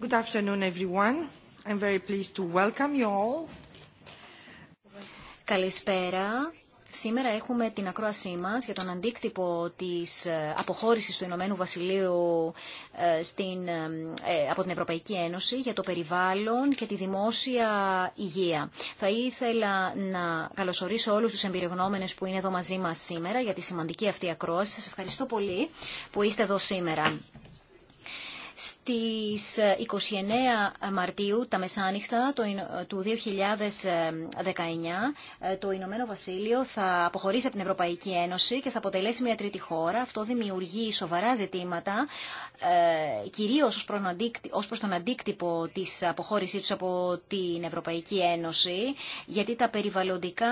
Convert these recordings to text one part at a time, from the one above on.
Good afternoon, everyone. I'm very pleased to welcome you all. Καλησπέρα. Σήμερα έχουμε την ακρόασή μας για τον αντίκτυπο της ε, αποχώρησης του Ηνωμένου Βασιλείου ε, στην, ε, από την Ευρωπαϊκή Ένωση για το περιβάλλον και τη δημόσια υγεία. Θα ήθελα να καλωσορίσω όλους τους εμπειρογνώμενες που είναι εδώ μαζί μας σήμερα για τη σημαντική αυτή ακρόαση. Σας ευχαριστώ πολύ που είστε εδώ σήμερα. Στις 29 ε, Μαρτίου, τα μεσάνυχτα ε, του 2019, ε, το Ηνωμένο Βασίλειο θα αποχωρήσει από την Ευρωπαϊκή Ένωση και θα αποτελέσει μια τρίτη χώρα. Αυτό δημιουργεί σοβαρά ζητήματα, κυρίως ως προς τον αντίκτυπο της αποχώρησής τους από την Ευρωπαϊκή Ένωση, γιατί τα περιβαλλοντικά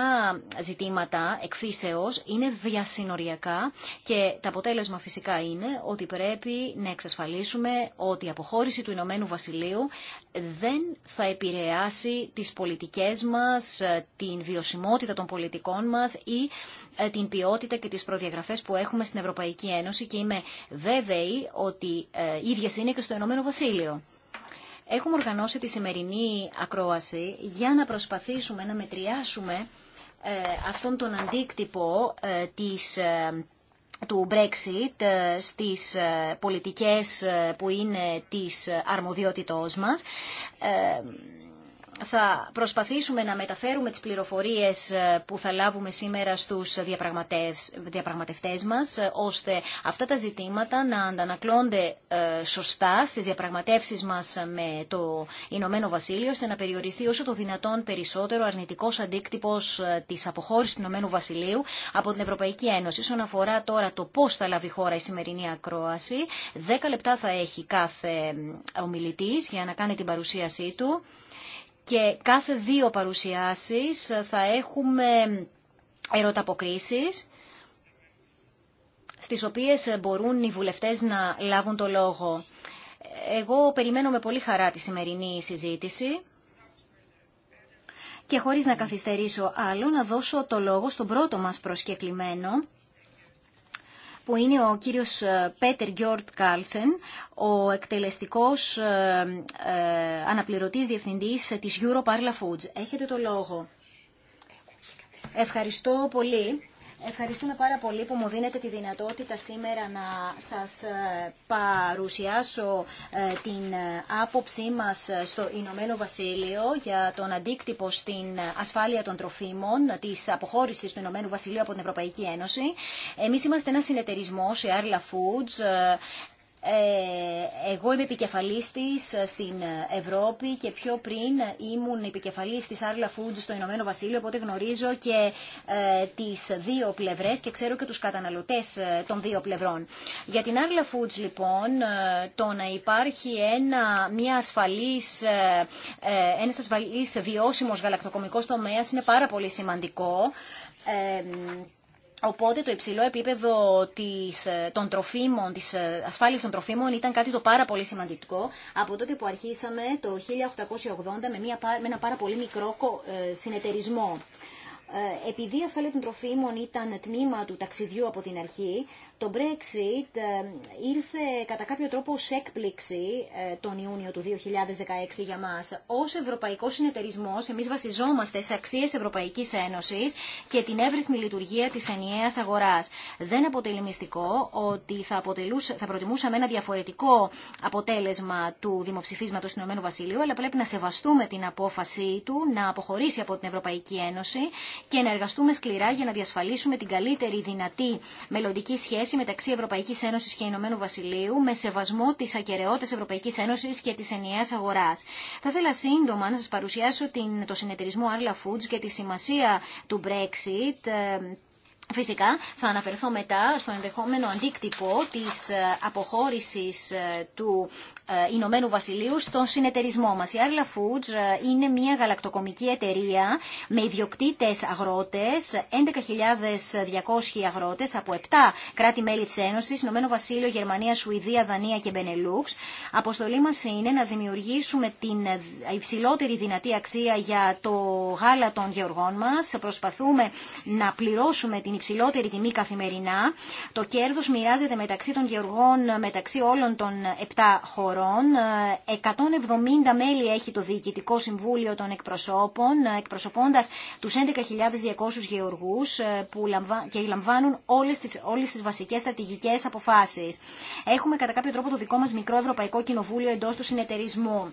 ζητήματα εκφύσεως είναι διασυνοριακά και το αποτέλεσμα φυσικά είναι ότι πρέπει να εξασφαλίσουμε ότι η αποχώρηση του Ηνωμένου Βασιλείου δεν θα επηρεάσει τις πολιτικές μας, την βιωσιμότητα των πολιτικών μας ή ε, την ποιότητα και τις προδιαγραφές που έχουμε στην Ευρωπαϊκή Ένωση και είμαι βέβαιη ότι ε, ίδιες είναι και στο Ηνωμένο Βασίλειο. Έχουμε οργανώσει τη σημερινή ακρόαση για να προσπαθήσουμε να μετριάσουμε ε, αυτόν τον αντίκτυπο της του Brexit ε, στις ε, πολιτικές ε, που είναι της αρμοδιότητός μας θα προσπαθήσουμε να μεταφέρουμε τις πληροφορίες ε, που θα λάβουμε σήμερα στους διαπραγματευτές μας, ε, ώστε αυτά τα ζητήματα να αντανακλώνται ε, σωστά στις διαπραγματεύσεις μας με το Ηνωμένο Βασίλειο, ώστε να περιοριστεί όσο το δυνατόν περισσότερο αρνητικός αντίκτυπος της αποχώρησης του Ηνωμένου Βασιλείου από την Ευρωπαϊκή Ένωση. Όσον αφορά τώρα το πώς θα λάβει η χώρα η σημερινή ακρόαση, 10 λεπτά θα έχει κάθε ομιλητής για να κάνει την παρουσίασή του και κάθε δύο παρουσιάσεις θα έχουμε ερωταποκρίσεις στις οποίες μπορούν οι βουλευτές να λάβουν το λόγο. Εγώ περιμένω με πολύ χαρά τη σημερινή συζήτηση και χωρίς να καθυστερήσω άλλο να δώσω το λόγο στον πρώτο μας προσκεκλημένο που είναι ο κύριος ε, Πέτερ Γιόρτ Κάλσεν, ο εκτελεστικός ε, ε, αναπληρωτής διευθυντής της Europarla Foods. Έχετε το λόγο. Ευχαριστώ πολύ. Ευχαριστούμε πάρα πολύ που μου δίνετε τη δυνατότητα σήμερα να σας ε, παρουσιάσω ε, την ε, άποψή μας στο Ηνωμένο Βασίλειο για τον αντίκτυπο στην ασφάλεια των τροφίμων της αποχώρησης του Ηνωμένου Βασιλείου από την Ευρωπαϊκή Ένωση. Εμείς είμαστε ένα συνεταιρισμό, σε Arla Foods, ε, εγώ είμαι επικεφαλής της ε, στην ε, Ευρώπη και πιο πριν ήμουν επικεφαλής της Arla Foods στο Ηνωμένο Βασίλειο, οπότε γνωρίζω και ε, τις δύο πλευρές και ξέρω και τους καταναλωτές των δύο πλευρών. Για την Arla Foods λοιπόν, το να υπάρχει ένα, μια ασφαλής, ε, ένας ασφαλής βιώσιμος γαλακτοκομικός τομέας είναι πάρα πολύ σημαντικό. Οπότε το υψηλό επίπεδο της, ε, των τροφίμων, της ε, ασφάλειας των τροφίμων ήταν κάτι το πάρα πολύ σημαντικό από τότε που αρχίσαμε το 1880 με, μια, με ένα πάρα πολύ μικρό ε, συνεταιρισμό. Επειδή η ασφάλεια των τροφίμων ήταν τμήμα του ταξιδιού από την αρχή, το Brexit ε, ήρθε κατά κάποιο τρόπο ως έκπληξη ε, τον Ιούνιο του 2016 για μας. Ως Ευρωπαϊκός Συνεταιρισμός εμείς βασιζόμαστε σε αξίες Ευρωπαϊκής Ένωσης και την εύρυθμη λειτουργία της ενιαίας αγοράς. Δεν αποτελεί μυστικό ότι θα, θα προτιμούσαμε ένα διαφορετικό αποτέλεσμα του δημοψηφίσματος του Ηνωμένου Βασιλείου, αλλά πρέπει να σεβαστούμε την απόφαση του να αποχωρήσει από την Ευρωπαϊκή Ένωση και να εργαστούμε σκληρά για να διασφαλίσουμε την καλύτερη δυνατή μελλοντική σχέση σχέση μεταξύ Ευρωπαϊκή Ένωση και Ηνωμένου Βασιλείου με σεβασμό της ακαιρεότητα Ευρωπαϊκή Ένωση και τη ενιαία αγορά. Θα ήθελα σύντομα να σα παρουσιάσω την, το συνεταιρισμό Arla Foods και τη σημασία του Brexit ε, Φυσικά θα αναφερθώ μετά στο ενδεχόμενο αντίκτυπο της ε, αποχώρησης ε, του ε, Ηνωμένου Βασιλείου στον συνεταιρισμό μας. Η Arla Foods είναι μια γαλακτοκομική εταιρεία με ιδιοκτήτες αγρότες, 11.200 αγρότες από 7 κράτη-μέλη της Ένωσης, Ηνωμένο Βασίλειο, Γερμανία, Σουηδία, Δανία και Μπενελούξ. Αποστολή μας είναι να δημιουργήσουμε την υψηλότερη δυνατή αξία για το γάλα των γεωργών μας. Προσπαθούμε να πληρώσουμε την υψηλότερη τιμή καθημερινά. Το κέρδος μοιράζεται μεταξύ των γεωργών, μεταξύ όλων των 7 χωρών. 170 ε, μέλη έχει το Διοικητικό Συμβούλιο των Εκπροσώπων, ε, εκπροσωπώντα τους 11.200 γεωργού ε, που και λαμβάνουν όλε τι όλες τις βασικές αποφάσεις. Έχουμε κατά κάποιο τρόπο το δικό μας μικρό Ευρωπαϊκό Κοινοβούλιο εντό του συνεταιρισμού.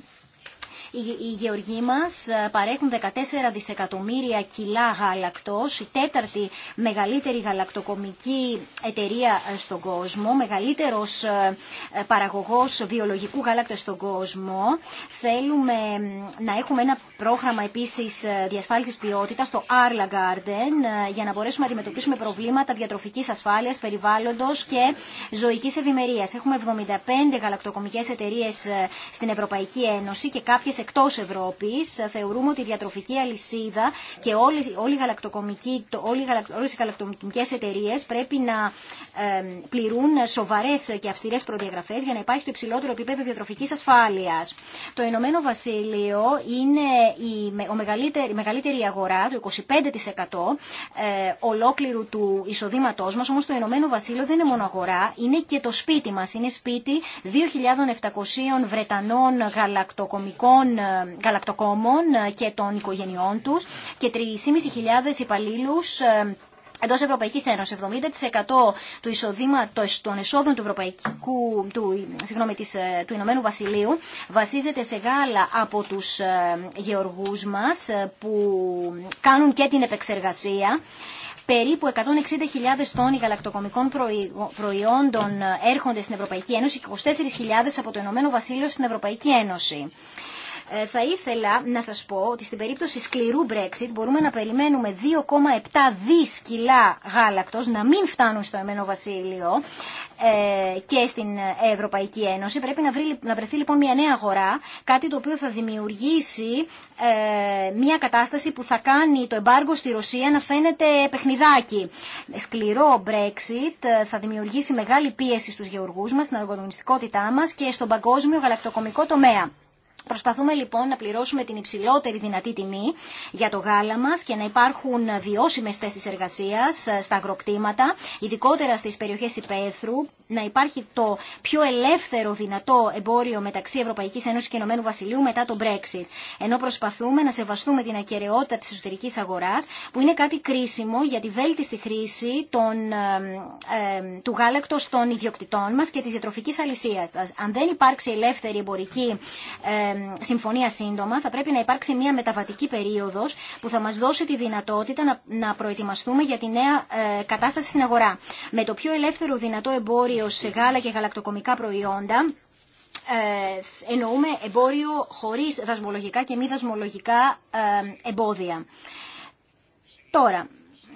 Οι γεωργοί μα ε, παρέχουν 14 δισεκατομμύρια κιλά γάλακτο, η τέταρτη μεγαλύτερη γαλακτοκομική εταιρεία ε, στον κόσμο, μεγαλύτερο ε, παραγωγό βιολογικού γάλακτο στον κόσμο. Θέλουμε να έχουμε ένα πρόγραμμα επίση διασφάλιση ποιότητα, το Arla Garden, για να μπορέσουμε να αντιμετωπίσουμε προβλήματα διατροφική ασφάλεια, περιβάλλοντο και ζωική ευημερία. Έχουμε 75 γαλακτοκομικές εταιρείε στην Ευρωπαϊκή Ένωση και κάποιε Εκτό Ευρώπη, ε, Θεωρούμε ότι η διατροφική αλυσίδα και όλε οι όλες οι πρέπει να πληρούν σοβαρέ και αυστηρέ προδιαγραφές για να υπάρχει το υψηλότερο επίπεδο διατροφική ασφάλεια. Το Ηνωμένο Βασίλειο είναι η, ο μεγαλύτερη, η αγορά, το 25% ε, ολόκληρου του εισοδήματό μα. Όμω το Ηνωμένο Βασίλειο δεν είναι μόνο αγορά, είναι και το σπίτι μα. Είναι σπίτι 2.700 Βρετανών γαλακτοκομικών των ε, γαλακτοκόμων ε, και των οικογενειών τους και 3.500 υπαλλήλους ε, Εντό Ευρωπαϊκή Ένωση, 70% του εισοδήματο των εσόδων του, Ευρωπαϊκού, του, συγγνώμη, της, του Ηνωμένου Βασιλείου βασίζεται σε γάλα από του γεωργού μα που κάνουν και την επεξεργασία. Περίπου 160.000 τόνοι γαλακτοκομικών προϊόντων έρχονται στην Ευρωπαϊκή Ένωση και 24.000 από το Ηνωμένο Βασίλειο στην Ευρωπαϊκή Ένωση. Ε, θα ήθελα να σας πω ότι στην περίπτωση σκληρού Brexit μπορούμε να περιμένουμε 2,7 δις κιλά γάλακτος να μην φτάνουν στο Εμένο Βασίλειο ε, και στην Ευρωπαϊκή Ένωση. Πρέπει να, να βρεθεί λοιπόν μια νέα αγορά, κάτι το οποίο θα δημιουργήσει ε, μια κατάσταση που θα κάνει το εμπάργκο στη Ρωσία να φαίνεται παιχνιδάκι. Σκληρό Brexit θα δημιουργήσει μεγάλη πίεση στους γεωργούς μας, στην αργοδομιστικότητά μας και στον παγκόσμιο γαλακτοκομικό τομέα. Προσπαθούμε λοιπόν να πληρώσουμε την υψηλότερη δυνατή τιμή για το γάλα μας και να υπάρχουν βιώσιμες θέσεις εργασίας ε, στα αγροκτήματα, ειδικότερα στις περιοχές υπαίθρου, να υπάρχει το πιο ελεύθερο δυνατό εμπόριο μεταξύ Ευρωπαϊκής Ένωσης και Ηνωμένου Βασιλείου μετά τον Brexit. Ενώ προσπαθούμε να σεβαστούμε την ακαιρεότητα της εσωτερικής αγοράς, που είναι κάτι κρίσιμο για τη βέλτιστη χρήση των, ε, ε του γάλακτος των ιδιοκτητών μας και της διατροφικής αλυσίας. Αν δεν υπάρξει ελεύθερη εμπορική ε, συμφωνία σύντομα, θα πρέπει να υπάρξει μια μεταβατική περίοδος που θα μας δώσει τη δυνατότητα να προετοιμαστούμε για τη νέα ε, κατάσταση στην αγορά. Με το πιο ελεύθερο δυνατό εμπόριο σε γάλα και γαλακτοκομικά προϊόντα, ε, εννοούμε εμπόριο χωρίς δασμολογικά και μη δασμολογικά ε, εμπόδια. Τώρα,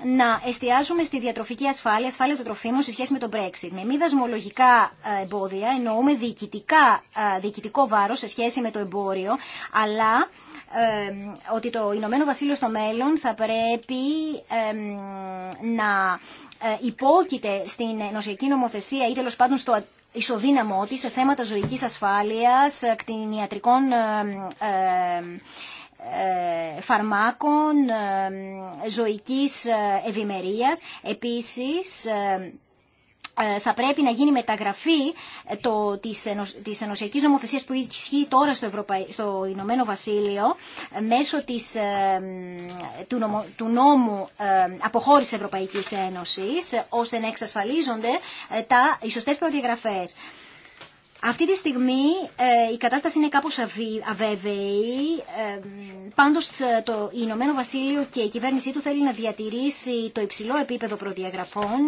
να εστιάζουμε στη διατροφική ασφάλεια, ασφάλεια του τροφίμου σε σχέση με τον Brexit. Με μη δασμολογικά ε, εμπόδια εννοούμε ε, διοικητικό βάρος σε σχέση με το εμπόριο, αλλά ε, ότι το Ηνωμένο Βασίλειο στο μέλλον θα πρέπει να υπόκειται στην νοσιακή νομοθεσία ή τέλο πάντων στο ισοδύναμό της σε θέματα ζωικής ασφάλειας, κτηνιατρικών ε, φαρμάκων ε, ζωικής ε, ευημερίας. Επίσης, θα πρέπει να γίνει μεταγραφή το, της, ενος, της ενωσιακής νομοθεσίας που ισχύει τώρα στο, στο Ηνωμένο Βασίλειο μέσω της, του, νομο, του νόμου αποχώρησης Ευρωπαϊκής Ένωσης ώστε να εξασφαλίζονται τα, οι σωστές προδιαγραφές. Αυτή τη στιγμή ε, η κατάσταση είναι κάπως αβέβαιη. Ε, πάντως ε, το Ηνωμένο Βασίλειο και η κυβέρνησή του θέλει να διατηρήσει το υψηλό επίπεδο προδιαγραφών.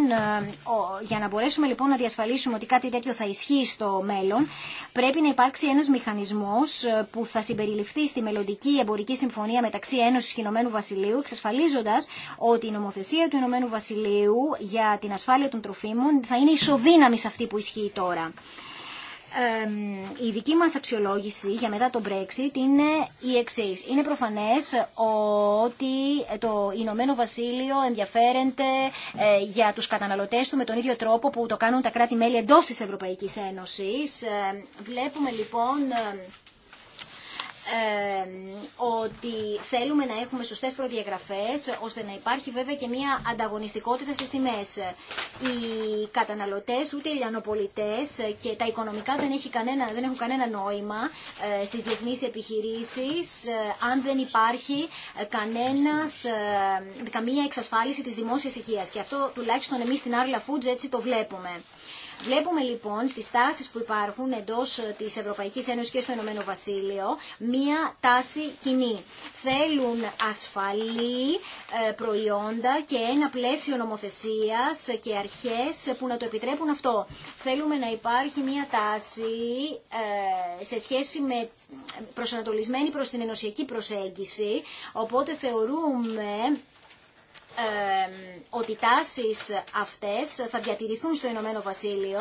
Για να μπορέσουμε λοιπόν να διασφαλίσουμε ότι κάτι τέτοιο θα ισχύει στο μέλλον πρέπει να υπάρξει ένας μηχανισμός που θα συμπεριληφθεί στη μελλοντική εμπορική συμφωνία μεταξύ Ένωσης και Ηνωμένου Βασιλείου εξασφαλίζοντας ότι η νομοθεσία του Ηνωμένου Βασιλείου για την ασφάλεια των τροφίμων θα είναι ισοδύναμη σε αυτή που ισχύει τώρα η δική μας αξιολόγηση για μετά το Brexit είναι η εξή. Είναι προφανές ότι το Ηνωμένο Βασίλειο ενδιαφέρεται ε, για τους καταναλωτές του με τον ίδιο τρόπο που το κάνουν τα κράτη-μέλη εντός της Ευρωπαϊκής Ένωσης. Βλέπουμε λοιπόν ότι θέλουμε να έχουμε σωστές προδιαγραφές ώστε να υπάρχει βέβαια και μια ανταγωνιστικότητα στις τιμές. Οι καταναλωτές ούτε οι λιανοπολιτές και τα οικονομικά δεν, έχει κανένα, δεν έχουν κανένα νόημα ε, στις διεθνείς επιχειρήσεις ε, αν δεν υπάρχει ε, κανένας, καμία εξασφάλιση της δημόσιας υγείας. Και αυτό τουλάχιστον εμείς στην Arla Foods έτσι το βλέπουμε. Βλέπουμε λοιπόν στις τάσεις που υπάρχουν εντός ε, της Ευρωπαϊκής Ένωσης και στο Ενωμένο Βασίλειο μία τάση κοινή. Θέλουν ασφαλή ε, προϊόντα και ένα πλαίσιο νομοθεσίας και αρχές που να το επιτρέπουν αυτό. Θέλουμε να υπάρχει μία τάση ε, σε σχέση με προσανατολισμένη προς την ενωσιακή προσέγγιση, οπότε θεωρούμε ότι τάσεις αυτές θα διατηρηθούν στο Ηνωμένο Βασίλειο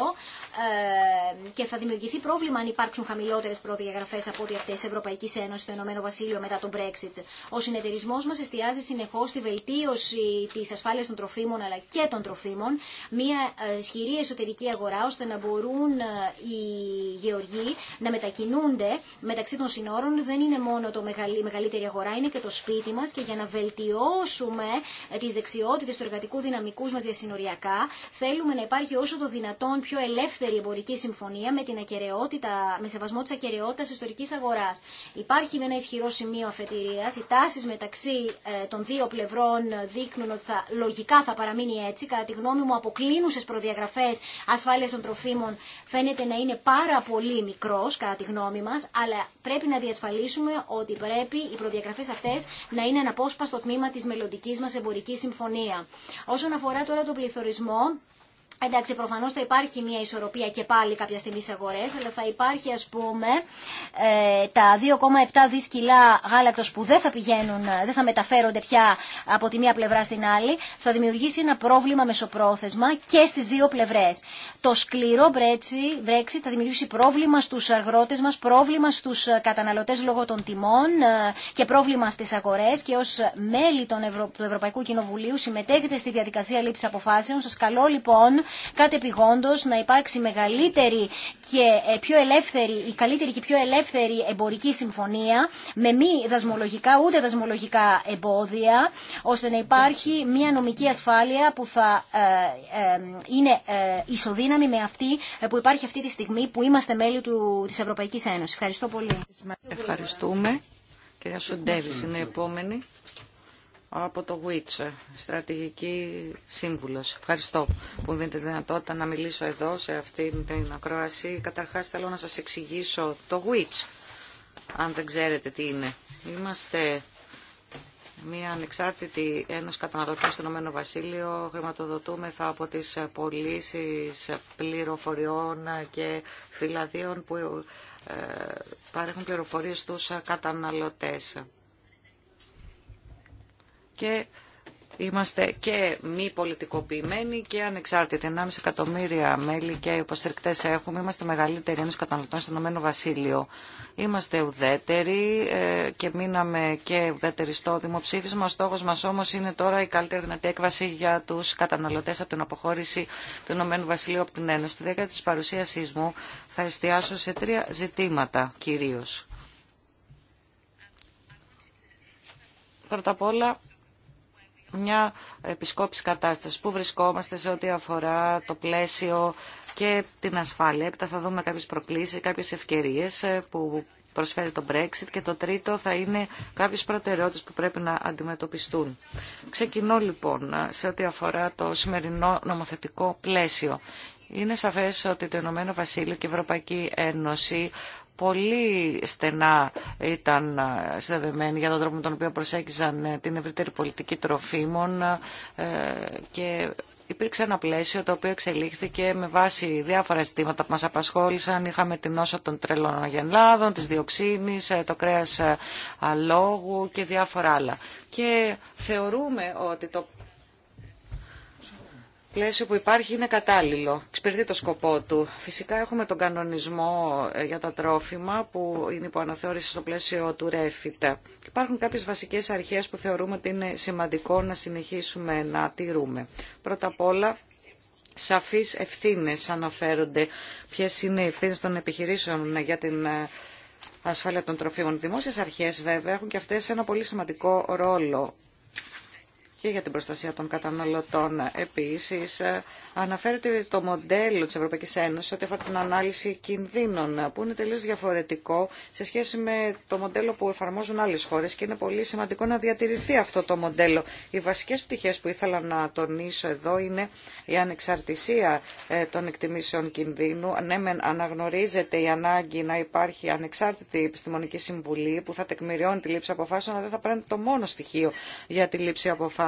ε, και θα δημιουργηθεί πρόβλημα αν υπάρξουν χαμηλότερε προδιαγραφέ από ό,τι αυτέ τη Ευρωπαϊκή Ένωση στο Ηνωμένο Βασίλειο μετά τον Brexit. Ο συνεταιρισμό μα εστιάζει συνεχώ στη βελτίωση τη ασφάλεια των τροφίμων αλλά και των τροφίμων, μια ε, ισχυρή εσωτερική αγορά ώστε να μπορούν ε, οι γεωργοί να μετακινούνται μεταξύ των συνόρων. Δεν είναι μόνο το η μεγαλύτερη αγορά, είναι και το σπίτι μα και για να βελτιώσουμε τι δεξιότητε του εργατικού δυναμικού μα διασυνοριακά, θέλουμε να υπάρχει όσο το δυνατόν πιο ελεύθερη η εμπορική συμφωνία με, την με σεβασμό τη ακαιρεότητα ιστορικής αγοράς. Υπάρχει ένα ισχυρό σημείο αφετηρίας, οι τάσει μεταξύ ε, των δύο πλευρών δείχνουν ότι θα, λογικά θα παραμείνει έτσι. Κατά τη γνώμη μου αποκλίνουσες προδιαγραφέ ασφάλεια των τροφίμων φαίνεται να είναι πάρα πολύ μικρό κατά τη γνώμη μα, αλλά πρέπει να διασφαλίσουμε ότι πρέπει οι προδιαγραφέ αυτέ να είναι αναπόσπαστο τμήμα τη μελλοντική μα εμπορική συμφωνία. Όσον αφορά τώρα τον πληθωρισμό, Εντάξει, προφανώ θα υπάρχει μια ισορροπία και πάλι κάποια στιγμή στι αγορέ, αλλά θα υπάρχει α πούμε ε, τα 2,7 δι κιλά γάλακτο που δεν θα πηγαίνουν, ε, δεν θα μεταφέρονται πια από τη μία πλευρά στην άλλη, θα δημιουργήσει ένα πρόβλημα μεσοπρόθεσμα και στι δύο πλευρέ. Το σκληρό Brexit θα δημιουργήσει πρόβλημα στου αγρότε μα, πρόβλημα στου ε, καταναλωτέ λόγω των τιμών και πρόβλημα στι αγορέ και ω μέλη του Ευρωπαϊκού Κοινοβουλίου συμμετέχετε στη διαδικασία λήψη αποφάσεων. Σα καλώ λοιπόν Κάτι να υπάρξει μεγαλύτερη και ε, πιο ελεύθερη, η καλύτερη και πιο ελεύθερη εμπορική συμφωνία με μη δασμολογικά ούτε δασμολογικά εμπόδια ώστε να υπάρχει μια νομική ασφάλεια που θα ε, ε, είναι ισοδύναμη με αυτή που υπάρχει αυτή τη στιγμή που είμαστε μέλη του, της Ευρωπαϊκής Ένωσης. Ευχαριστώ πολύ. Ευχαριστούμε. Κυρία Σοντεύης είναι επόμενη από το WITCH, στρατηγική σύμβουλος. Ευχαριστώ που δίνετε τη δυνατότητα να μιλήσω εδώ σε αυτή την ακρόαση. Καταρχάς θέλω να σας εξηγήσω το WITCH, αν δεν ξέρετε τι είναι. Είμαστε μια ανεξάρτητη ένωση καταναλωτών στο Ηνωμένο Βασίλειο. Χρηματοδοτούμεθα από τις πωλήσει πληροφοριών και φυλαδίων που ε, παρέχουν πληροφορίες στους καταναλωτές και είμαστε και μη πολιτικοποιημένοι και ανεξάρτητοι. 1,5 εκατομμύρια μέλη και υποστηρικτέ έχουμε. Είμαστε μεγαλύτεροι ενό καταναλωτών στον Ηνωμένο Βασίλειο. Είμαστε ουδέτεροι ε, και μείναμε και ουδέτεροι στο δημοψήφισμα. Ο στόχο μα όμω είναι τώρα η καλύτερη δυνατή έκβαση για του καταναλωτέ από την αποχώρηση του Ηνωμένου Βασιλείου από την Ένωση. Στη δέκα τη παρουσίασή μου θα εστιάσω σε τρία ζητήματα κυρίω. Πρώτα απ' όλα, μια επισκόπηση κατάσταση. που βρισκόμαστε σε ό,τι αφορά το πλαίσιο και την ασφάλεια. Έπειτα θα δούμε κάποιες προκλήσεις, κάποιες ευκαιρίες ε, που προσφέρει το Brexit και το τρίτο θα είναι κάποιες προτεραιότητες που πρέπει να αντιμετωπιστούν. Ξεκινώ λοιπόν ε, σε ό,τι αφορά το σημερινό νομοθετικό πλαίσιο. Είναι σαφές ότι το Ηνωμένο Βασίλειο και η Ευρωπαϊκή Ένωση πολύ στενά ήταν συνδεδεμένοι για τον τρόπο με τον οποίο προσέγγιζαν ε, την ευρύτερη πολιτική τροφίμων ε, και υπήρξε ένα πλαίσιο το οποίο εξελίχθηκε με βάση διάφορα αισθήματα που μας απασχόλησαν. Είχαμε την όσο των τρελών αγενλάδων, της διοξίνης, ε, το κρέας αλόγου και διάφορα άλλα. Και θεωρούμε ότι το πλαίσιο που υπάρχει είναι κατάλληλο, εξυπηρετεί το σκοπό του. Φυσικά έχουμε τον κανονισμό ε, για τα τρόφιμα που είναι υπό αναθεώρηση στο πλαίσιο του REFIT. Υπάρχουν κάποιες βασικές αρχές που θεωρούμε ότι είναι σημαντικό να συνεχίσουμε να τηρούμε. Πρώτα απ' όλα σαφείς ευθύνε αναφέρονται ποιε είναι οι ευθύνε των επιχειρήσεων για την ε, ασφάλεια των τροφίμων. Οι δημόσιες αρχές βέβαια έχουν και αυτές ένα πολύ σημαντικό ρόλο και για την προστασία των καταναλωτών. Επίση, ε, αναφέρεται το μοντέλο τη Ευρωπαϊκή Ένωση ότι αφορά την ανάλυση κινδύνων, που είναι τελείω διαφορετικό σε σχέση με το μοντέλο που εφαρμόζουν άλλε χώρε και είναι πολύ σημαντικό να διατηρηθεί αυτό το μοντέλο. Οι βασικέ πτυχέ που ήθελα να τονίσω εδώ είναι η ανεξαρτησία ε, των εκτιμήσεων κινδύνου. Ναι, αναγνωρίζεται η ανάγκη να υπάρχει ανεξάρτητη επιστημονική συμβουλή που θα τεκμηριώνει τη λήψη αποφάσεων, αλλά δεν θα πρέπει το μόνο στοιχείο για τη λήψη αποφάσεων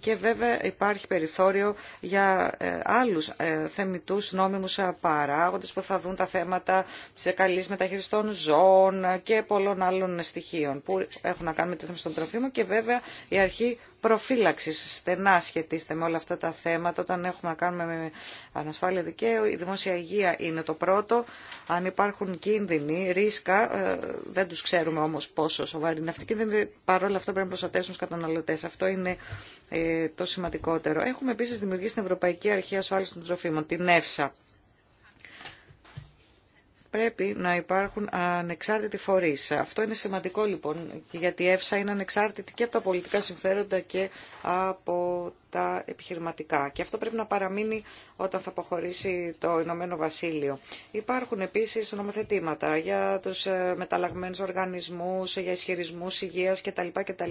και βέβαια υπάρχει περιθώριο για ε, άλλους ε, θεμητούς νόμιμους παράγοντες που θα δουν τα θέματα της καλής μεταχείρισης των ζώων και πολλών άλλων στοιχείων που έχουν να κάνουν με τη θέμα των τροφίμων και βέβαια η αρχή προφύλαξη στενά σχετίζεται με όλα αυτά τα θέματα όταν έχουμε να κάνουμε με ανασφάλεια δικαίου. Η δημόσια υγεία είναι το πρώτο. Αν υπάρχουν κίνδυνοι, ρίσκα, ε, δεν τους ξέρουμε όμως πόσο σοβαροί είναι αυτοί κίνδυνη, παρόλα αυτά πρέπει να προστατεύσουν του καταναλωτές. Αυτό είναι ε, το σημαντικότερο. Έχουμε επίσης δημιουργήσει την Ευρωπαϊκή Αρχή Ασφάλιση των Τροφίμων, την ΕΦΣΑ πρέπει να υπάρχουν ανεξάρτητοι φορείς. Αυτό είναι σημαντικό λοιπόν, γιατί η ΕΦΣΑ είναι ανεξάρτητη και από τα πολιτικά συμφέροντα και από τα επιχειρηματικά. Και αυτό πρέπει να παραμείνει όταν θα αποχωρήσει το Ηνωμένο Βασίλειο. Υπάρχουν επίση νομοθετήματα για τους ε, μεταλλαγμένου οργανισμούς, για ισχυρισμού υγεία κτλ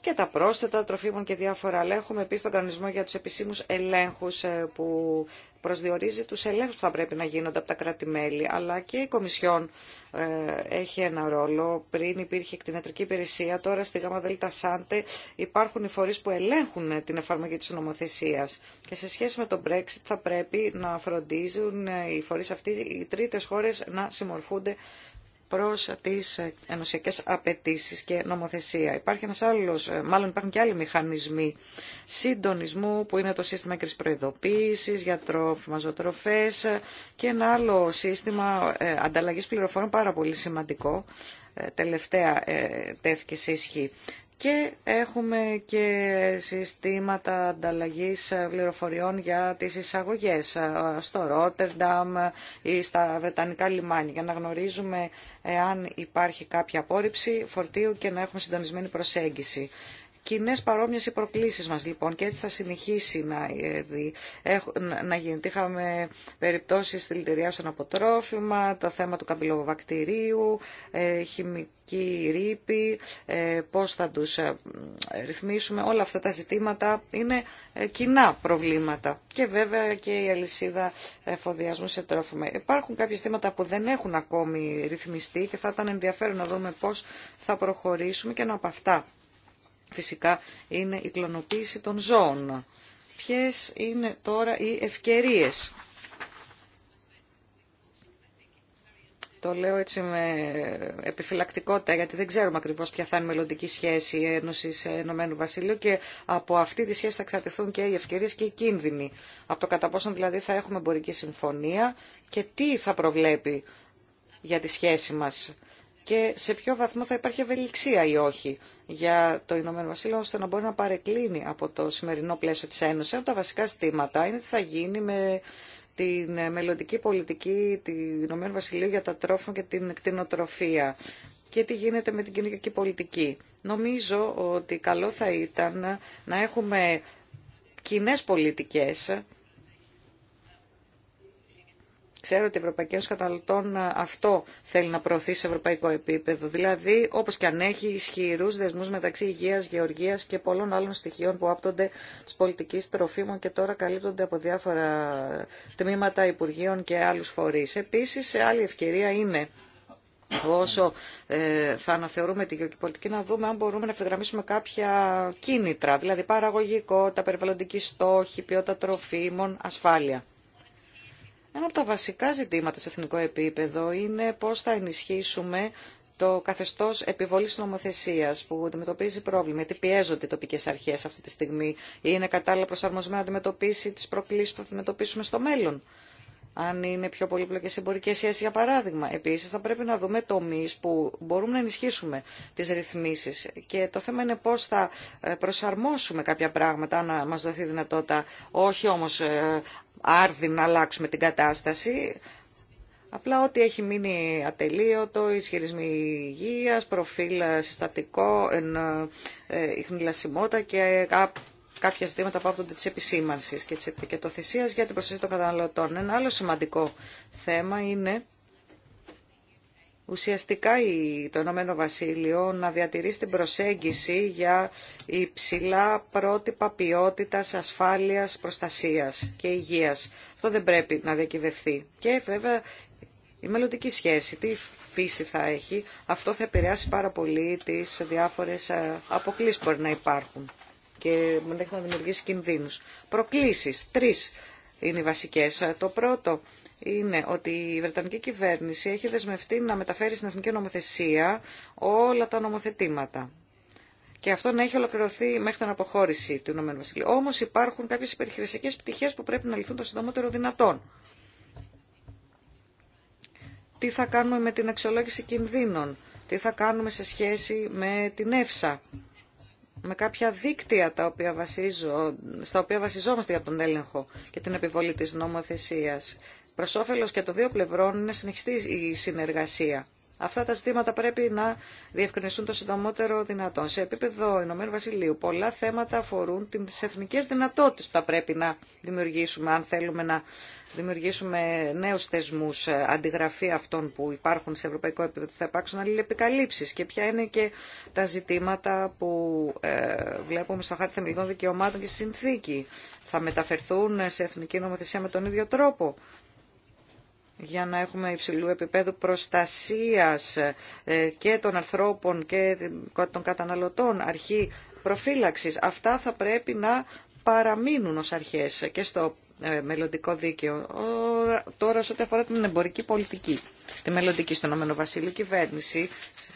και τα πρόσθετα τροφίμων και διάφορα. Αλλά έχουμε επίση τον κανονισμό για του επισήμου ελέγχου ε, που προσδιορίζει του ελέγχου που θα πρέπει να γίνονται από τα κράτη-μέλη. Αλλά και η Κομισιόν ε, έχει ένα ρόλο. Πριν υπήρχε εκτινετρική υπηρεσία, τώρα στη ΓΔ ΣΑΝΤΕ υπάρχουν οι φορεί που ελέγχουν ε, την εφαρμογή τη νομοθεσία. Και σε σχέση με τον Brexit θα πρέπει να φροντίζουν οι φορεί αυτοί, οι τρίτε χώρε να συμμορφούνται Προ τι ενωσιακέ απαιτήσει και νομοθεσία. Υπάρχει ένα άλλο, ε, μάλλον υπάρχουν και άλλοι μηχανισμοί συντονισμού που είναι το σύστημα κρισπροειδοποίησης προειδοποίηση, για τρόφιμα, ζωοτροφέ και ένα άλλο σύστημα ε, ανταλλαγή πληροφορών πάρα πολύ σημαντικό ε, τελευταία τέθηκε σε ισχύ και έχουμε και συστήματα ανταλλαγής πληροφοριών για τις εισαγωγές ε, στο Ρότερνταμ ή στα Βρετανικά λιμάνια για να γνωρίζουμε αν υπάρχει κάποια απόρριψη φορτίου και να έχουμε συντονισμένη προσέγγιση. Κοινέ παρόμοιε οι προκλήσει μα λοιπόν και έτσι θα συνεχίσει να, ε, να γίνεται. Είχαμε περιπτώσει στη λιτεριά στον αποτρόφημα, το θέμα του καμπυλοβακτηρίου, ε, χημική ρήπη, ε, πώς θα τους ρυθμίσουμε. Όλα αυτά τα ζητήματα είναι κοινά προβλήματα και βέβαια και η αλυσίδα εφοδιασμού σε τρόφιμα. Υπάρχουν κάποια ζητήματα που δεν έχουν ακόμη ρυθμιστεί και θα ήταν ενδιαφέρον να δούμε πώς θα προχωρήσουμε και να από αυτά φυσικά είναι η κλωνοποίηση των ζώων. Ποιες είναι τώρα οι ευκαιρίες. Το λέω έτσι με επιφυλακτικότητα γιατί δεν ξέρουμε ακριβώς ποια θα είναι η μελλοντική σχέση η Ένωση Ενωμένου Βασιλείου και από αυτή τη σχέση θα εξαρτηθούν και οι ευκαιρίες και οι κίνδυνοι. Από το κατά πόσον δηλαδή θα έχουμε εμπορική συμφωνία και τι θα προβλέπει για τη σχέση μας και σε ποιο βαθμό θα υπάρχει ευελιξία ή όχι για το Ηνωμένο Βασίλειο ώστε να μπορεί να παρεκκλίνει από το σημερινό πλαίσιο της Ένωσης. Ένα από τα βασικά ζητήματα είναι τι θα γίνει με τη μελλοντική πολιτική του Ηνωμένου Βασιλείου για τα τρόφιμα και την κτηνοτροφία και τι γίνεται με την κοινωνική πολιτική. Νομίζω ότι καλό θα ήταν να έχουμε κοινέ πολιτικές Ξέρω ότι η Ευρωπαϊκή Ένωση Καταναλωτών ε, αυτό θέλει να προωθήσει σε ευρωπαϊκό επίπεδο. Δηλαδή, όπω και αν έχει ισχυρού δεσμού μεταξύ υγεία, γεωργία και πολλών άλλων στοιχείων που άπτονται τη πολιτική τροφίμων και τώρα καλύπτονται από διάφορα τμήματα Υπουργείων και άλλου φορεί. Επίση, άλλη ευκαιρία είναι όσο ε, θα αναθεωρούμε τη γεωργική πολιτική, να δούμε αν μπορούμε να ευθυγραμμίσουμε κάποια κίνητρα, δηλαδή παραγωγικότητα, περιβαλλοντική στόχη, ποιότητα τροφίμων, ασφάλεια. Ένα από τα βασικά ζητήματα σε εθνικό επίπεδο είναι πώς θα ενισχύσουμε το καθεστώ επιβολή νομοθεσία που αντιμετωπίζει πρόβλημα, γιατί πιέζονται οι τοπικέ αρχέ αυτή τη στιγμή, ή είναι κατάλληλα προσαρμοσμένα να αντιμετωπίσει τι προκλήσει που θα αντιμετωπίσουμε στο μέλλον. Αν είναι πιο πολύπλοκε εμπορικέ σχέσει, για παράδειγμα. Επίση, θα πρέπει να δούμε τομεί που μπορούμε να ενισχύσουμε τι ρυθμίσει. Και το θέμα είναι πώ θα ε, προσαρμόσουμε κάποια πράγματα, αν μα δοθεί δυνατότητα, όχι όμω ε, άρδιν να αλλάξουμε την κατάσταση. Απλά ό,τι έχει μείνει ατελείωτο, ισχυρισμοί υγεία, προφίλ συστατικό, ε, ηχνηλασιμότητα και κάποια ζητήματα που άπτονται τη επισήμανση και το ετικετοθεσία για την προστασία των καταναλωτών. Ένα άλλο σημαντικό θέμα είναι ουσιαστικά το Ηνωμένο Βασίλειο να διατηρήσει την προσέγγιση για υψηλά πρότυπα ποιότητας ασφάλειας, προστασίας και υγείας. Αυτό δεν πρέπει να διακυβευτεί. Και βέβαια η μελλοντική σχέση, τι φύση θα έχει, αυτό θα επηρεάσει πάρα πολύ τις διάφορες ε, αποκλήσεις που μπορεί να υπάρχουν και μπορεί να δημιουργήσει κινδύνους. Προκλήσεις, τρεις είναι οι βασικές. Ε, το πρώτο είναι ότι η Βρετανική κυβέρνηση έχει δεσμευτεί να μεταφέρει στην εθνική νομοθεσία όλα τα νομοθετήματα. Και αυτό να έχει ολοκληρωθεί μέχρι την αποχώρηση του Ηνωμένου Βασιλείου. Όμω υπάρχουν κάποιε υπερχειριστικέ πτυχέ που πρέπει να λυθούν το συντομότερο δυνατόν. Τι θα κάνουμε με την αξιολόγηση κινδύνων, τι θα κάνουμε σε σχέση με την ΕΦΣΑ, με κάποια δίκτυα τα οποία βασίζω, στα οποία βασιζόμαστε για τον έλεγχο και την επιβολή της νομοθεσίας προ όφελο και των δύο πλευρών είναι συνεχιστή η συνεργασία. Αυτά τα ζητήματα πρέπει να διευκρινιστούν το συντομότερο δυνατόν. Σε επίπεδο Ηνωμένου Βασιλείου, πολλά θέματα αφορούν τι εθνικέ δυνατότητε που θα πρέπει να δημιουργήσουμε, αν θέλουμε να δημιουργήσουμε νέου θεσμού ε, αντιγραφή αυτών που υπάρχουν σε ευρωπαϊκό επίπεδο. Θα υπάρξουν αλληλεπικαλύψει και ποια είναι και τα ζητήματα που ε, βλέπουμε στο χάρτη θεμελιών δικαιωμάτων και συνθήκη. Θα μεταφερθούν σε εθνική νομοθεσία με τον ίδιο τρόπο για να έχουμε υψηλού επίπεδου προστασίας ε, και των ανθρώπων και των καταναλωτών, αρχή προφύλαξης. Αυτά θα πρέπει να παραμείνουν ως αρχές και στο ε, μελλοντικό δίκαιο. Τώρα, σε ό,τι αφορά την εμπορική πολιτική, τη μελλοντική στον Ηνωμένο Βασίλειο, η κυβέρνηση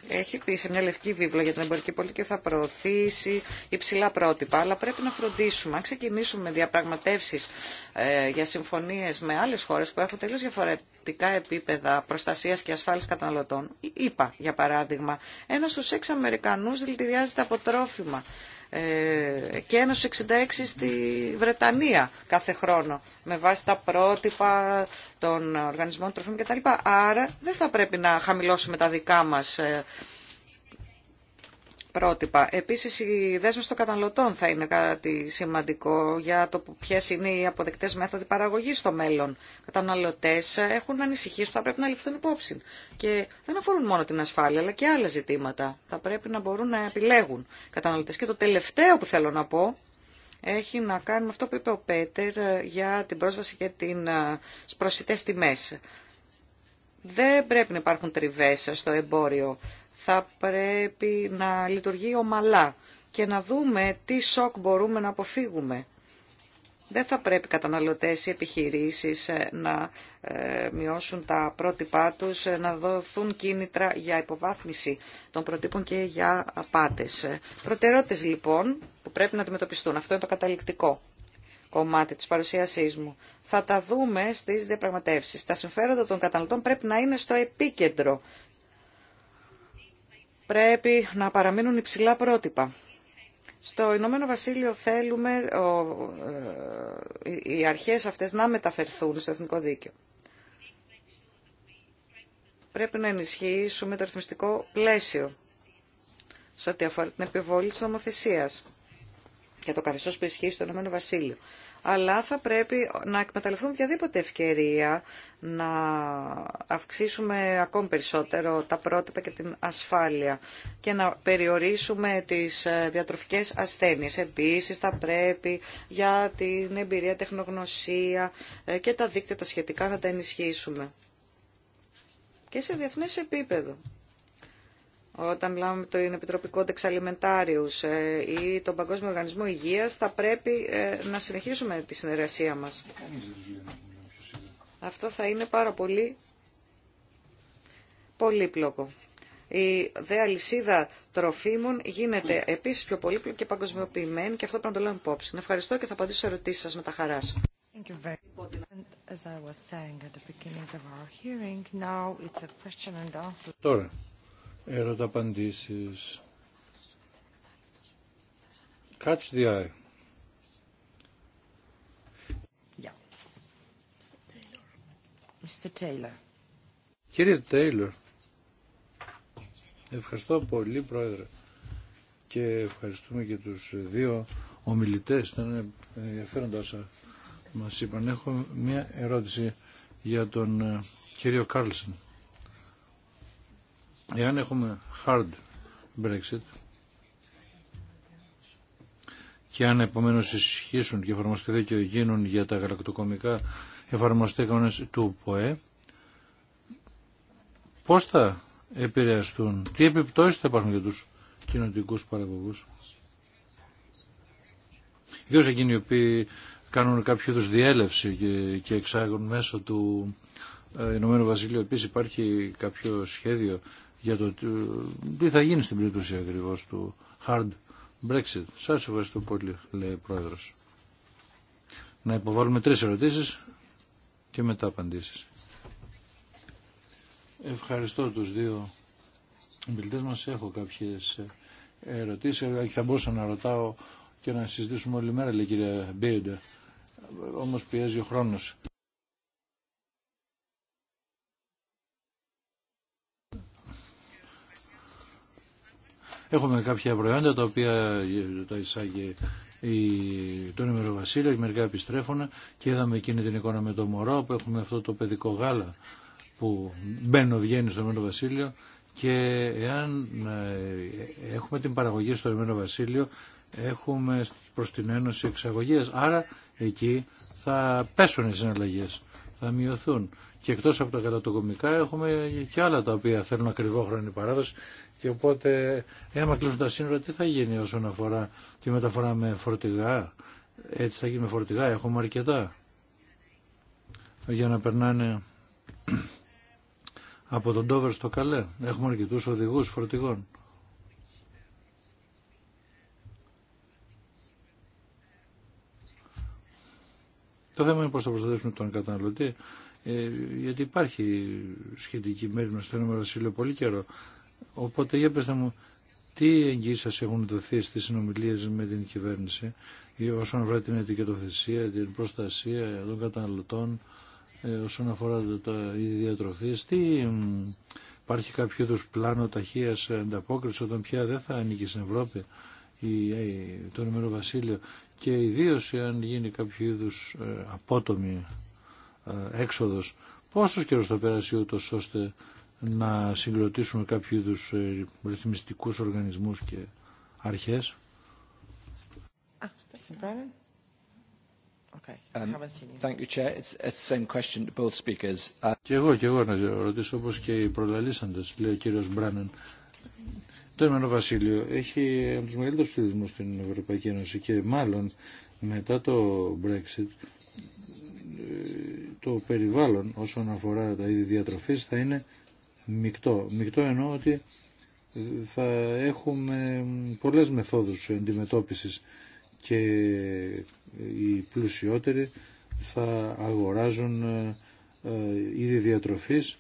έχει πει σε μια λευκή βίβλο για την εμπορική πολιτική ότι θα προωθήσει υψηλά πρότυπα, αλλά πρέπει να φροντίσουμε. Αν ξεκινήσουμε διαπραγματεύσει ε, για συμφωνίε με άλλε χώρε που έχουν τελείω διαφορετικά επίπεδα προστασία και ασφάλεια καταναλωτών, είπα για παράδειγμα, ένα στου έξι Αμερικανού δηλητηριάζεται από τρόφιμα ε, και Ένωση 66 στη Βρετανία κάθε χρόνο με βάση τα πρότυπα των οργανισμών τροφίμων κτλ. Άρα δεν θα πρέπει να χαμηλώσουμε τα δικά μας ε, πρότυπα. Επίσης η δέσμευση των καταναλωτών θα είναι κάτι σημαντικό για το ποιε είναι οι αποδεκτές μέθοδοι παραγωγής στο μέλλον. Οι καταναλωτές έχουν ανησυχίες που θα πρέπει να ληφθούν υπόψη. Και δεν αφορούν μόνο την ασφάλεια αλλά και άλλα ζητήματα. Θα πρέπει να μπορούν να επιλέγουν οι καταναλωτές. Και το τελευταίο που θέλω να πω έχει να κάνει με αυτό που είπε ο Πέτερ για την πρόσβαση και τι ε, προσιτές τιμές. Δεν πρέπει να υπάρχουν τριβές στο εμπόριο θα πρέπει να λειτουργεί ομαλά και να δούμε τι σοκ μπορούμε να αποφύγουμε. Δεν θα πρέπει καταναλωτές ή επιχειρήσεις ε, να ε, μειώσουν τα πρότυπά τους, ε, να δοθούν κίνητρα για υποβάθμιση των προτύπων και για απάτες. Προτερότητες λοιπόν που πρέπει να αντιμετωπιστούν. Αυτό είναι το καταληκτικό κομμάτι της παρουσίασής μου. Θα τα δούμε στις διαπραγματεύσεις. Τα συμφέροντα των καταναλωτών πρέπει να είναι στο επίκεντρο πρέπει να παραμείνουν υψηλά πρότυπα. Στο Ηνωμένο Βασίλειο θέλουμε ε, οι αρχές αυτές να μεταφερθούν στο εθνικό δίκαιο. Πρέπει να ενισχύσουμε το ρυθμιστικό πλαίσιο σε ό,τι αφορά την επιβολή της νομοθεσίας και το καθεστώς που ισχύει στο Ηνωμένο Βασίλειο αλλά θα πρέπει να εκμεταλλευτούμε οποιαδήποτε ευκαιρία να αυξήσουμε ακόμη περισσότερο τα πρότυπα και την ασφάλεια και να περιορίσουμε τις ε, διατροφικές ασθένειες. Επίσης θα πρέπει για την εμπειρία, τεχνογνωσία ε, και τα δίκτυα τα σχετικά να τα ενισχύσουμε. Και σε διεθνές επίπεδο όταν μιλάμε το Επιτροπικό Τεξαλιμεντάριους ή τον Παγκόσμιο Οργανισμό Υγείας, θα πρέπει να Κόντεξ ε, ή τον Παγκόσμιο Οργανισμό Υγείας, θα πρέπει ε, να συνεχίσουμε τη συνεργασία μας. Αυτό θα είναι πάρα πολύ πολύπλοκο. Η δε αλυσίδα τροφίμων γίνεται επίσης πιο πολύπλοκη και παγκοσμιοποιημένη και αυτό πρέπει να το λέμε υπόψη. Ευχαριστώ και θα απαντήσω σε ερωτήσεις σας με τα χαρά Thank Τώρα, Έρωτα Catch the eye. Κύριε Τέιλορ, ευχαριστώ πολύ Πρόεδρε και ευχαριστούμε και τους δύο ομιλητές. Ήταν ενδιαφέροντα όσα μας είπαν. Έχω μια ερώτηση για τον ε, κύριο Κάρλσον. Εάν έχουμε hard Brexit και αν επομένω ισχύσουν και εφαρμοστεί δίκαιο γίνουν για τα γαλακτοκομικά εφαρμοστεί του ΠΟΕ, πώς θα επηρεαστούν, τι επιπτώσεις θα υπάρχουν για τους κοινωνικούς παραγωγούς. Ιδίω εκείνοι οι οποίοι κάνουν κάποιο είδου διέλευση και, εξάγουν μέσω του ε, Ηνωμένου Βασιλείου. επίση υπάρχει κάποιο σχέδιο για το ε, τι θα γίνει στην περίπτωση ακριβώς του hard Brexit. Σας ευχαριστώ πολύ, λέει ο Πρόεδρος. Να υποβάλουμε τρεις ερωτήσεις και μετά απαντήσεις. Ευχαριστώ τους δύο μιλητές μας. Έχω κάποιες ερωτήσεις. Ε, θα μπορούσα να ρωτάω και να συζητήσουμε όλη μέρα, λέει η κυρία Όμως πιέζει ο χρόνος. Έχουμε κάποια προϊόντα τα οποία τα εισάγει το νούμερο βασίλειο, μερικά επιστρέφουν και είδαμε εκείνη την εικόνα με το μωρό που έχουμε αυτό το παιδικό γάλα που μπαίνω βγαίνει στο νούμερο Βασίλειο και εάν ε, έχουμε την παραγωγή στο νούμερο Βασίλειο έχουμε προς την Ένωση εξαγωγές άρα εκεί θα πέσουν οι συναλλαγές θα μειωθούν και εκτός από τα κατατοκομικά έχουμε και άλλα τα οποία θέλουν ακριβόχρονη παράδοση και οπότε άμα κλείσουν τα σύνορα τι θα γίνει όσον αφορά τη μεταφορά με φορτηγά. Έτσι θα γίνει με φορτηγά, έχουμε αρκετά για να περνάνε από τον Τόβερ στο Καλέ. Έχουμε αρκετούς οδηγού φορτηγών. Το θέμα είναι πώς θα προστατεύσουμε τον καταναλωτή ε, γιατί υπάρχει σχετική μέρη στο νούμερο Βασίλειο πολύ καιρό. Οπότε για μου, τι εγγύη σα έχουν δοθεί στι συνομιλίε με την κυβέρνηση όσον αφορά την ετικετοθεσία, την προστασία των καταναλωτών, ε, όσον αφορά τα είδη διατροφή, τι υπάρχει κάποιο είδου πλάνο ταχεία ανταπόκριση όταν πια δεν θα ανήκει στην Ευρώπη ε, το νούμερο Βασίλειο και ιδίω αν γίνει κάποιο είδου απότομη ε, έξοδος. πόσο καιρό θα πέρασει ούτως ώστε να συγκροτήσουμε κάποιου είδου ε, ρυθμιστικούς οργανισμούς και αρχές. Um, uh, και εγώ και εγώ να ρωτήσω όπως και οι προλαλήσαντες, λέει ο κύριο Μπράνεν. Το Ηνωμένο Βασίλειο έχει από του μεγαλύτερου θεσμούς στην Ευρωπαϊκή Ένωση και μάλλον μετά το Brexit το περιβάλλον όσον αφορά τα είδη διατροφής θα είναι μεικτό. Μικτό εννοώ ότι θα έχουμε πολλές μεθόδους αντιμετώπισης και οι πλουσιότεροι θα αγοράζουν ε, ε, είδη διατροφής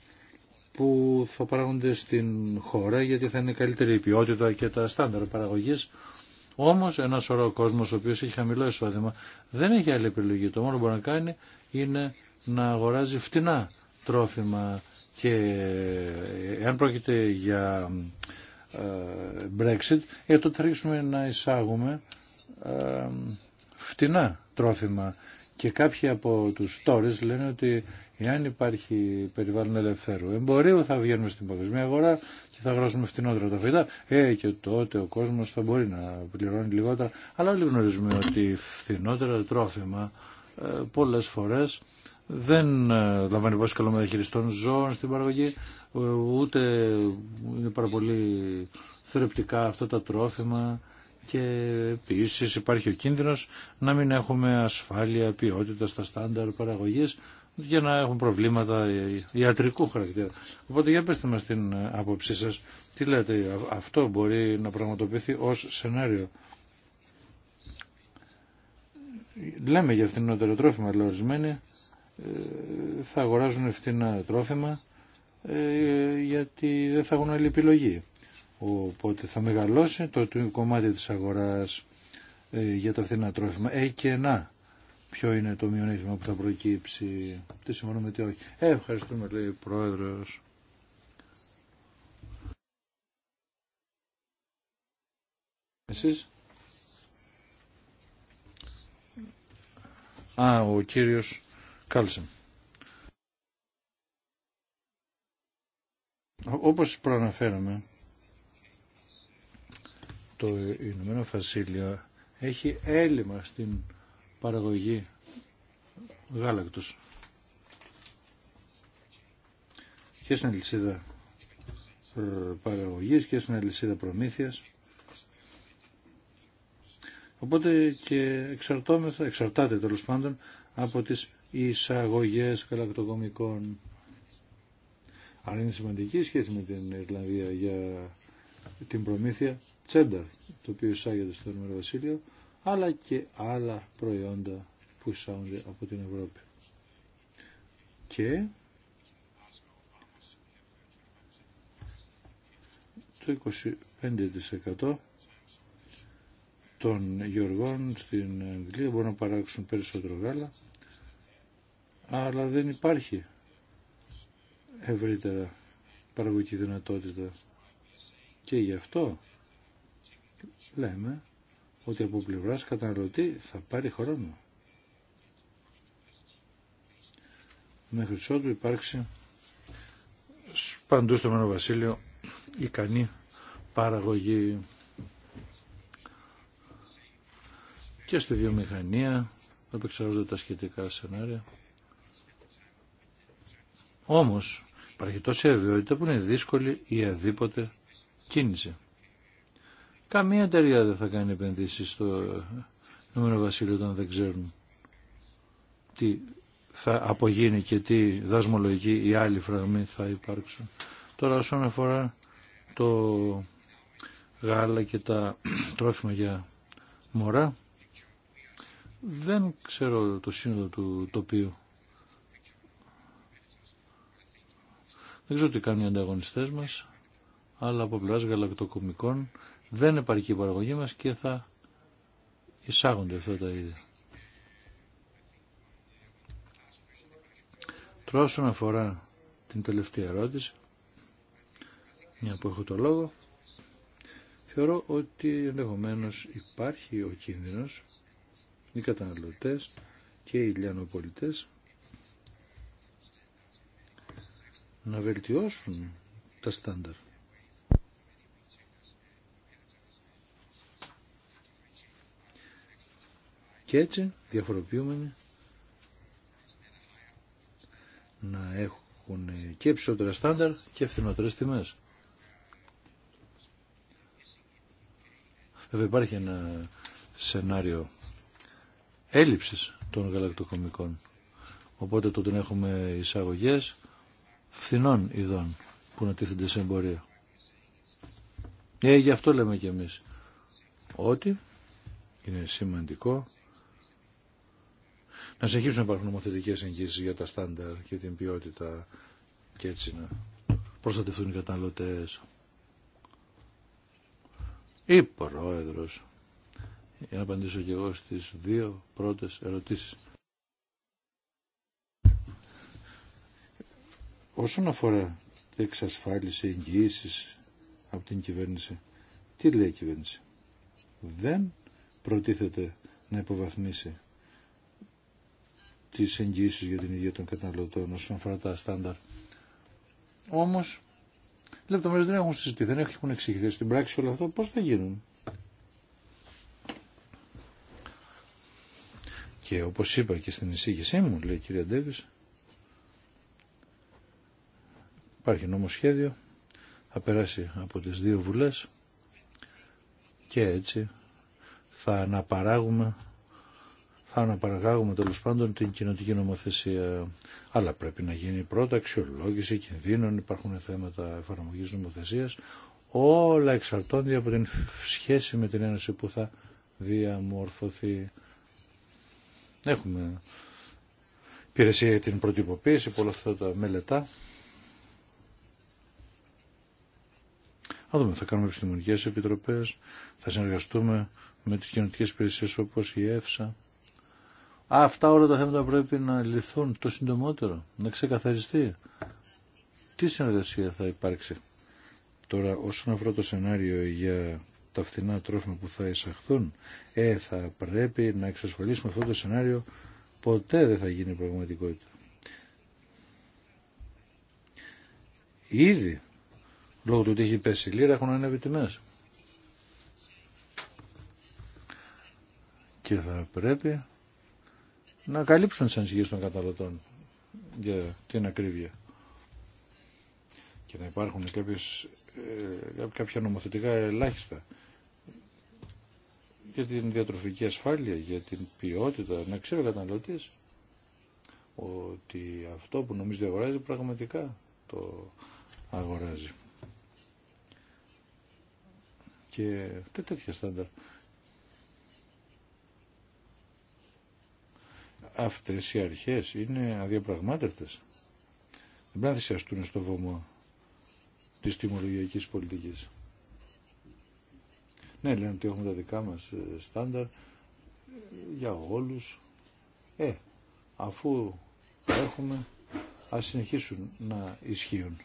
που θα παράγονται στην χώρα γιατί θα είναι καλύτερη η ποιότητα και τα στάνταρ παραγωγής. Όμως ένα σωρό κόσμος ο οποίος έχει χαμηλό εισόδημα δεν έχει άλλη επιλογή. Το μόνο που μπορεί να κάνει είναι να αγοράζει φτηνά τρόφιμα και αν πρόκειται για ε, Brexit, ε, τότε θα αρχίσουμε να εισάγουμε ε, φτηνά τρόφιμα. Και κάποιοι από τους stories λένε ότι εάν υπάρχει περιβάλλον ελευθέρου εμπορίου θα βγαίνουμε στην παγκοσμία αγορά και θα αγοράσουμε φτηνότερα τα φυτά. Ε, και τότε ο κόσμος θα μπορεί να πληρώνει λιγότερα. Αλλά όλοι γνωρίζουμε ότι φτηνότερα τρόφιμα ε, πολλές φορές δεν ε, λαμβάνει υπόψη καλό μεταχειριστών ζώων στην παραγωγή, ε, ούτε είναι πάρα πολύ θρεπτικά αυτά τα τρόφιμα και επίσης υπάρχει ο κίνδυνος να μην έχουμε ασφάλεια ποιότητα στα στάνταρ παραγωγής για να έχουν προβλήματα ιατρικού χαρακτήρα. Οπότε για πέστε μας την άποψή σας, τι λέτε, αυτό μπορεί να πραγματοποιηθεί ως σενάριο λέμε για φθηνότερο τρόφιμα, αλλά ορισμένοι ε, θα αγοράζουν φθηνά τρόφιμα ε, γιατί δεν θα έχουν άλλη επιλογή. Οπότε θα μεγαλώσει το κομμάτι της αγοράς ε, για τα φθηνά τρόφιμα. Ε, και να, ποιο είναι το μειονέκτημα που θα προκύψει, τι συμφωνούμε, τι όχι. Ε, ευχαριστούμε, λέει ο Πρόεδρος. Εσείς. Α, ο κύριος Κάλσεν. Όπως προαναφέραμε, το Ηνωμένο Φασίλειο έχει έλλειμμα στην παραγωγή γάλακτος. Και στην αλυσίδα ε, παραγωγής και στην αλυσίδα προμήθειας. Οπότε και εξαρτώμεθα, εξαρτάται τέλο πάντων από τις εισαγωγές καλακτοκομικών. Αν είναι σημαντική σχέση με την Ιρλανδία για την προμήθεια τσένταρ, το οποίο εισάγεται στο Ηνωμένο Βασίλειο, αλλά και άλλα προϊόντα που εισάγονται από την Ευρώπη. Και το 25% των γεωργών στην Αγγλία μπορούν να παράξουν περισσότερο γάλα αλλά δεν υπάρχει ευρύτερα παραγωγική δυνατότητα και γι' αυτό λέμε ότι από πλευράς καταναλωτή θα πάρει χρόνο μέχρι ότου υπάρξει παντού στο Μένο Βασίλειο ικανή παραγωγή και στη βιομηχανία επεξεργάζονται τα σχετικά σενάρια. Όμως υπάρχει τόση ευαιότητα που είναι δύσκολη η αδίποτε κίνηση. Καμία εταιρεία δεν θα κάνει επενδύσεις στο νούμερο Βασίλειο όταν δεν ξέρουν τι θα απογίνει και τι δασμολογική ή άλλη φραγμή θα υπάρξουν. Τώρα όσον αφορά το γάλα και τα τρόφιμα για μωρά, δεν ξέρω το σύνολο του τοπίου. Δεν ξέρω τι κάνουν οι ανταγωνιστές μας, αλλά από πλευράς γαλακτοκομικών δεν επαρκεί η παραγωγή μας και θα εισάγονται αυτά τα είδη. Τώρα όσον αφορά την τελευταία ερώτηση, μια που έχω το λόγο, θεωρώ ότι ενδεχομένως υπάρχει ο κίνδυνος οι καταναλωτές και οι λιανοπολιτές να βελτιώσουν τα στάνταρ. Και έτσι διαφοροποιούμενοι να έχουν και ψηλότερα στάνταρ και φθηνότερες τιμές. Βέβαια υπάρχει ένα σενάριο έλλειψη των γαλακτοκομικών. Οπότε τότε έχουμε εισαγωγέ φθηνών ειδών που να τίθενται σε εμπορία. Ε, γι' αυτό λέμε κι εμείς ότι είναι σημαντικό να συνεχίσουν να υπάρχουν νομοθετικές εγγύσεις για τα στάνταρ και την ποιότητα και έτσι να προστατευτούν οι καταναλωτές. Ή πρόεδρος για ε, να απαντήσω και εγώ στις δύο πρώτες ερωτήσεις. Όσον αφορά την εξασφάλιση εγγυήσεις από την κυβέρνηση, τι λέει η κυβέρνηση. Δεν προτίθεται να υποβαθμίσει τις εγγυήσεις για την υγεία των καταναλωτών όσον αφορά τα στάνταρ. Όμως, λεπτομέρειες δεν έχουν συζητηθεί, δεν έχουν εξηγηθεί στην πράξη όλα αυτά, πώς θα γίνουν. Και όπως είπα και στην εισήγησή μου, λέει η κυρία Ντέβης, υπάρχει νομοσχέδιο, θα περάσει από τις δύο βουλές και έτσι θα αναπαράγουμε θα αναπαραγάγουμε τέλο πάντων την κοινοτική νομοθεσία. Αλλά πρέπει να γίνει πρώτα αξιολόγηση κινδύνων, υπάρχουν θέματα εφαρμογής νομοθεσίας. Όλα εξαρτώνται από την σχέση με την Ένωση που θα διαμορφωθεί. Έχουμε υπηρεσία για την προτυποποίηση από όλα αυτά τα μελετά. Θα δούμε, θα κάνουμε επιστημονικές επιτροπές, θα συνεργαστούμε με τις κοινωνικές υπηρεσίες όπως η ΕΦΣΑ. Αυτά όλα τα θέματα πρέπει να λυθούν το συντομότερο, να ξεκαθαριστεί. Τι συνεργασία θα υπάρξει. Τώρα όσον αφορά το σενάριο για τα φθηνά τρόφιμα που θα εισαχθούν, ε, θα πρέπει να εξασφαλίσουμε αυτό το σενάριο ποτέ δεν θα γίνει πραγματικότητα. Ήδη, λόγω του ότι έχει πέσει η λίρα, έχουν ανέβει τιμέ. Και θα πρέπει να καλύψουν τις ανησυχίες των καταλωτών για την ακρίβεια και να υπάρχουν κάποιες, ε, κάποια νομοθετικά ελάχιστα για την διατροφική ασφάλεια, για την ποιότητα, να ξέρει ο καταναλωτή ότι αυτό που νομίζει αγοράζει πραγματικά το αγοράζει. Και τέτοια στάνταρ. Αυτές οι αρχές είναι αδιαπραγμάτευτες. Δεν πρέπει να θυσιαστούν στο βωμό της τιμολογιακής πολιτικής. Ναι, λένε ότι έχουμε τα δικά μας ε, στάνταρ για όλους. Ε, αφού έχουμε, ας συνεχίσουν να ισχύουν.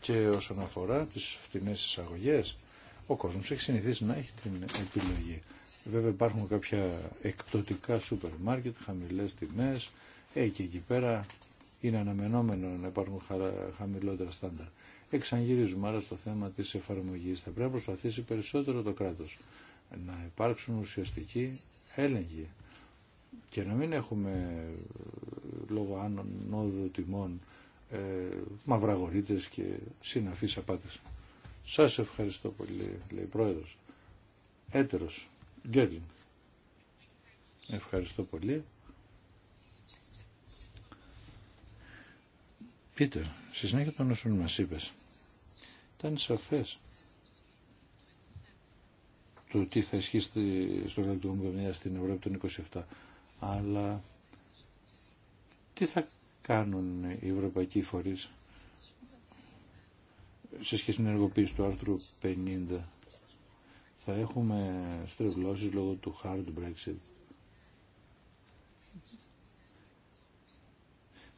Και όσον αφορά τις φτηνές εισαγωγές, ο κόσμος έχει συνηθίσει να έχει την επιλογή. Βέβαια υπάρχουν κάποια εκπτωτικά σούπερ μάρκετ, χαμηλές τιμές, ε, και εκεί πέρα είναι αναμενόμενο να υπάρχουν χαμηλότερα στάνταρ εξαγυρίζουμε. Άρα στο θέμα της εφαρμογής θα πρέπει να προσπαθήσει περισσότερο το κράτος να υπάρξουν ουσιαστικοί έλεγχοι και να μην έχουμε ε, λόγω άνων νόδου τιμών ε, και συναφείς απάτες. Σας ευχαριστώ πολύ, λέει πρόεδρος. Έτερος, Γκέρλινγκ. Ευχαριστώ πολύ. Πίτερ, στη συνέχεια των όσων μας είπες, είναι σαφές το τι θα ισχύσει στο κρατικό μου στην Ευρώπη των 27. Αλλά τι θα κάνουν οι ευρωπαϊκοί φορείς σε σχέση με την ενεργοποίηση του άρθρου 50. Θα έχουμε στρεβλώσεις λόγω του hard Brexit.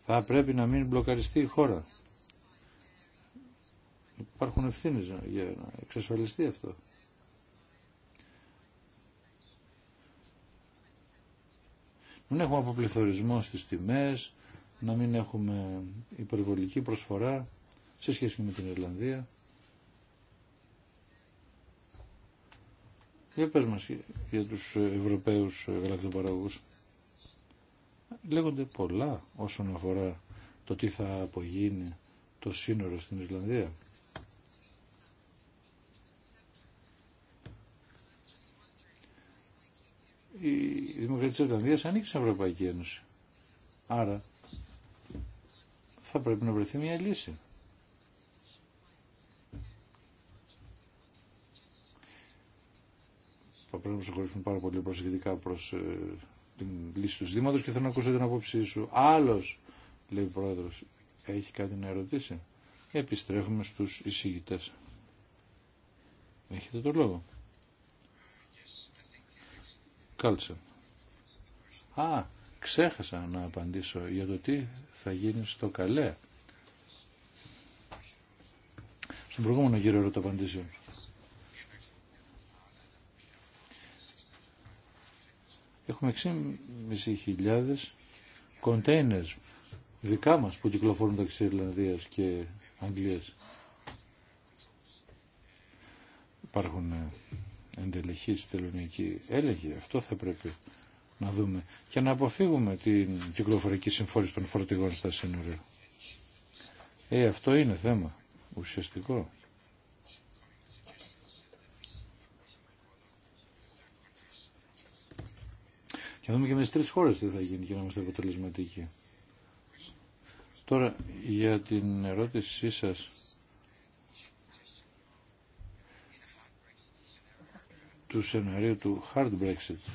Θα πρέπει να μην μπλοκαριστεί η χώρα. Υπάρχουν ευθύνε για να εξασφαλιστεί αυτό. Να μην έχουμε αποπληθωρισμό στις τιμές, να μην έχουμε υπερβολική προσφορά σε σχέση με την Ιρλανδία. Για πες μας για τους Ευρωπαίους γαλακτοπαραγωγούς. Λέγονται πολλά όσον αφορά το τι θα απογίνει το σύνορο στην Ισλανδία. η Δημοκρατία της Ολλανδίας ανήκει στην Ευρωπαϊκή Ένωση. Άρα θα πρέπει να βρεθεί μια λύση. Θα πρέπει να προσεχωρήσουμε πάρα πολύ προσεκτικά προς ε, την λύση του ζητήματος και θέλω να ακούσω την απόψη σου. Άλλος, λέει ο Πρόεδρος, έχει κάτι να ερωτήσει. Επιστρέφουμε στους εισηγητές. Έχετε το λόγο. Κάλτσα. Α, ξέχασα να απαντήσω για το τι θα γίνει στο Καλέ. Στον προηγούμενο γύρο απαντήσω. Έχουμε 6.500 containers δικά μας που κυκλοφορούν τα Ιρλανδίας και Αγγλίας. Υπάρχουν ε, εντελεχής τελωνική έλεγε Αυτό θα πρέπει να δούμε και να αποφύγουμε την κυκλοφορική συμφόρηση των φορτηγών στα σύνορα. Ε, αυτό είναι θέμα ουσιαστικό. Και να δούμε και με τις τρεις χώρες τι θα γίνει και να είμαστε αποτελεσματικοί. Τώρα για την ερώτησή σας του σενάριου του hard Brexit.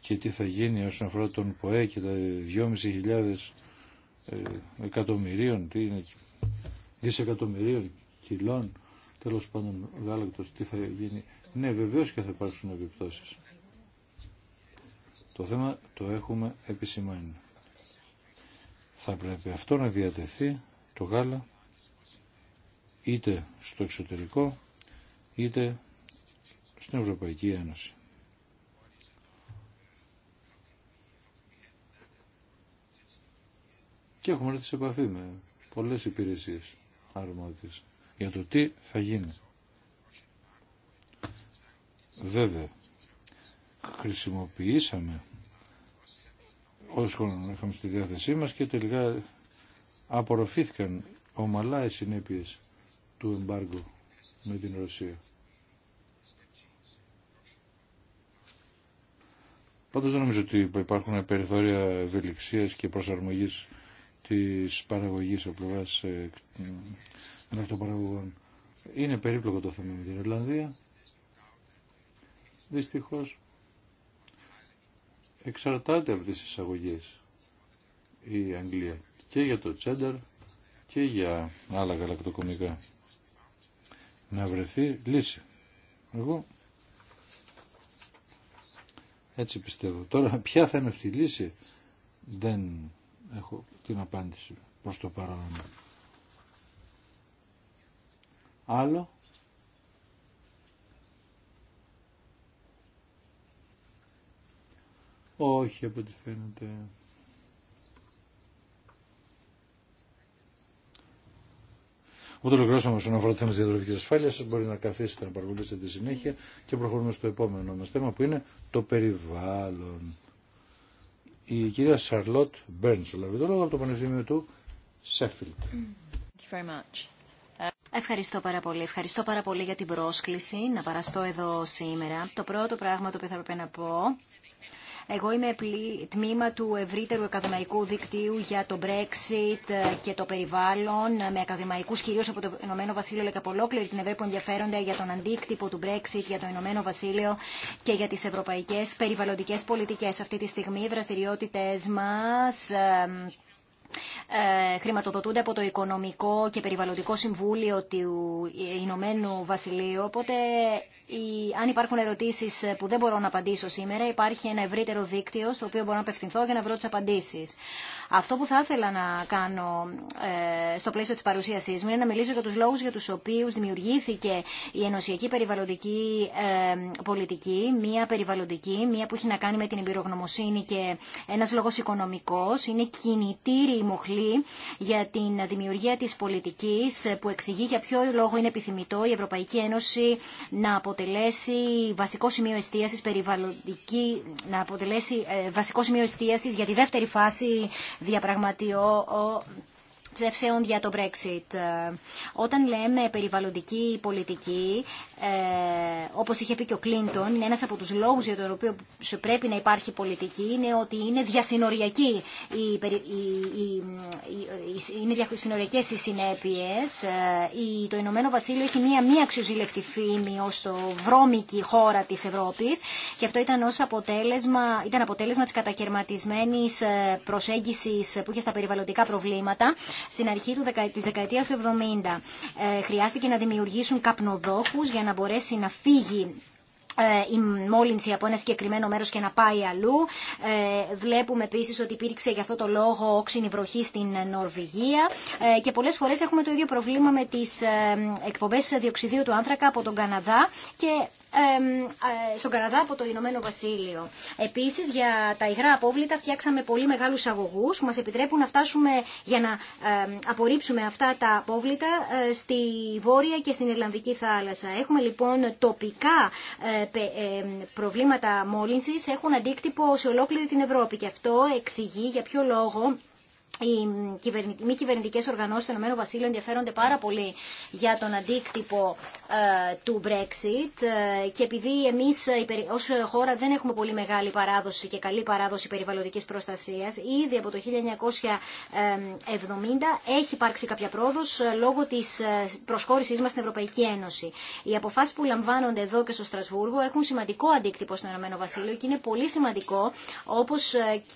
Και τι θα γίνει όσον αφορά τον ΠΟΕ και τα 2.500 ε, εκατομμυρίων, τι είναι, δισεκατομμυρίων κιλών, τέλος πάντων γάλακτος, τι θα γίνει. Ναι, βεβαίως και θα υπάρξουν επιπτώσεις. Το θέμα το έχουμε επισημάνει. Θα πρέπει αυτό να διατεθεί το γάλα είτε στο εξωτερικό είτε στην Ευρωπαϊκή Ένωση. Και έχουμε έρθει σε επαφή με πολλές υπηρεσίες αρμόδιες για το τι θα γίνει. Βέβαια, χρησιμοποιήσαμε όσο είχαμε στη διάθεσή μας και τελικά απορροφήθηκαν ομαλά οι συνέπειες του εμπάργου με την Ρωσία. Πάντως δεν νομίζω ότι υπάρχουν περιθώρια ευελιξίας και προσαρμογής της παραγωγής από πλευράς ε, παραγωγών. Είναι περίπλοκο το θέμα με την Ιρλανδία. Δυστυχώς εξαρτάται από τις εισαγωγές η Αγγλία και για το τσένταρ και για άλλα γαλακτοκομικά. Να βρεθεί λύση. Εγώ έτσι πιστεύω. Τώρα ποια θα είναι αυτή η λύση δεν έχω την απάντηση προς το παρόν. Άλλο. Όχι από ό,τι φαίνεται. Οπότε ολοκληρώσαμε όσον αφορά το θέμα τη διατροφική ασφάλεια. Μπορεί να καθίσετε να παρακολουθήσετε τη συνέχεια και προχωρούμε στο επόμενο μα θέμα που είναι το περιβάλλον. Η κυρία Σαρλότ Μπέρντ, λάβει το λόγο από το Πανεπιστήμιο του Σέφιλτ. Mm. Ευχαριστώ πάρα πολύ. Ευχαριστώ πάρα πολύ για την πρόσκληση να παραστώ εδώ σήμερα. Το πρώτο πράγμα το οποίο θα έπρεπε να πω εγώ είμαι τμήμα του ευρύτερου ακαδημαϊκού δικτύου για το Brexit και το περιβάλλον, με ακαδημαϊκούς κυρίως από το Ηνωμένο Βασίλειο, αλλά και από ολόκληρη την Ευρώπη που ενδιαφέρονται για τον αντίκτυπο του Brexit, για το Ηνωμένο Βασίλειο και για τις ευρωπαϊκές περιβαλλοντικές πολιτικές. Αυτή τη στιγμή οι δραστηριότητες μας ε, χρηματοδοτούνται από το Οικονομικό και Περιβαλλοντικό Συμβούλιο του Ηνωμένου Βασιλείου. Οπότε αν υπάρχουν ερωτήσει ε, που δεν μπορώ να απαντήσω σήμερα, υπάρχει ένα ευρύτερο δίκτυο στο οποίο μπορώ να απευθυνθώ για να βρω τι απαντήσει. Αυτό που θα ήθελα να κάνω ε, στο πλαίσιο τη παρουσίασή μου είναι να μιλήσω για του λόγου για του οποίου δημιουργήθηκε η Ενωσιακή Περιβαλλοντική ε, Πολιτική, μία περιβαλλοντική, μία που έχει να κάνει με την εμπειρογνωμοσύνη και ένα λόγο οικονομικό. Είναι κινητήρη η μοχλή για την δημιουργία τη πολιτική που εξηγεί για ποιο λόγο είναι επιθυμητό η Ευρωπαϊκή Ένωση να αποτελεί αποτελέσει βασικό σημείο εστίασης περιβαλλοντική, να αποτελέσει ε, βασικό σημείο εστίασης για τη δεύτερη φάση διαπραγματιώσεων για το Brexit. Ε, όταν λέμε περιβαλλοντική πολιτική, ε, όπως είχε πει και ο Κλίντον, είναι ένας από τους λόγους για τον οποίο πρέπει να υπάρχει πολιτική, είναι ότι είναι διασυνοριακή, οι, είναι διασυνοριακές οι συνέπειες. Ε, το Ηνωμένο Βασίλειο έχει μία μία αξιοζηλευτή φήμη ως το βρώμικη χώρα της Ευρώπης και αυτό ήταν, αποτέλεσμα, ήταν αποτέλεσμα της κατακαιρματισμένης ε, προσέγγισης που είχε στα περιβαλλοντικά προβλήματα στην αρχή του, της δεκαετίας του 70. χρειάστηκε να δημιουργήσουν καπνοδόχους για να μπορέσει να φύγει ε, η μόλυνση από ένα συγκεκριμένο μέρος και να πάει αλλού. Ε, βλέπουμε επίση ότι υπήρξε για αυτό το λόγο όξινη βροχή στην Νορβηγία ε, και πολλές φορές έχουμε το ίδιο προβλήμα με τις εκπομπές διοξιδίου του άνθρακα από τον Καναδά και ε, στον Καναδά από το Ηνωμένο Βασίλειο. Επίσης για τα υγρά απόβλητα φτιάξαμε πολύ μεγάλους αγωγού που μας επιτρέπουν να φτάσουμε για να απορρίψουμε αυτά τα απόβλητα ε, στη Βόρεια και στην Ιρλανδική θάλασσα. Έχουμε λοιπόν τοπικά ε, προβλήματα μόλυνσης, έχουν αντίκτυπο σε ολόκληρη την Ευρώπη και αυτό εξηγεί για ποιο λόγο οι μη κυβερνητικέ οργανώσει του ΕΒ ενδιαφέρονται πάρα πολύ για τον αντίκτυπο ε, του Brexit ε, και επειδή εμεί ε, ω χώρα δεν έχουμε πολύ μεγάλη παράδοση και καλή παράδοση περιβαλλοντική προστασία, ήδη από το 1970 έχει υπάρξει κάποια πρόοδο λόγω τη προσχώρησή μα στην Ευρωπαϊκή Ένωση. Οι αποφάσει που λαμβάνονται εδώ και στο Στρασβούργο έχουν σημαντικό αντίκτυπο στο ΕΒ και είναι πολύ σημαντικό όπω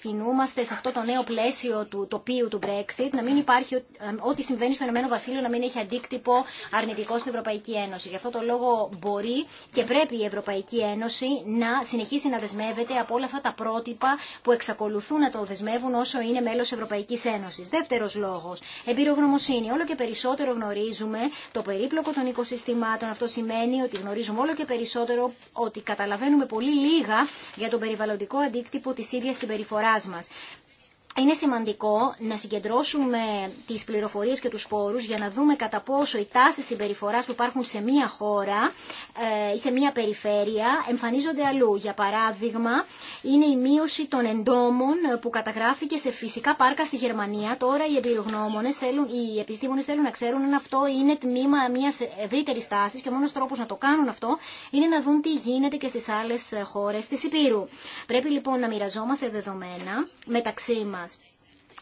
κινούμαστε σε αυτό το νέο πλαίσιο του ισορροπίου του Brexit, να μην υπάρχει ε, ό,τι συμβαίνει στο Ηνωμένο Βασίλειο να μην έχει αντίκτυπο αρνητικό στην Ευρωπαϊκή Ένωση. Γι' αυτό το λόγο μπορεί και πρέπει η Ευρωπαϊκή Ένωση να συνεχίσει να δεσμεύεται από όλα αυτά τα πρότυπα που εξακολουθούν να το δεσμεύουν όσο είναι μέλο Ευρωπαϊκή Ένωση. Δεύτερο λόγο, εμπειρογνωμοσύνη. Όλο και περισσότερο γνωρίζουμε το περίπλοκο των οικοσυστημάτων. Αυτό σημαίνει ότι γνωρίζουμε όλο και περισσότερο ότι καταλαβαίνουμε πολύ λίγα για τον περιβαλλοντικό αντίκτυπο τη ίδια συμπεριφορά μα είναι σημαντικό να συγκεντρώσουμε τις πληροφορίες και τους σπόρους για να δούμε κατά πόσο οι τάσεις συμπεριφοράς που υπάρχουν σε μία χώρα ε, ή σε μία περιφέρεια εμφανίζονται αλλού. Για παράδειγμα, είναι η μείωση των εντόμων που καταγράφηκε σε φυσικά πάρκα στη Γερμανία. Τώρα οι εμπειρογνώμονες θέλουν, οι επιστήμονες θέλουν να ξέρουν αν αυτό είναι τμήμα μιας ευρύτερης τάσης και ο μόνος τρόπος να το κάνουν αυτό είναι να δουν τι γίνεται και στις άλλες χώρες της Υπήρου. Πρέπει λοιπόν να μοιραζόμαστε δεδομένα μεταξύ μα.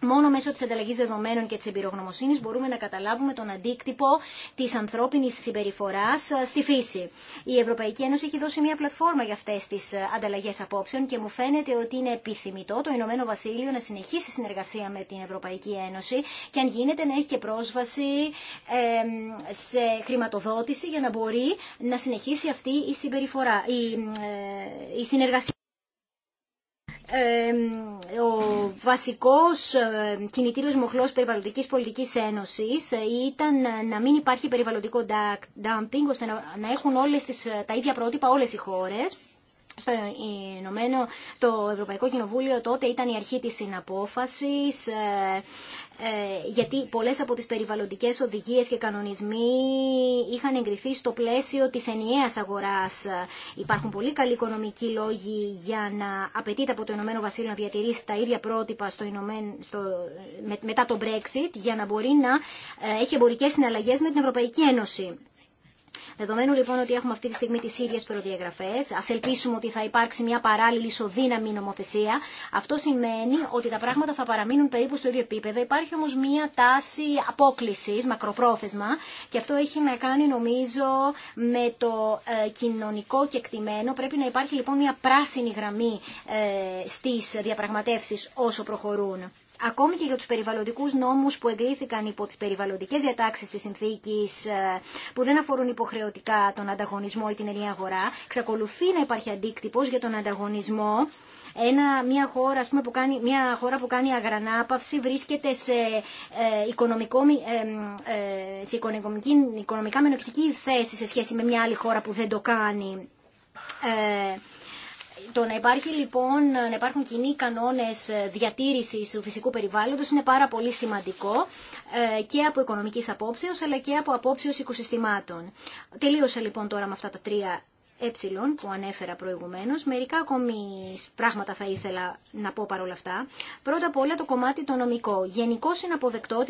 Μόνο μέσω τη ανταλλαγή δεδομένων και τη εμπειρογνωμοσύνη μπορούμε να καταλάβουμε τον αντίκτυπο τη ανθρώπινη συμπεριφορά ε, στη φύση. Η Ευρωπαϊκή Ένωση έχει δώσει μια πλατφόρμα για αυτέ τι ε, ανταλλαγέ απόψεων και μου φαίνεται ότι είναι επιθυμητό το Ηνωμένο Βασίλειο να συνεχίσει συνεργασία με την Ευρωπαϊκή Ένωση και αν γίνεται να έχει και πρόσβαση σε χρηματοδότηση για να μπορεί να συνεχίσει αυτή η, ε, η συνεργασία ο βασικός ε, κινητήριος μοχλός περιβαλλοντικής πολιτικής ένωσης ε, ήταν ε, να μην υπάρχει περιβαλλοντικό dumping ώστε να έχουν όλες τις, τα ίδια πρότυπα όλες οι χώρες. Στο, στο Ευρωπαϊκό Κοινοβούλιο τότε ήταν η αρχή της συναπόφασης ε, γιατί πολλές από τις περιβαλλοντικές οδηγίες και κανονισμοί είχαν εγκριθεί στο πλαίσιο της ενιαίας αγοράς. Υπάρχουν πολύ καλοί οικονομικοί λόγοι για να απαιτείται από το Ηνωμένο Βασίλειο να διατηρήσει τα ίδια πρότυπα στο Ηνωμένο, στο, μετά το Brexit για να μπορεί να ε, έχει εμπορικές συναλλαγές με την Ευρωπαϊκή Ένωση. Δεδομένου λοιπόν ότι έχουμε αυτή τη στιγμή τι ίδιε προδιαγραφέ, α ελπίσουμε ότι θα υπάρξει μια παράλληλη ισοδύναμη νομοθεσία. Αυτό σημαίνει ότι τα πράγματα θα παραμείνουν περίπου στο ίδιο επίπεδο. Υπάρχει όμω μια τάση απόκληση μακροπρόθεσμα και αυτό έχει να κάνει νομίζω με το ε, κοινωνικό κεκτημένο. Πρέπει να υπάρχει λοιπόν μια πράσινη γραμμή ε, στι διαπραγματεύσει όσο προχωρούν ακόμη και για τους περιβαλλοντικούς νόμους που εγκρίθηκαν υπό τις περιβαλλοντικές διατάξεις της συνθήκης ε, που δεν αφορούν υποχρεωτικά τον ανταγωνισμό ή την ενιαία αγορά, Ξακολουθεί να υπάρχει αντίκτυπος για τον ανταγωνισμό ένα, μια, χώρα, ας πούμε, που κάνει, μια χώρα που κάνει αγρανάπαυση βρίσκεται σε, ε, ε, ε σε οικονομική, οικονομικά μενοκτική θέση σε σχέση με μια άλλη χώρα που δεν το κάνει. Ε, το να, υπάρχει, λοιπόν, να υπάρχουν κοινοί κανόνες διατήρησης του φυσικού περιβάλλοντος είναι πάρα πολύ σημαντικό ε, και από οικονομικής απόψεως αλλά και από απόψεως οικοσυστημάτων. Τελείωσα λοιπόν τώρα με αυτά τα τρία ε που ανέφερα προηγουμένως. Μερικά ακόμη πράγματα θα ήθελα να πω παρόλα αυτά. Πρώτα απ' όλα το κομμάτι το νομικό. Γενικώ είναι αποδεκτό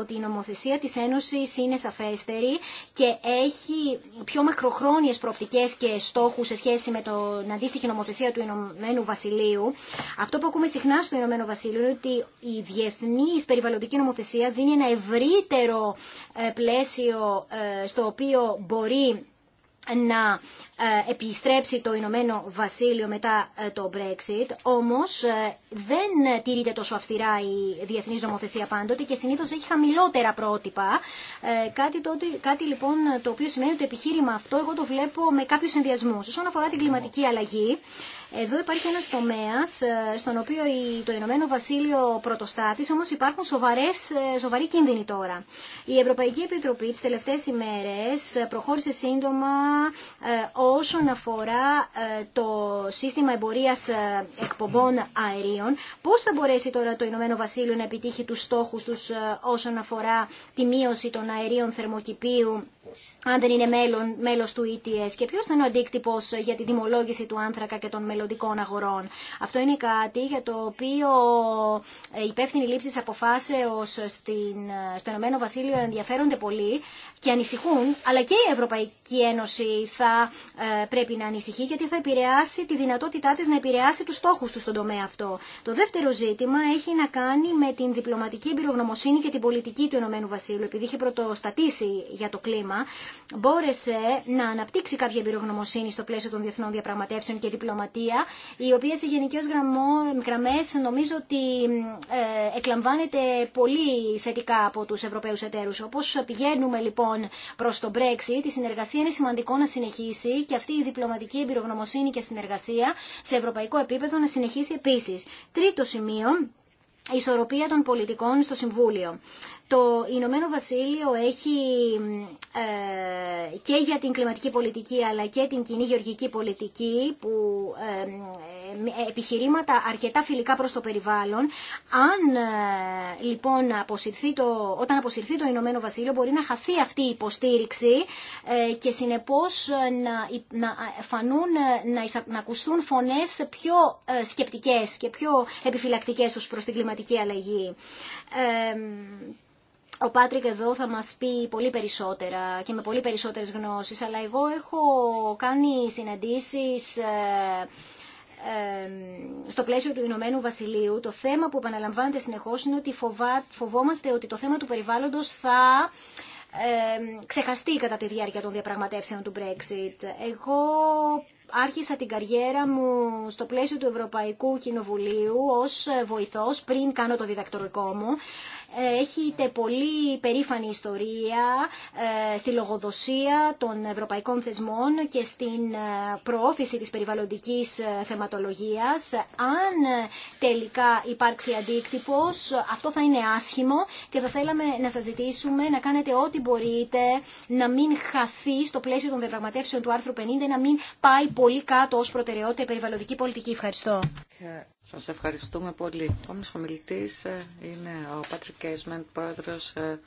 ότι η νομοθεσία της Ένωσης είναι σαφέστερη και έχει πιο μακροχρόνιες προοπτικές και στόχους σε σχέση με την αντίστοιχη νομοθεσία του Ηνωμένου Βασιλείου. Αυτό που ακούμε συχνά στο Ηνωμένο Βασιλείο είναι ότι η διεθνή περιβαλλοντική νομοθεσία δίνει ένα ευρύτερο ε, πλαίσιο ε, στο οποίο μπορεί να ε, επιστρέψει το Ηνωμένο Βασίλειο μετά ε, το Brexit, όμως ε, δεν τηρείται τόσο αυστηρά η διεθνής νομοθεσία πάντοτε και συνήθως έχει χαμηλότερα πρότυπα. Κάτι, κάτι λοιπόν το οποίο σημαίνει ότι το επιχείρημα αυτό εγώ το βλέπω με κάποιους συνδυασμούς. Όσον αφορά την κλιματική αλλαγή, εδώ υπάρχει ένας τομέας ε, στον οποίο το Ηνωμένο Βασίλειο πρωτοστάτης, όμως υπάρχουν σοβαρές, ε, σοβαροί κίνδυνοι τώρα. Η Ευρωπαϊκή Επιτροπή τις τελευταίες ημέρες ε, προχώρησε σύντομα όσον αφορά το σύστημα εμπορίας εκπομπών αερίων. Πώς θα μπορέσει τώρα το Ηνωμένο Βασίλειο να επιτύχει τους στόχους τους όσον αφορά τη μείωση των αερίων θερμοκηπίου αν δεν είναι μέλο μέλος του ETS και ποιος θα είναι ο αντίκτυπος για τη δημολόγηση του άνθρακα και των μελλοντικών αγορών. Αυτό είναι κάτι για το οποίο η ε, υπεύθυνη λήψη αποφάσεως ε, στο Ηνωμένο Βασίλειο ενδιαφέρονται πολύ και ανησυχούν, αλλά και η Ευρωπαϊκή Ένωση θα ε, πρέπει να ανησυχεί γιατί θα επηρεάσει τη δυνατότητά της να επηρεάσει τους στόχους του στον τομέα αυτό. Το δεύτερο ζήτημα έχει να κάνει με την διπλωματική εμπειρογνωμοσύνη και την πολιτική του Ηνωμένου Βασίλου. Επειδή είχε πρωτοστατήσει για το κλίμα, μπόρεσε να αναπτύξει κάποια εμπειρογνωμοσύνη στο πλαίσιο των διεθνών διαπραγματεύσεων και διπλωματία, η οποία σε γενικέ γραμμέ νομίζω ότι ε, εκλαμβάνεται πολύ θετικά από του Ευρωπαίου εταίρου. Όπω πηγαίνουμε λοιπόν Προ λοιπόν προς τον Brexit, η συνεργασία είναι σημαντικό να συνεχίσει και αυτή η διπλωματική εμπειρογνωμοσύνη και συνεργασία σε ευρωπαϊκό επίπεδο να συνεχίσει επίση. Τρίτο σημείο, ισορροπία των πολιτικών στο Συμβούλιο. Το Ηνωμένο Βασίλειο έχει ε, και για την κλιματική πολιτική αλλά και την κοινή γεωργική πολιτική που ε, ε, επιχειρήματα αρκετά φιλικά προς το περιβάλλον. Αν λοιπόν αποσυρθεί το, όταν αποσυρθεί το Ηνωμένο Βασίλειο μπορεί να χαθεί αυτή η υποστήριξη και συνεπώς να, να φανούν, να, να ακουστούν φωνές πιο σκεπτικές και πιο επιφυλακτικές ως προς την κλιματική αλλαγή ο Πάτρικ εδώ θα μας πει πολύ περισσότερα και με πολύ περισσότερες γνώσεις, αλλά εγώ έχω κάνει συναντήσεις ε, ε, στο πλαίσιο του Ηνωμένου Βασιλείου. Το θέμα που επαναλαμβάνεται συνεχώς είναι ότι φοβόμαστε ότι το θέμα του περιβάλλοντος θα ε, ξεχαστεί κατά τη διάρκεια των διαπραγματεύσεων του Brexit. Εγώ άρχισα την καριέρα μου στο πλαίσιο του Ευρωπαϊκού Κοινοβουλίου ως βοηθός πριν κάνω το διδακτορικό μου έχετε πολύ περήφανη ιστορία ε, στη λογοδοσία των ευρωπαϊκών θεσμών και στην ε, προώθηση της περιβαλλοντικής ε, θεματολογίας. Αν τελικά υπάρξει αντίκτυπος, αυτό θα είναι άσχημο και θα θέλαμε να σας ζητήσουμε να κάνετε ό,τι μπορείτε να μην χαθεί στο πλαίσιο των διαπραγματεύσεων του άρθρου 50, να μην πάει πολύ κάτω ως προτεραιότητα η περιβαλλοντική πολιτική. Ευχαριστώ. Σας ευχαριστούμε πολύ. Ο είναι ο Πάτρικ Engagement, πρόεδρος ε,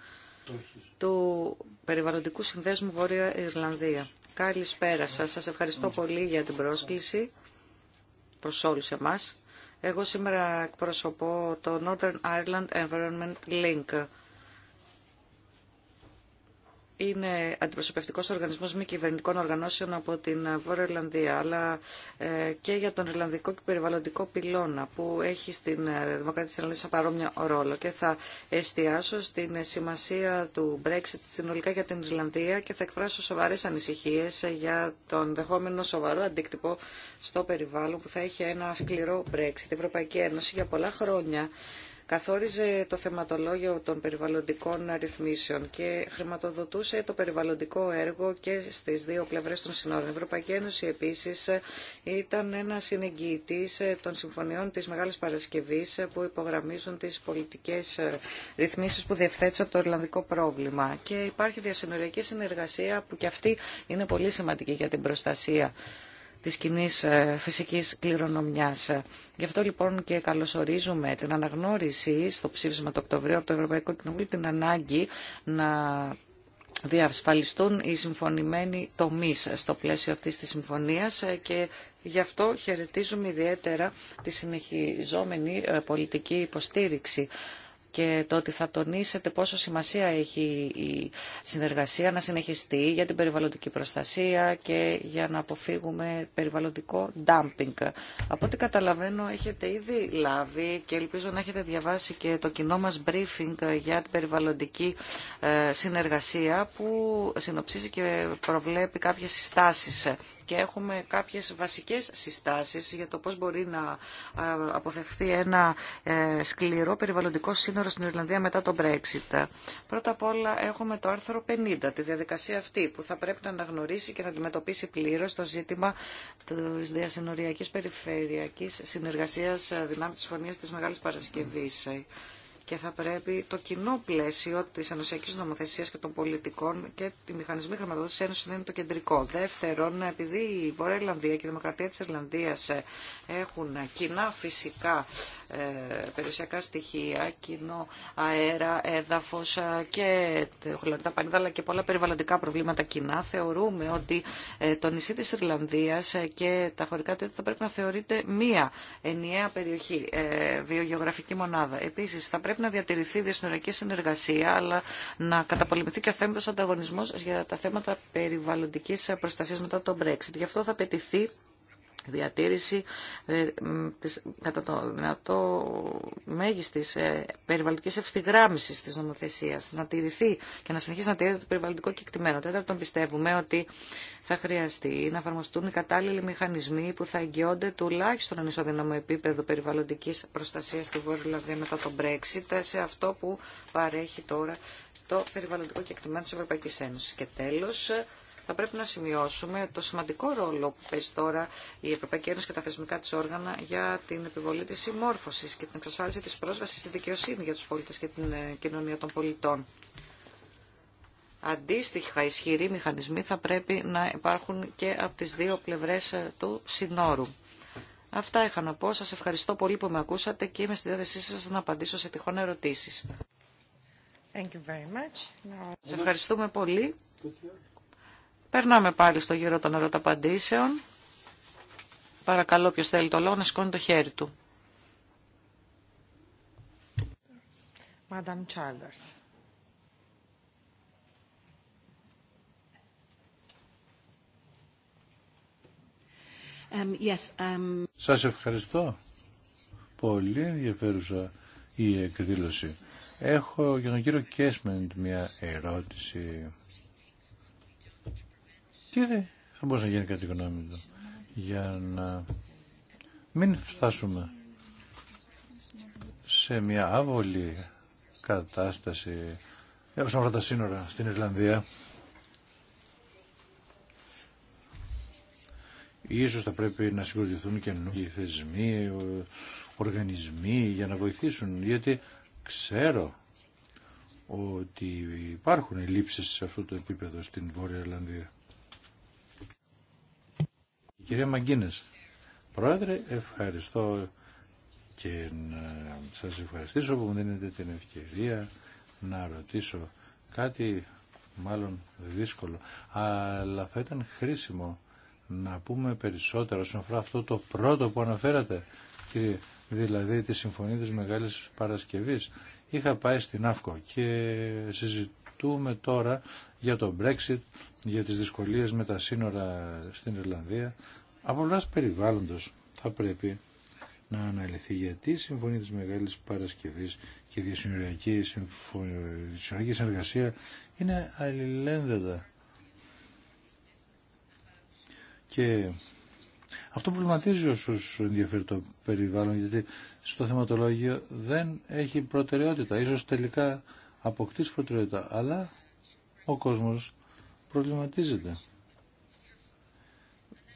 του Περιβαλλοντικού Συνδέσμου Βόρεια Ιρλανδία. Καλησπέρα σας. Σας ευχαριστώ πολύ για την πρόσκληση προς όλους εμάς. Εγώ σήμερα εκπροσωπώ το Northern Ireland Environment Link, είναι αντιπροσωπευτικός οργανισμός μη κυβερνητικών οργανώσεων από την Βόρεια Ιρλανδία, αλλά ε, και για τον Ιρλανδικό και περιβαλλοντικό πυλώνα που έχει στην ε, Δημοκρατία της Ιρλανδίας παρόμοια ρόλο και θα εστιάσω στην σημασία του Brexit συνολικά για την Ιρλανδία και θα εκφράσω σοβαρές ανησυχίες για τον δεχόμενο σοβαρό αντίκτυπο στο περιβάλλον που θα έχει ένα σκληρό Brexit. Η Ευρωπαϊκή Ένωση για πολλά χρόνια καθόριζε το θεματολόγιο των περιβαλλοντικών ρυθμίσεων και χρηματοδοτούσε το περιβαλλοντικό έργο και στις δύο πλευρές των συνόρων. Η Ευρωπαϊκή Ένωση επίσης ήταν ένα συνεγγυητής των συμφωνιών της Μεγάλης Παρασκευής που υπογραμμίζουν τις πολιτικές ρυθμίσεις που διευθέτησαν το Ιρλανδικό πρόβλημα. Και υπάρχει διασυνοριακή συνεργασία που και αυτή είναι πολύ σημαντική για την προστασία της κοινή ε, φυσικής κληρονομιάς. Γι' αυτό λοιπόν και καλωσορίζουμε την αναγνώριση στο ψήφισμα του Οκτωβρίου από το Ευρωπαϊκό Κοινοβούλιο την ανάγκη να διασφαλιστούν οι συμφωνημένοι τομείς στο πλαίσιο αυτής της συμφωνίας ε, και γι' αυτό χαιρετίζουμε ιδιαίτερα τη συνεχιζόμενη ε, πολιτική υποστήριξη και το ότι θα τονίσετε πόσο σημασία έχει η συνεργασία να συνεχιστεί για την περιβαλλοντική προστασία και για να αποφύγουμε περιβαλλοντικό dumping. Από ό,τι καταλαβαίνω έχετε ήδη λάβει και ελπίζω να έχετε διαβάσει και το κοινό μας briefing για την περιβαλλοντική ε, συνεργασία που συνοψίζει και προβλέπει κάποιες συστάσεις και έχουμε κάποιες βασικές συστάσεις για το πώς μπορεί να αποφευθεί ένα ε, σκληρό περιβαλλοντικό σύνορο στην Ιρλανδία μετά το Brexit. Πρώτα απ' όλα έχουμε το άρθρο 50, τη διαδικασία αυτή που θα πρέπει να αναγνωρίσει και να αντιμετωπίσει πλήρω το ζήτημα της διασυνοριακής περιφερειακής συνεργασίας δυνάμει της Φωνίας της Μεγάλης Παρασκευής και θα πρέπει το κοινό πλαίσιο τη ενωσιακή νομοθεσία και των πολιτικών και τη μηχανισμοί χρηματοδότηση ένωση να είναι το κεντρικό. Δεύτερον, επειδή η Βόρεια Ιρλανδία και η Δημοκρατία τη Ιρλανδία έχουν κοινά φυσικά ε, περιουσιακά στοιχεία, κοινό αέρα, έδαφος ε, και χλωριτά πανίδα, αλλά και πολλά περιβαλλοντικά προβλήματα κοινά. Θεωρούμε ότι ε, το νησί της Ιρλανδίας και τα χωρικά του θα πρέπει να θεωρείται μία ενιαία περιοχή, βιογεωγραφική μονάδα. Επίσης, θα πρέπει να διατηρηθεί διασυνοριακή συνεργασία, αλλά να καταπολεμηθεί και ο θέμητος ανταγωνισμός για τα θέματα περιβαλλοντικής προστασίας μετά τον Brexit. Γι' αυτό θα πετηθεί διατήρηση ε, κατά το δυνατό μέγιστης ε, περιβαλλοντικής ευθυγράμμισης της νομοθεσίας, να τηρηθεί και να συνεχίσει να τηρείται το περιβαλλοντικό κεκτημένο. Τέταρτον, πιστεύουμε ότι θα χρειαστεί να εφαρμοστούν οι κατάλληλοι μηχανισμοί που θα εγγυώνται τουλάχιστον ένα ισοδύναμο επίπεδο περιβαλλοντικής προστασίας στη Βόρεια δηλαδή μετά τον Brexit σε αυτό που παρέχει τώρα το περιβαλλοντικό κεκτημένο της Ευρωπαϊκής Ένωσης. Και τέλος, θα πρέπει να σημειώσουμε το σημαντικό ρόλο που παίζει τώρα η Ευρωπαϊκή Ένωση και τα θεσμικά τη όργανα για την επιβολή τη συμμόρφωση και την εξασφάλιση τη πρόσβαση στη δικαιοσύνη για του πολίτε και την ε, κοινωνία των πολιτών. Αντίστοιχα ισχυροί μηχανισμοί θα πρέπει να υπάρχουν και από τις δύο πλευρές ε, του συνόρου. Αυτά είχα να πω. Σας ευχαριστώ πολύ που με ακούσατε και είμαι στη διάθεσή σας να απαντήσω σε τυχόν ερωτήσεις. Thank Σας ευχαριστούμε πολύ. Περνάμε πάλι στο γύρο των ερωταπαντήσεων. Παρακαλώ ποιος θέλει το λόγο να σηκώνει το χέρι του. Madam Um, yes, um... Σας ευχαριστώ. Πολύ ενδιαφέρουσα η εκδήλωση. Έχω για τον κύριο Κέσμεντ μια ερώτηση. Τι θα μπορούσε να γίνει κάτι γνώμη για να μην φτάσουμε σε μια άβολη κατάσταση ε, όσον αφορά τα σύνορα στην Ιρλανδία. Ίσως θα πρέπει να συγκροτηθούν και θεσμοί, οργανισμοί για να βοηθήσουν, γιατί ξέρω ότι υπάρχουν λήψεις σε αυτό το επίπεδο στην Βόρεια Ιρλανδία. Κυρία Μαγκίνες, Πρόεδρε, ευχαριστώ και να σας ευχαριστήσω που μου δίνετε την ευκαιρία να ρωτήσω κάτι μάλλον δύσκολο, αλλά θα ήταν χρήσιμο να πούμε περισσότερο όσον αφορά αυτό το πρώτο που αναφέρατε, κύριε, δηλαδή τη Συμφωνία της Μεγάλης Παρασκευής. Είχα πάει στην ΑΦΚΟ και συζητούμε τώρα για το Brexit, για τις δυσκολίες με τα σύνορα στην Ιρλανδία από πλευρά περιβάλλοντο θα πρέπει να αναλυθεί γιατί η Συμφωνία τη Μεγάλης Παρασκευής και η Διασυνοριακή Συνεργασία είναι αλληλένδετα. Και αυτό προβληματίζει όσου ενδιαφέρει το περιβάλλον, γιατί στο θεματολόγιο δεν έχει προτεραιότητα. Ίσως τελικά αποκτήσει προτεραιότητα, αλλά ο κόσμος προβληματίζεται.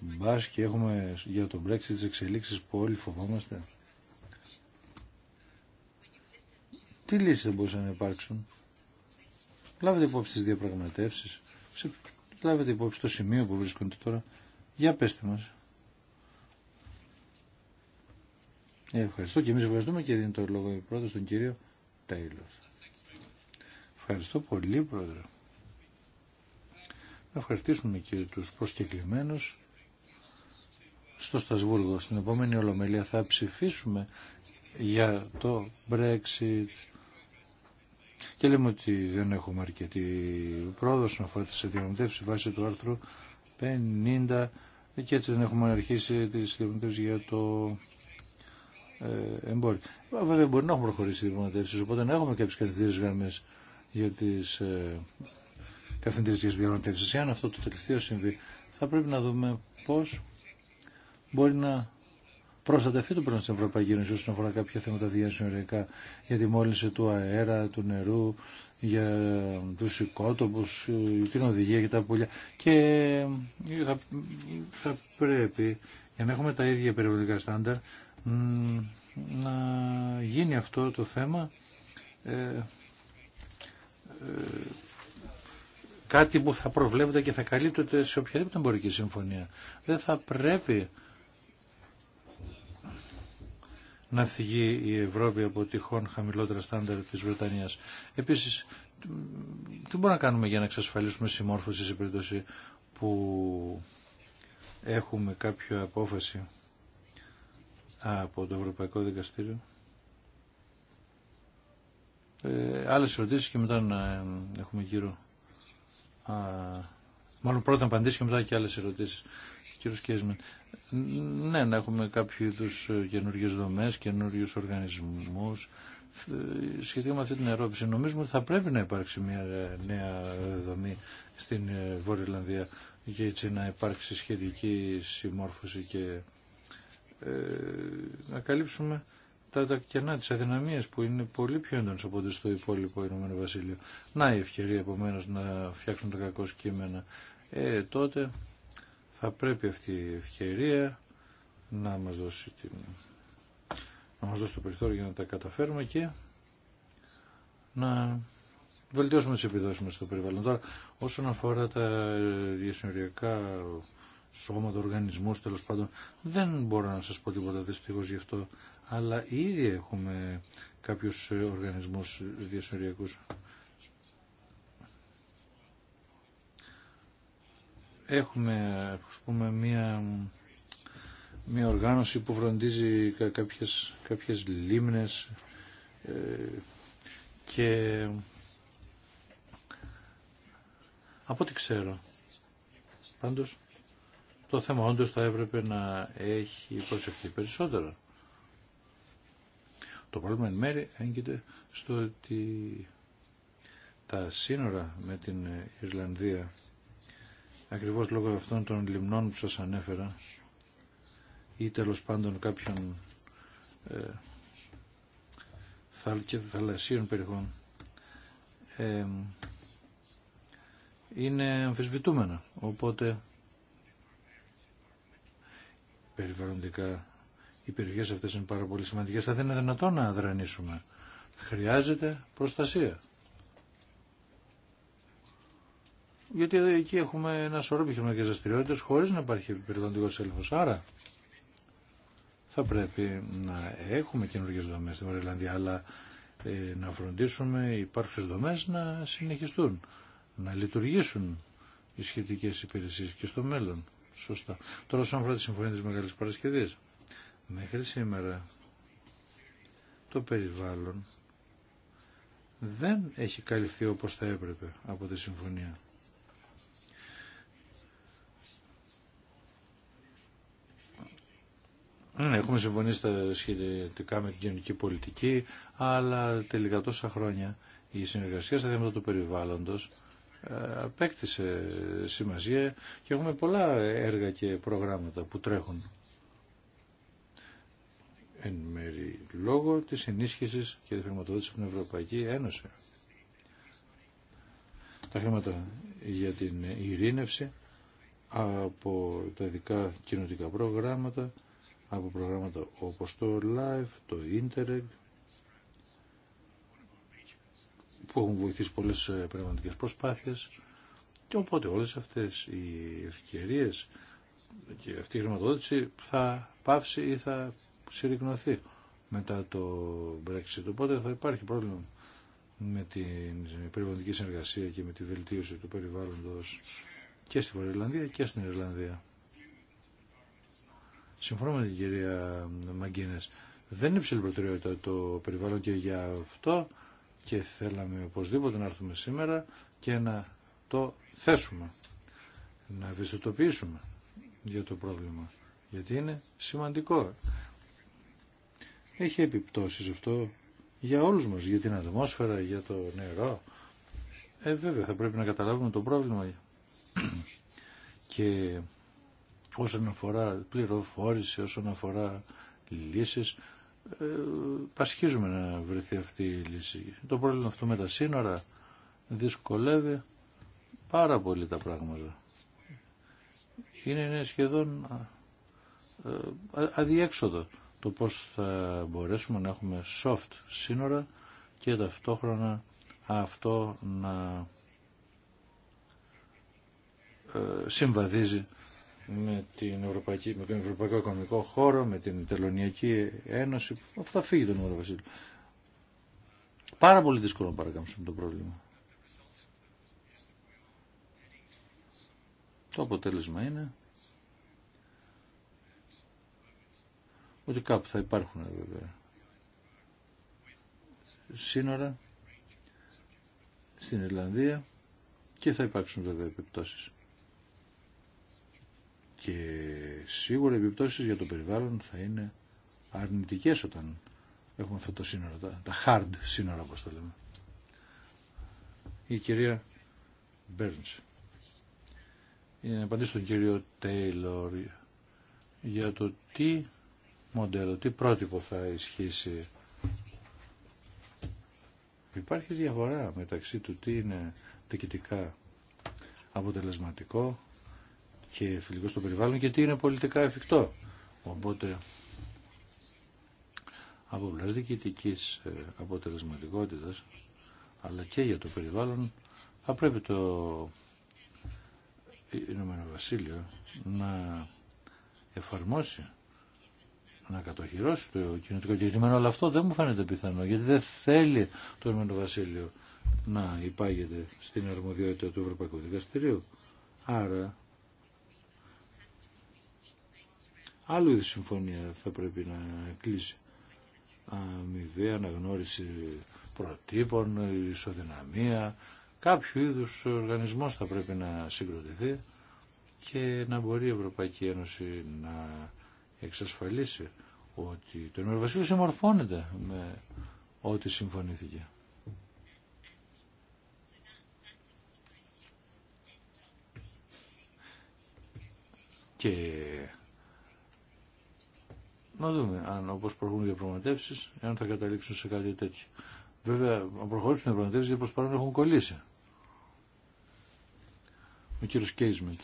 Μπά και έχουμε για τον Brexit τι εξελίξει που όλοι φοβόμαστε. Τι λύσει δεν μπορούσαν να υπάρξουν. Λάβετε υπόψη τι διαπραγματεύσει. Λάβετε υπόψη το σημείο που βρίσκονται τώρα. Για πέστε μας. Ε, ευχαριστώ και εμείς ευχαριστούμε και δίνει το λόγο πρώτο στον κύριο Τέιλορ. Ευχαριστώ πολύ πρόεδρε. Να ευχαριστήσουμε και τους προσκεκλημένους στο Στασβούργο. Στην επόμενη Ολομελία θα ψηφίσουμε για το Brexit και λέμε ότι δεν έχουμε αρκετή πρόοδο σχετικά αφορά τι διαπραγματεύσεις βάσει του άρθρου 50 και έτσι δεν έχουμε αρχίσει τις διαπραγματεύσεις για το ε, εμπόριο. Βέβαια μπορεί να έχουμε προχωρήσει τι οπότε να έχουμε κάποιε κατευθύνες γραμμέ για τι ε, καθημερινές διαμετεύσει. Αν αυτό το τελευταίο συμβεί, θα πρέπει να δούμε πώ μπορεί να προστατευτεί το πρόγραμμα στην Ευρωπαϊκή Ένωση όσον αφορά κάποια θέματα διασυνοριακά για τη μόλυνση του αέρα, του νερού, για τους οικότοπου, ε, την οδηγία και τα πουλιά. Και ε, θα, πρέπει, για να έχουμε τα ίδια περιβαλλοντικά στάνταρ, να γίνει αυτό το θέμα ε, κάτι που θα προβλέπεται και θα καλύπτεται σε οποιαδήποτε εμπορική συμφωνία. Δεν θα πρέπει να φυγεί η Ευρώπη από τυχόν χαμηλότερα στάνταρ της Βρετανίας. Επίσης, τι μπορούμε να κάνουμε για να εξασφαλίσουμε συμμόρφωση σε περίπτωση που έχουμε κάποια απόφαση από το Ευρωπαϊκό Δικαστήριο. Ε, άλλες ερωτήσεις και μετά να ε, έχουμε γύρω Μάλλον πρώτα να απαντήσει και μετά και άλλε ερωτήσει. Κύριο Κέσμεν, ναι, να έχουμε κάποιο είδου ε, καινούριε δομέ, καινούριου οργανισμού. Σχετικά με αυτή την ερώτηση, νομίζουμε ότι θα πρέπει να υπάρξει μια ε, νέα δομή στην ε, Βόρεια Ιρλανδία και έτσι να υπάρξει σχετική συμμόρφωση και ε, να καλύψουμε τα, τα κενά, τη αδυναμία που είναι πολύ πιο έντονε από ό,τι στο υπόλοιπο Ηνωμένο Βασίλειο. Να η ευκαιρία επομένω να φτιάξουν τα κακό κείμενα ε, τότε θα πρέπει αυτή η ευκαιρία να μας δώσει, την, να μας δώσει το περιθώριο για να τα καταφέρουμε και να βελτιώσουμε τις επιδόσεις μας στο περιβάλλον. Τώρα, όσον αφορά τα διασυνοριακά σώματα, οργανισμούς, τέλος πάντων, δεν μπορώ να σας πω τίποτα δυστυχώς γι' αυτό, αλλά ήδη έχουμε κάποιους οργανισμούς διασυνοριακούς. έχουμε ας πούμε μια, μια οργάνωση που φροντίζει κάποιες, κάποιες λίμνες ε, και από ό,τι ξέρω πάντως το θέμα όντως θα έπρεπε να έχει προσεχθεί περισσότερο. Το πρόβλημα εν μέρη, έγκυται στο ότι τα σύνορα με την Ιρλανδία ακριβώς λόγω αυτών των λιμνών που σας ανέφερα ή τέλος πάντων κάποιων ε, θαλασσίων περιοχών ε, είναι αμφισβητούμενα. Οπότε περιβαλλοντικά οι περιοχές αυτές είναι πάρα πολύ σημαντικές. Θα δεν είναι δυνατόν να αδρανίσουμε. Χρειάζεται προστασία. γιατί εκεί έχουμε ένα σωρό επιχειρηματικές δραστηριότητε χωρίς να υπάρχει περιβαλλοντικός έλεγχος. Άρα θα πρέπει να έχουμε καινούργιε δομές στην Βαρελανδία, αλλά ε, να φροντίσουμε οι υπάρχουσες δομές να συνεχιστούν, να λειτουργήσουν οι σχετικές υπηρεσίες και στο μέλλον. Σωστά. Τώρα όσον αφορά τη Συμφωνία της Μεγάλης Παρασκευής, μέχρι σήμερα το περιβάλλον δεν έχει καλυφθεί όπως θα έπρεπε από τη Συμφωνία. Ναι, έχουμε συμφωνήσει στα σχετικά με την κοινωνική πολιτική, αλλά τελικά τόσα χρόνια η συνεργασία στα θέματα του περιβάλλοντος ε, απέκτησε σημασία και έχουμε πολλά έργα και προγράμματα που τρέχουν εν μέρη λόγω της ενίσχυσης και της χρηματοδότησης από την Ευρωπαϊκή Ένωση. Τα χρήματα για την ειρήνευση από τα ειδικά κοινωτικά προγράμματα από προγράμματα όπως το Live, το Interreg, που έχουν βοηθήσει πολλές ε, πραγματικές προσπάθειες και οπότε όλες αυτές οι ευκαιρίε και αυτή η χρηματοδότηση θα πάψει ή θα συρρυκνωθεί μετά το Brexit. Οπότε θα υπάρχει πρόβλημα με την περιβαλλοντική συνεργασία και με τη βελτίωση του περιβάλλοντος και στη Βορειοελλανδία και στην Ιρλανδία. Συμφωνώ με την κυρία Μαγκίνες. Δεν είναι υψηλή προτεραιότητα το περιβάλλον και για αυτό και θέλαμε οπωσδήποτε να έρθουμε σήμερα και να το θέσουμε, να ευαισθητοποιήσουμε για το πρόβλημα, γιατί είναι σημαντικό. Έχει επιπτώσεις αυτό για όλους μας, για την ατμόσφαιρα, για το νερό. Ε, βέβαια, θα πρέπει να καταλάβουμε το πρόβλημα και όσον αφορά πληροφόρηση, όσον αφορά λύσεις, ε, πασχίζουμε να βρεθεί αυτή η λύση. Το πρόβλημα αυτό με τα σύνορα δυσκολεύει πάρα πολύ τα πράγματα. Είναι, είναι σχεδόν ε, αδιέξοδο το πώς θα μπορέσουμε να έχουμε soft σύνορα και ταυτόχρονα αυτό να ε, συμβαδίζει με, την Ευρωπαϊκή, με τον Ευρωπαϊκό Οικονομικό Χώρο, με την Τελωνιακή Ένωση. Αυτά φύγει το Νούμερο Βασίλειο. Πάρα πολύ δύσκολο να παρακάμψουμε το πρόβλημα. Το αποτέλεσμα είναι ότι κάπου θα υπάρχουν βέβαια σύνορα στην Ιρλανδία και θα υπάρξουν βέβαια επιπτώσεις και σίγουρα οι επιπτώσεις για το περιβάλλον θα είναι αρνητικές όταν έχουμε αυτά τα σύνορα τα, hard σύνορα όπως το λέμε. Η κυρία Μπέρντ. Για να απαντήσω τον κύριο Τέιλορ για το τι μοντέλο, τι πρότυπο θα ισχύσει. Υπάρχει διαφορά μεταξύ του τι είναι δικητικά αποτελεσματικό και φιλικό στο περιβάλλον και τι είναι πολιτικά εφικτό. Οπότε από πλευράς διοικητικής ε, αποτελεσματικότητας αλλά και για το περιβάλλον θα πρέπει το Ηνωμένο Βασίλειο να εφαρμόσει να κατοχυρώσει το κοινωτικό κεκτημένο, αλλά αυτό δεν μου φαίνεται πιθανό, γιατί δεν θέλει το Ηνωμένο Βασίλειο να υπάγεται στην αρμοδιότητα του Ευρωπαϊκού Δικαστηρίου. Άρα Άλλου είδου συμφωνία θα πρέπει να κλείσει. Αμοιβαία αναγνώριση προτύπων, ισοδυναμία, κάποιο είδου οργανισμό θα πρέπει να συγκροτηθεί και να μπορεί η Ευρωπαϊκή Ένωση να εξασφαλίσει ότι το Ενωργασίλειο συμμορφώνεται με ό,τι συμφωνήθηκε. Και να δούμε αν όπω προχωρούν οι διαπραγματεύσει, αν θα καταλήξουν σε κάτι τέτοιο. Βέβαια, αν προχωρήσουν οι διαπραγματεύσει, γιατί προ παρόν έχουν κολλήσει. Ο κύριο Κέισμεντ.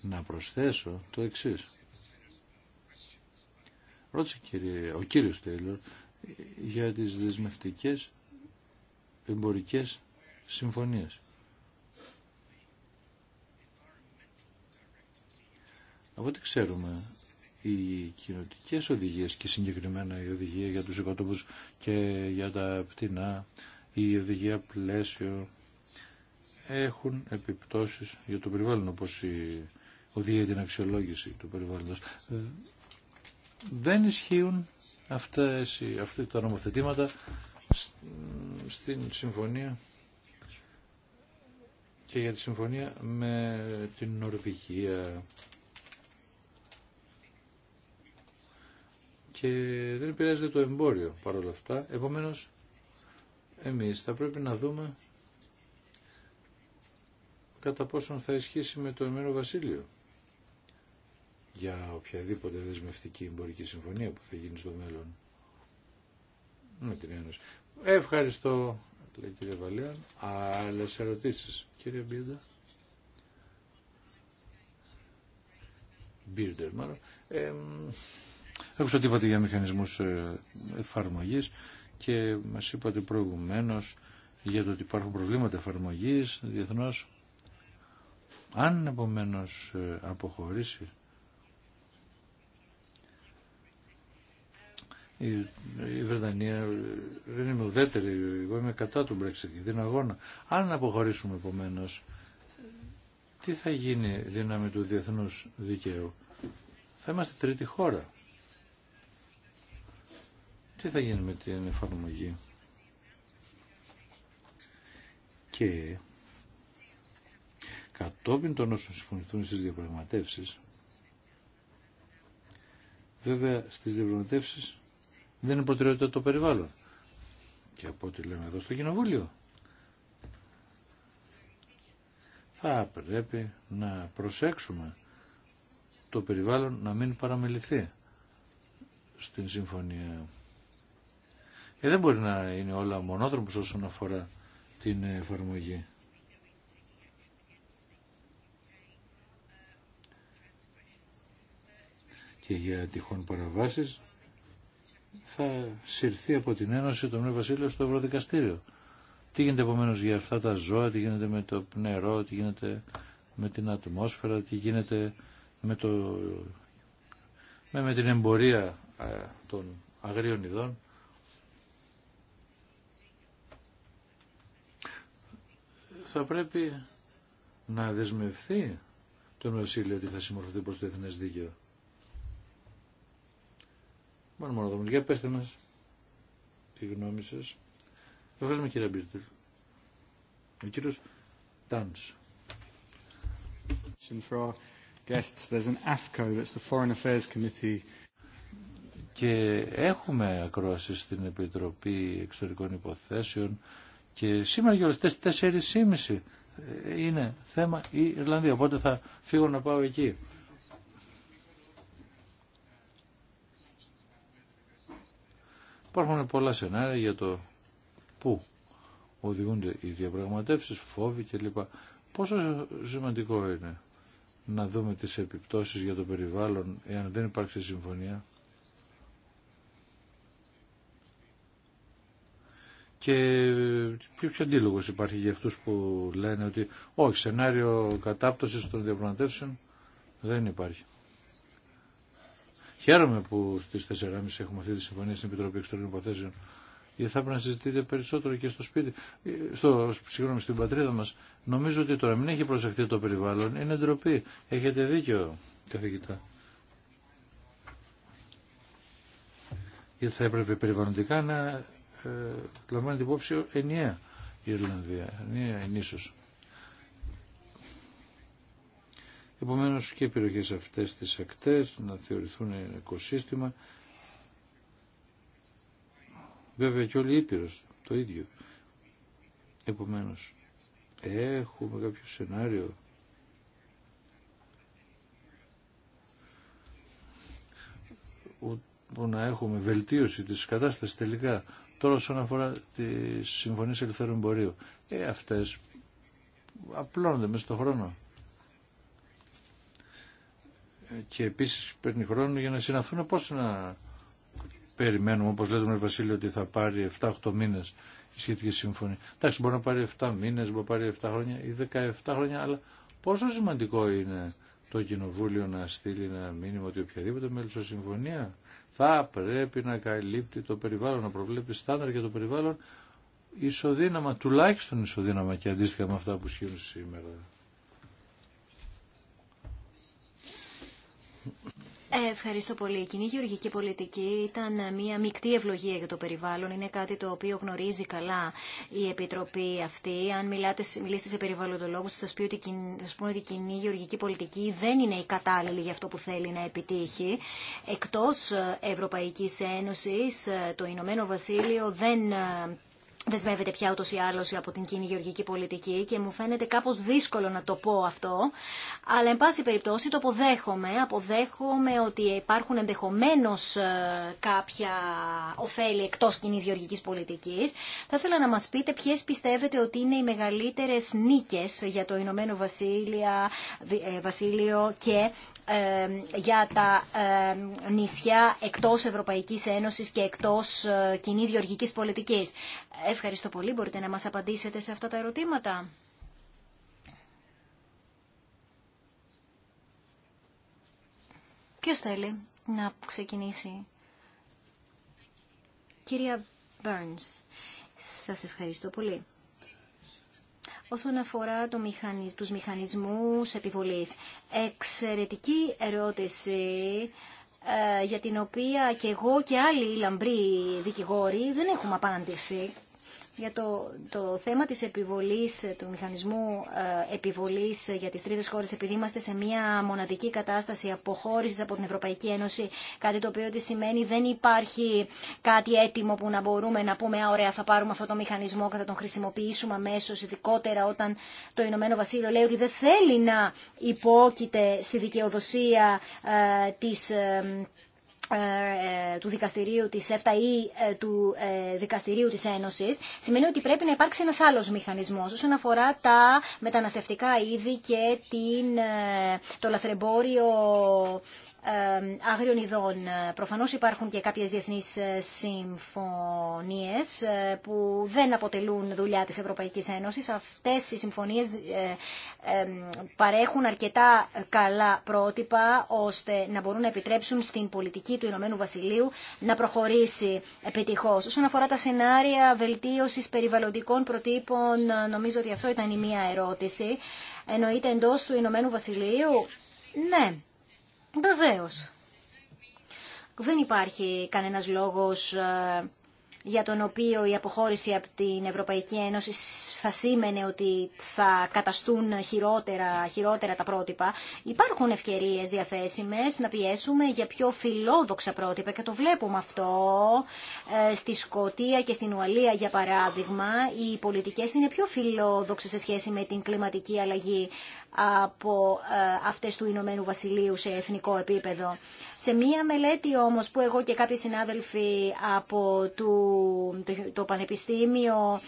Να προσθέσω το εξή. Ρώτησε ο κύριο Τέιλορ για τι δεσμευτικέ εμπορικέ συμφωνίε. Από ό,τι ξέρουμε, οι κοινοτικές οδηγίες και συγκεκριμένα η οδηγία για τους οικοτόπους και για τα πτηνά, η οδηγία πλαίσιο έχουν επιπτώσεις για το περιβάλλον όπως η οδηγία για την αξιολόγηση του περιβάλλοντος. Δεν ισχύουν αυτές, αυτά τα νομοθετήματα στην συμφωνία και για τη συμφωνία με την Νορβηγία. και δεν επηρεάζεται το εμπόριο παρόλα αυτά. Επομένως, εμείς θα πρέπει να δούμε κατά πόσον θα ισχύσει με το ημέρο Βασίλειο για οποιαδήποτε δεσμευτική εμπορική συμφωνία που θα γίνει στο μέλλον με την Ένωση. Ευχαριστώ, λέει κύριε Βαλέα. Άλλες ερωτήσεις, κύριε Μπίρντα. Μπίρντερ, μάλλον. Άκουσα τι είπατε για μηχανισμούς ε, εφαρμογής και μας είπατε προηγουμένως για το ότι υπάρχουν προβλήματα εφαρμογής διεθνώς. Αν επομένω ε, αποχωρήσει η Βρετανία ε, δεν είμαι ουδέτερη, εγώ είμαι κατά του Brexit και αγώνα. Αν αποχωρήσουμε επομένω, τι θα γίνει δύναμη του διεθνούς δικαίου. Θα είμαστε τρίτη χώρα τι θα γίνει με την εφαρμογή. Και κατόπιν των όσων συμφωνηθούν στις διαπραγματεύσεις, βέβαια στις διαπραγματεύσεις δεν είναι προτεραιότητα το περιβάλλον. Και από ό,τι λέμε εδώ στο Κοινοβούλιο, θα πρέπει να προσέξουμε το περιβάλλον να μην παραμεληθεί στην συμφωνία ε, δεν μπορεί να είναι όλα μονόδρομος όσον αφορά την εφαρμογή. Και για τυχόν παραβάσεις θα συρθεί από την Ένωση το Μνήμα Βασίλειο στο Ευρωδικαστήριο. Τι γίνεται επομένω για αυτά τα ζώα, τι γίνεται με το νερό, τι γίνεται με την ατμόσφαιρα, τι γίνεται με, το, με, με την εμπορία ε, των αγρίων ειδών. θα πρέπει να δεσμευθεί το Βασίλειο ότι θα συμμορφωθεί προς το Εθνές Δίκαιο. Μόνο μόνο δούμε. Για πέστε μας τη γνώμη σας. Ευχαριστούμε κύριε Μπίρτελ. Ο κύριος Τάνς. Και έχουμε ακρόαση στην Επιτροπή Εξωτερικών Υποθέσεων και σήμερα για τις 4.30 είναι θέμα η Ιρλανδία, οπότε θα φύγω να πάω εκεί. Υπάρχουν πολλά σενάρια για το πού οδηγούνται οι διαπραγματεύσεις, φόβοι κλπ. Πόσο σημαντικό είναι να δούμε τις επιπτώσεις για το περιβάλλον εάν δεν υπάρξει συμφωνία. Και ποιο αντίλογο υπάρχει για αυτού που λένε ότι όχι, σενάριο κατάπτωση των διαπραγματεύσεων δεν υπάρχει. Χαίρομαι που στι 4.30 έχουμε αυτή τη συμφωνία στην Επιτροπή Εξωτερικών Υποθέσεων. Γιατί θα πρέπει να συζητείτε περισσότερο και στο σπίτι, στο, συγγνώμη, στην πατρίδα μα. Νομίζω ότι τώρα μην έχει προσεχθεί το περιβάλλον. Είναι ντροπή. Έχετε δίκιο, καθηγητά. Γιατί θα έπρεπε περιβαλλοντικά να ε, λαμβάνει την υπόψη ενιαία η Ιρλανδία, ενιαία ενίσως. Επομένως και οι περιοχές αυτές τις ακτές να θεωρηθούν οικοσύστημα. Βέβαια και όλοι οι το ίδιο. Επομένως έχουμε κάποιο σενάριο που να έχουμε βελτίωση της κατάστασης τελικά Τώρα όσον αφορά τις συμφωνίες ελευθερών εμπορίου, ε, αυτές απλώνονται μέσα στον χρόνο. Ε, και επίσης παίρνει χρόνο για να συναθούν πώς να περιμένουμε, όπως λέτε με Βασίλειο, ότι θα πάρει 7-8 μήνες η σχετική συμφωνία. Εντάξει, μπορεί να πάρει 7 μήνες, μπορεί να πάρει 7 χρόνια ή 17 χρόνια, αλλά πόσο σημαντικό είναι το Κοινοβούλιο να στείλει ένα μήνυμα ότι οποιαδήποτε συμφωνία θα πρέπει να καλύπτει το περιβάλλον, να προβλέπει στάνταρ για το περιβάλλον ισοδύναμα, τουλάχιστον ισοδύναμα και αντίστοιχα με αυτά που ισχύουν σήμερα. Ευχαριστώ πολύ. Η κοινή γεωργική πολιτική ήταν μια μεικτή ευλογία για το περιβάλλον. Είναι κάτι το οποίο γνωρίζει καλά η Επιτροπή αυτή. Αν μιλάτε, μιλήσετε σε περιβαλλοντολόγους, θα σας, πει ότι, ότι η κοινή γεωργική πολιτική δεν είναι η κατάλληλη για αυτό που θέλει να επιτύχει. Εκτός Ευρωπαϊκής Ένωσης, ε, το Ηνωμένο Βασίλειο δεν ε, δεσμεύεται πια ούτως ή άλλως από την κοινή γεωργική πολιτική και μου φαίνεται κάπως δύσκολο να το πω αυτό, αλλά εν πάση περιπτώσει το αποδέχομαι, αποδέχομαι ότι υπάρχουν ενδεχομένως ε, κάποια ωφέλη εκτός κοινής γεωργικής πολιτικής. Θα ήθελα να μας πείτε ποιες πιστεύετε ότι είναι οι μεγαλύτερες νίκες για το Ηνωμένο ε, Βασίλειο και ε, για τα ε, νησιά εκτός Ευρωπαϊκής Ένωσης και εκτός ε, κοινή γεωργικής πολιτικής. Ευχαριστώ πολύ. Μπορείτε να μας απαντήσετε σε αυτά τα ερωτήματα. Ποιος θέλει να ξεκινήσει. Κυρία Burns, σας ευχαριστώ πολύ όσον αφορά το μηχανισ... τους μηχανισμούς επιβολής. Εξαιρετική ερώτηση ε, για την οποία και εγώ και άλλοι λαμπροί δικηγόροι δεν έχουμε απάντηση για το, το θέμα της επιβολής, του μηχανισμού ε, επιβολής για τις τρίτες χώρες, επειδή είμαστε σε μια μοναδική κατάσταση αποχώρησης από την Ευρωπαϊκή Ένωση, κάτι το οποίο τι σημαίνει δεν υπάρχει κάτι έτοιμο που να μπορούμε να πούμε, α, ωραία, θα πάρουμε αυτό το μηχανισμό και θα τον χρησιμοποιήσουμε αμέσω, ειδικότερα όταν το Ηνωμένο Βασίλειο λέει ότι δεν θέλει να υπόκειται στη δικαιοδοσία ε, της ε, ε, ε, του δικαστηρίου της ΕΦΤΑ ή ε, του δικαστηρίου της Ένωσης σημαίνει ότι πρέπει να υπάρξει ένας άλλος μηχανισμός όσον αφορά τα μεταναστευτικά είδη και την, το λαθρεμπόριο άγριων ειδών. Ε, προφανώς υπάρχουν και κάποιες διεθνείς ε, συμφωνίες ε, που δεν αποτελούν δουλειά της Ευρωπαϊκής Ένωσης. Αυτές οι συμφωνίες παρέχουν αρκετά καλά πρότυπα ώστε να μπορούν να επιτρέψουν στην πολιτική του Ηνωμένου Βασιλείου να προχωρήσει επιτυχώς. Όσον αφορά τα σενάρια βελτίωσης περιβαλλοντικών προτύπων, νομίζω ότι αυτό ήταν η μία ερώτηση. Εννοείται εντός του Ηνωμένου Βασιλείου, ναι. Βεβαίω. Δεν υπάρχει κανένας λόγος ε, για τον οποίο η αποχώρηση από την Ευρωπαϊκή Ένωση θα σήμαινε ότι θα καταστούν χειρότερα, χειρότερα τα πρότυπα. Υπάρχουν ευκαιρίες διαθέσιμες να πιέσουμε για πιο φιλόδοξα πρότυπα και το βλέπουμε αυτό ε, στη Σκοτία και στην Ουαλία για παράδειγμα. Οι πολιτικές είναι πιο φιλόδοξες σε σχέση με την κλιματική αλλαγή από ε, αυτές του Ηνωμένου Βασιλείου σε εθνικό επίπεδο. Σε μία μελέτη όμως που εγώ και κάποιοι συνάδελφοι από το, το, Πανεπιστήμιο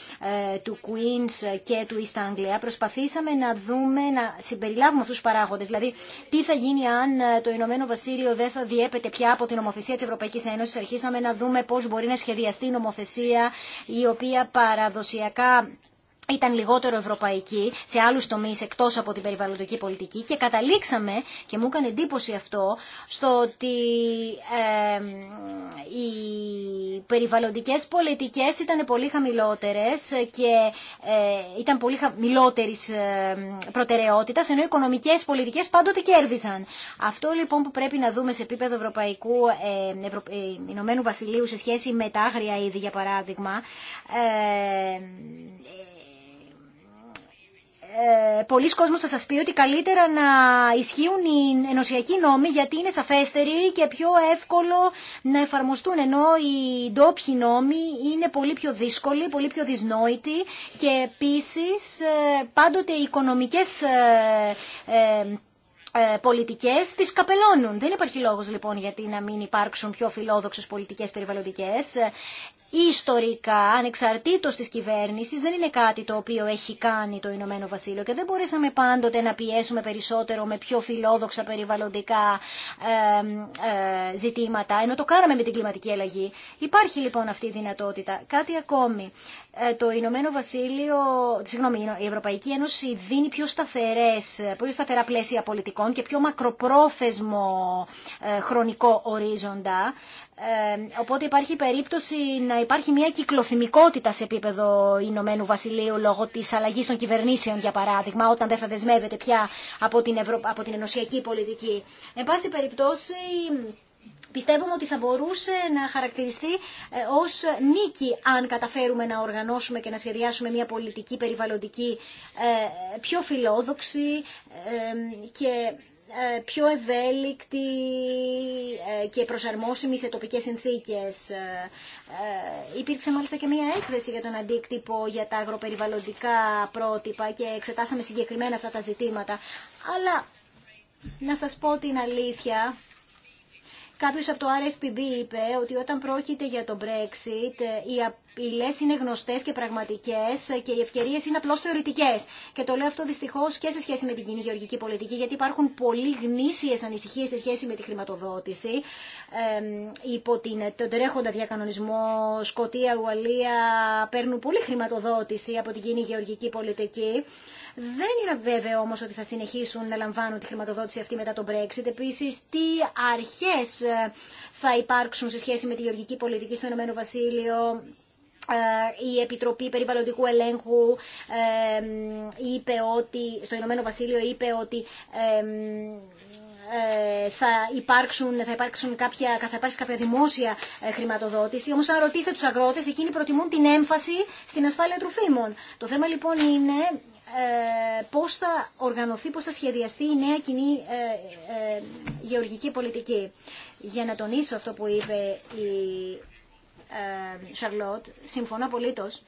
ε, του Queens και του East Anglia προσπαθήσαμε να δούμε, να συμπεριλάβουμε αυτούς τους παράγοντες. Δηλαδή τι θα γίνει αν ε, το Ηνωμένο Βασίλειο δεν θα διέπεται πια από την νομοθεσία της Ευρωπαϊκής Ένωσης. Αρχίσαμε να δούμε πώς μπορεί να σχεδιαστεί η νομοθεσία η οποία παραδοσιακά ήταν λιγότερο ευρωπαϊκή σε άλλους τομείς εκτός από την περιβαλλοντική πολιτική και καταλήξαμε, και μου έκανε εντύπωση αυτό, στο ότι οι περιβαλλοντικές πολιτικές ήταν πολύ χαμηλότερες και ε, ήταν πολύ χαμηλότερης ε, προτεραιότητας, ενώ οι οικονομικές πολιτικές πάντοτε κέρδισαν. Αυτό λοιπόν που πρέπει να δούμε σε επίπεδο Ευρωπαϊκού ε, ε, Ηνωμένου Βασιλείου σε σχέση με τα άγρια είδη, για παράδειγμα, ε, πολλοί κόσμος θα σας πει ότι καλύτερα να ισχύουν οι ενωσιακοί νόμοι γιατί είναι σαφέστεροι και πιο εύκολο να εφαρμοστούν ενώ οι ντόπιοι νόμοι είναι πολύ πιο δύσκολοι, πολύ πιο δυσνόητοι και επίσης ε, πάντοτε οι οικονομικές ε, ε, πολιτικές τις καπελώνουν. Δεν υπάρχει λόγος λοιπόν γιατί να μην υπάρξουν πιο φιλόδοξες πολιτικές περιβαλλοντικές. Ιστορικά, ανεξαρτήτως της κυβέρνησης, δεν είναι κάτι το οποίο έχει κάνει το Ηνωμένο Βασίλειο και δεν μπορέσαμε πάντοτε να πιέσουμε περισσότερο με πιο φιλόδοξα περιβαλλοντικά ε, ε, ζητήματα, ενώ το κάναμε με την κλιματική αλλαγή. Υπάρχει λοιπόν αυτή η δυνατότητα. Κάτι ακόμη. Ε, το Ηνωμένο Βασίλειο, συγγνώμη, η Ευρωπαϊκή Ένωση δίνει πιο σταθερές, πιο σταθερά πλαίσια πολιτικών και πιο μακροπρόθεσμο ε, χρονικό ορίζοντα. Ε, οπότε υπάρχει περίπτωση να υπάρχει μια κυκλοθυμικότητα σε επίπεδο Ηνωμένου Βασιλείου λόγω τη αλλαγή των κυβερνήσεων για παράδειγμα όταν δεν θα δεσμεύεται πια από την, από την ενωσιακή πολιτική. Εν πάση περιπτώσει πιστεύουμε ότι θα μπορούσε να χαρακτηριστεί ε, ως νίκη αν καταφέρουμε να οργανώσουμε και να σχεδιάσουμε μια πολιτική περιβαλλοντική ε, πιο φιλόδοξη ε, και πιο ευέλικτη και προσαρμόσιμη σε τοπικές συνθήκες. Υπήρξε μάλιστα και μία έκθεση για τον αντίκτυπο για τα αγροπεριβαλλοντικά πρότυπα και εξετάσαμε συγκεκριμένα αυτά τα ζητήματα. Αλλά να σας πω την αλήθεια, Κάποιο από το RSPB είπε ότι όταν πρόκειται για το Brexit ε, οι απειλέ είναι γνωστές και πραγματικές ε, και οι ευκαιρίε είναι απλώς θεωρητικές. Και το λέω αυτό δυστυχώς και σε σχέση με την κοινή γεωργική πολιτική γιατί υπάρχουν πολύ γνήσιες ανησυχίες σε σχέση με τη χρηματοδότηση ε, υπό την, τον τρέχοντα διακανονισμό Σκοτία, Ουαλία παίρνουν πολύ χρηματοδότηση από την κοινή γεωργική πολιτική. Δεν είναι βέβαιο όμω ότι θα συνεχίσουν να λαμβάνουν τη χρηματοδότηση αυτή μετά τον Brexit. Επίση, τι αρχέ ε, θα υπάρξουν σε σχέση με τη γεωργική πολιτική στο Ηνωμένο Βασίλειο ε, η Επιτροπή Περιβαλλοντικού Ελέγχου ε, είπε ότι, στο Ηνωμένο Βασίλειο είπε ότι θα, υπάρξουν, θα, υπάρξουν κάποια, θα υπάρξει κάποια δημόσια χρηματοδότηση. Όμως αν ρωτήσετε τους αγρότες, εκείνοι προτιμούν την έμφαση στην ασφάλεια τροφίμων. Το θέμα λοιπόν είναι ε, πώς θα οργανωθεί, πώς θα σχεδιαστεί η νέα κοινή ε, ε, γεωργική πολιτική. Για να τονίσω αυτό που είπε η Σαρλότ, συμφωνώ απολύτως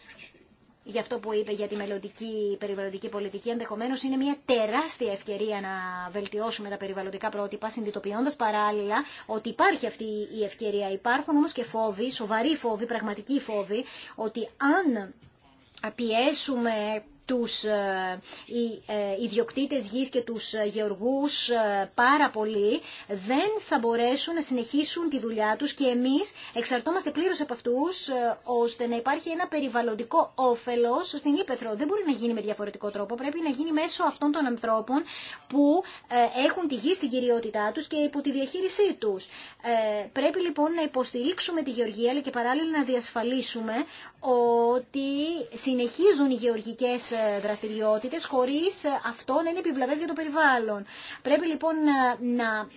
για αυτό που είπε για τη μελλοντική περιβαλλοντική πολιτική. Ενδεχομένω είναι μια τεράστια ευκαιρία να βελτιώσουμε τα περιβαλλοντικά πρότυπα, συνειδητοποιώντα παράλληλα ότι υπάρχει αυτή η ευκαιρία. Υπάρχουν όμω και φόβοι, σοβαροί φόβοι, πραγματικοί φόβοι, ότι αν πιέσουμε τους ε, ε, ιδιοκτήτες γης και τους ε, γεωργούς πάρα πολύ, δεν θα μπορέσουν να συνεχίσουν τη δουλειά τους και εμείς εξαρτώμαστε πλήρως από αυτούς ώστε να υπάρχει ένα περιβαλλοντικό όφελος στην Ήπεθρο. Δεν μπορεί να γίνει με διαφορετικό τρόπο, πρέπει να γίνει μέσω αυτών των ανθρώπων που έχουν τη γη στην κυριότητά τους και υπό τη διαχείρισή τους. Πρέπει λοιπόν να υποστηρίξουμε τη γεωργία αλλά και παράλληλα να διασφαλίσουμε ότι συνεχίζουν οι γεωργικές δραστηριότητες χωρίς αυτό να είναι επιβλαβές για το περιβάλλον. Πρέπει λοιπόν ε, να,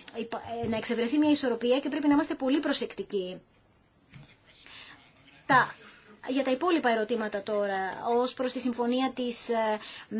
ε, να εξευρεθεί μια ισορροπία και πρέπει να είμαστε πολύ προσεκτικοί. Τα για τα υπόλοιπα ερωτήματα τώρα, ως προς τη συμφωνία της ε,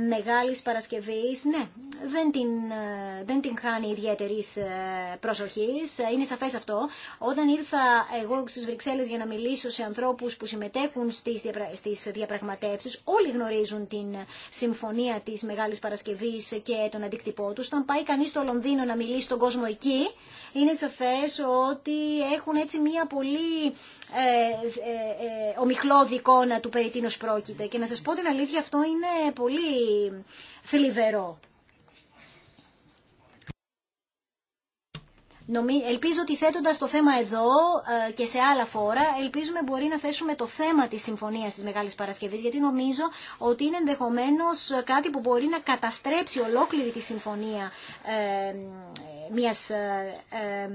Μεγάλης Παρασκευής, ναι, δεν την, ε, δεν την χάνει ιδιαίτερη ε, προσοχής, είναι σαφές αυτό. Όταν ήρθα εγώ στις Βρυξέλλες για να μιλήσω σε ανθρώπους που συμμετέχουν στις, διαπρα... στις διαπραγματεύσεις, όλοι γνωρίζουν την συμφωνία της Μεγάλης Παρασκευής και τον αντίκτυπό του. Όταν πάει κανείς στο Λονδίνο να μιλήσει στον κόσμο εκεί, είναι σαφές ότι έχουν έτσι μια πολύ ε, δικόνα του περί τίνος πρόκειται. Και να σας πω την αλήθεια αυτό είναι πολύ θλιβερό. Ελπίζω ότι θέτοντα το θέμα εδώ ε, και σε άλλα φόρα, ελπίζουμε μπορεί να θέσουμε το θέμα τη συμφωνία της Μεγάλης Παρασκευής γιατί νομίζω ότι είναι ενδεχομένω κάτι που μπορεί να καταστρέψει ολόκληρη τη συμφωνία ε, μια ε,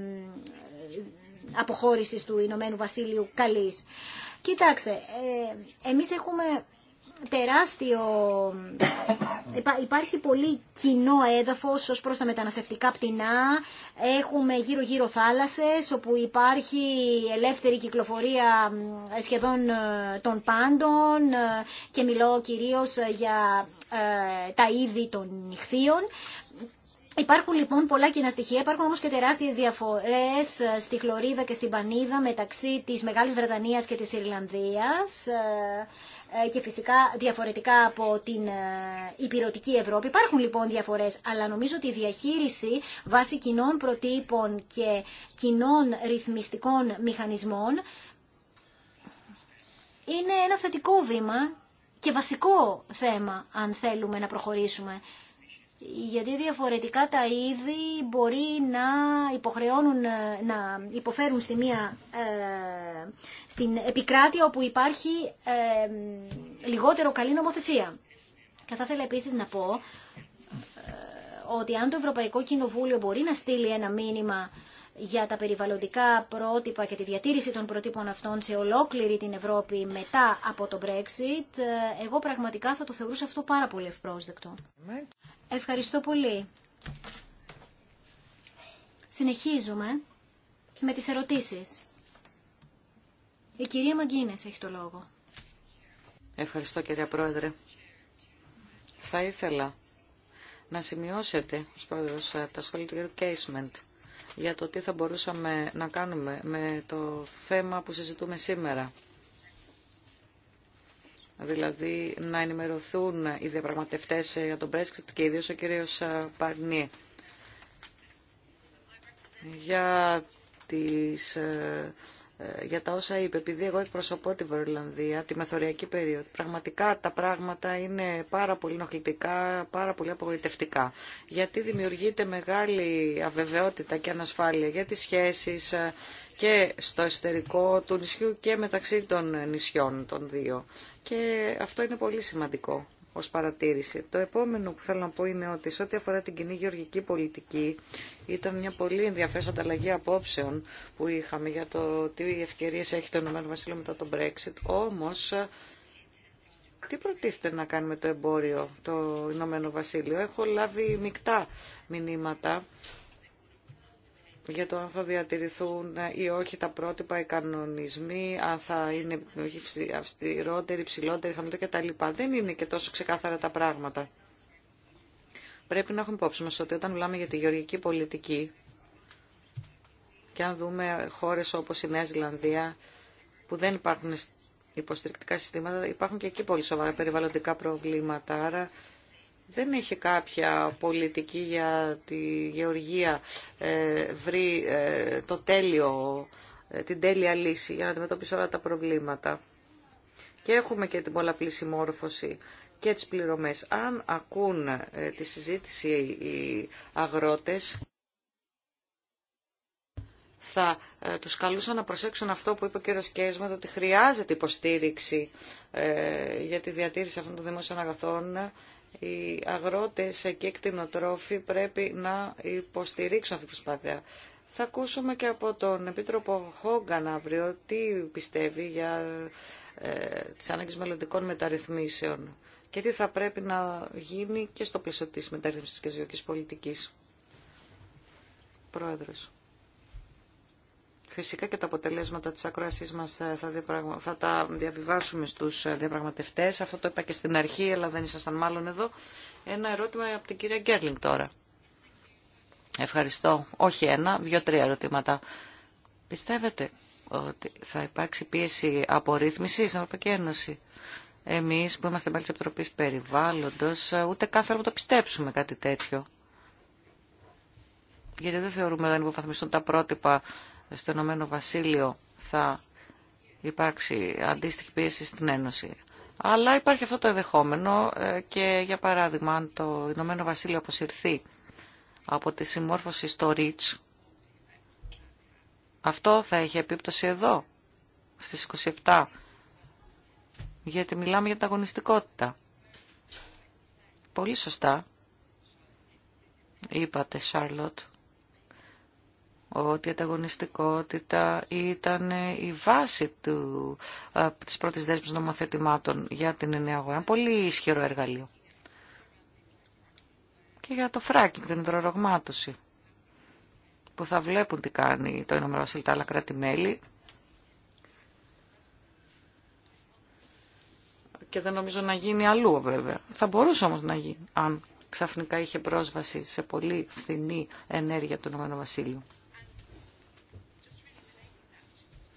αποχώρησης του Ηνωμένου Βασίλειου Καλής Κοιτάξτε, ε, εμείς έχουμε τεράστιο... Υπάρχει πολύ κοινό έδαφος ως προς τα μεταναστευτικά πτηνά. Έχουμε γύρω-γύρω θάλασσες όπου υπάρχει ελεύθερη κυκλοφορία σχεδόν ε, των πάντων ε, και μιλώ κυρίως για ε, τα είδη των νυχθείων. Υπάρχουν λοιπόν πολλά κοινά στοιχεία, υπάρχουν όμως και τεράστιες διαφορές ε, στη Χλωρίδα και στην Πανίδα μεταξύ της Μεγάλης Βρετανίας και της Ιρλανδίας ε, ε, και φυσικά διαφορετικά από την υπηρετική Ευρώπη. Υπάρχουν λοιπόν διαφορές, αλλά νομίζω ότι η διαχείριση βάσει κοινών προτύπων και κοινών ρυθμιστικών μηχανισμών είναι ένα θετικό βήμα και βασικό θέμα αν θέλουμε να προχωρήσουμε γιατί διαφορετικά τα είδη μπορεί να, υποχρεώνουν, ε, να υποφέρουν στη μία, ε, στην επικράτεια όπου υπάρχει ε, λιγότερο καλή νομοθεσία. Και θα ήθελα επίσης να πω ε, ότι αν το Ευρωπαϊκό Κοινοβούλιο μπορεί να στείλει ένα μήνυμα για τα περιβαλλοντικά πρότυπα και τη διατήρηση των προτύπων αυτών σε ολόκληρη την Ευρώπη μετά από το Brexit, ε, εγώ πραγματικά θα το θεωρούσα αυτό πάρα πολύ ευπρόσδεκτο. Ευχαριστώ πολύ. Συνεχίζουμε με τις ερωτήσεις. Η κυρία Μαγκίνες έχει το λόγο. Ευχαριστώ κυρία Πρόεδρε. Θα ήθελα να σημειώσετε, ως πρόεδρος, τα σχόλια του κ. Κέισμεντ για το τι θα μπορούσαμε να κάνουμε με το θέμα που συζητούμε σήμερα. Δηλαδή να ενημερωθούν οι διαπραγματευτές για τον Brexit και ιδίως ο κύριος Παρνί. για τις ε, ε, για τα όσα είπε, επειδή εγώ εκπροσωπώ τη Βορειολανδία, τη μεθοριακή περίοδο. Πραγματικά τα πράγματα είναι πάρα πολύ νοχλητικά, πάρα πολύ απογοητευτικά. Γιατί δημιουργείται μεγάλη αβεβαιότητα και ανασφάλεια για τις σχέσεις ε, και στο εσωτερικό του νησιού και μεταξύ των νησιών των δύο. Και αυτό είναι πολύ σημαντικό ως παρατήρηση. Το επόμενο που θέλω να πω είναι ότι σε ό,τι αφορά την κοινή γεωργική πολιτική ήταν μια πολύ ενδιαφέρουσα ανταλλαγή απόψεων που είχαμε για το τι ευκαιρίες έχει το Ηνωμένο Βασίλειο μετά τον Brexit. Όμως, τι προτίθεται να κάνει με το εμπόριο το Ηνωμένο Βασίλειο. Έχω λάβει μεικτά μηνύματα για το αν θα διατηρηθούν ε, ή όχι τα πρότυπα, οι κανονισμοί, αν θα είναι αυστηρότεροι, ψηλότεροι, χαμηλότεροι κτλ. Δεν είναι και τόσο ξεκάθαρα τα πράγματα. Πρέπει να έχουμε υπόψη μας ότι όταν μιλάμε για τη γεωργική πολιτική και αν δούμε χώρες όπως η Νέα Ζηλανδία που δεν υπάρχουν υποστηρικτικά συστήματα, υπάρχουν και εκεί πολύ σοβαρά περιβαλλοντικά προβλήματα. Άρα δεν έχει κάποια πολιτική για τη γεωργία ε, βρει ε, το τέλειο, ε, την τέλεια λύση για να αντιμετωπίσει όλα τα προβλήματα. Και έχουμε και την πολλαπλή συμμόρφωση και τις πληρωμές. Αν ακούν τη συζήτηση οι αγρότες, θα τους καλούσα να προσέξουν αυτό που είπε ο κύριος Κέσμα, ότι χρειάζεται υποστήριξη για τη διατήρηση αυτών των δημόσιων αγαθών οι αγρότες και εκτινοτρόφοι πρέπει να υποστηρίξουν αυτή την προσπάθεια. Θα ακούσουμε και από τον Επίτροπο Χόγκαν αύριο τι πιστεύει για ε, τις ανάγκες μελλοντικών μεταρρυθμίσεων και τι θα πρέπει να γίνει και στο πλαίσιο της μεταρρύθμισης της πολιτικής. Πρόεδρος. Φυσικά και τα αποτελέσματα της ακρόασής μας θα, θα τα διαβιβάσουμε στους διαπραγματευτές. Αυτό το είπα και στην αρχή, αλλά δεν ήσασταν μάλλον εδώ. Ένα ερώτημα από την κυρία Γκέρλινγκ τώρα. Ευχαριστώ. Όχι ένα, δύο-τρία ερωτήματα. Πιστεύετε ότι θα υπάρξει πίεση από στην Ευρωπαϊκή Ένωση. Εμείς που είμαστε μέλη της Επιτροπής Περιβάλλοντος, ούτε καν θέλουμε να το πιστέψουμε κάτι τέτοιο. Γιατί δεν θεωρούμε να υποβαθμιστούν τα πρότυπα στο Ηνωμένο Βασίλειο θα υπάρξει αντίστοιχη πίεση στην Ένωση. Αλλά υπάρχει αυτό το εδεχόμενο ε, και για παράδειγμα αν το Ηνωμένο Βασίλειο αποσυρθεί από τη συμμόρφωση στο ΡΙΤΣ, αυτό θα έχει επίπτωση εδώ, στις 27, γιατί μιλάμε για την αγωνιστικότητα. Πολύ σωστά, είπατε Σάρλοτ, ότι η ανταγωνιστικότητα ήταν η βάση του, ε, της πρώτης δέσμης νομοθετημάτων για την νέα αγορά. Πολύ ισχυρό εργαλείο. Και για το φράκινγκ, την υδρορογμάτωση, που θα βλέπουν τι κάνει το Ηνωμένο Βασίλειο τα άλλα κράτη-μέλη. Και δεν νομίζω να γίνει αλλού βέβαια. Θα μπορούσε όμως να γίνει, αν ξαφνικά είχε πρόσβαση σε πολύ φθηνή ενέργεια του Ηνωμένου Βασίλειου.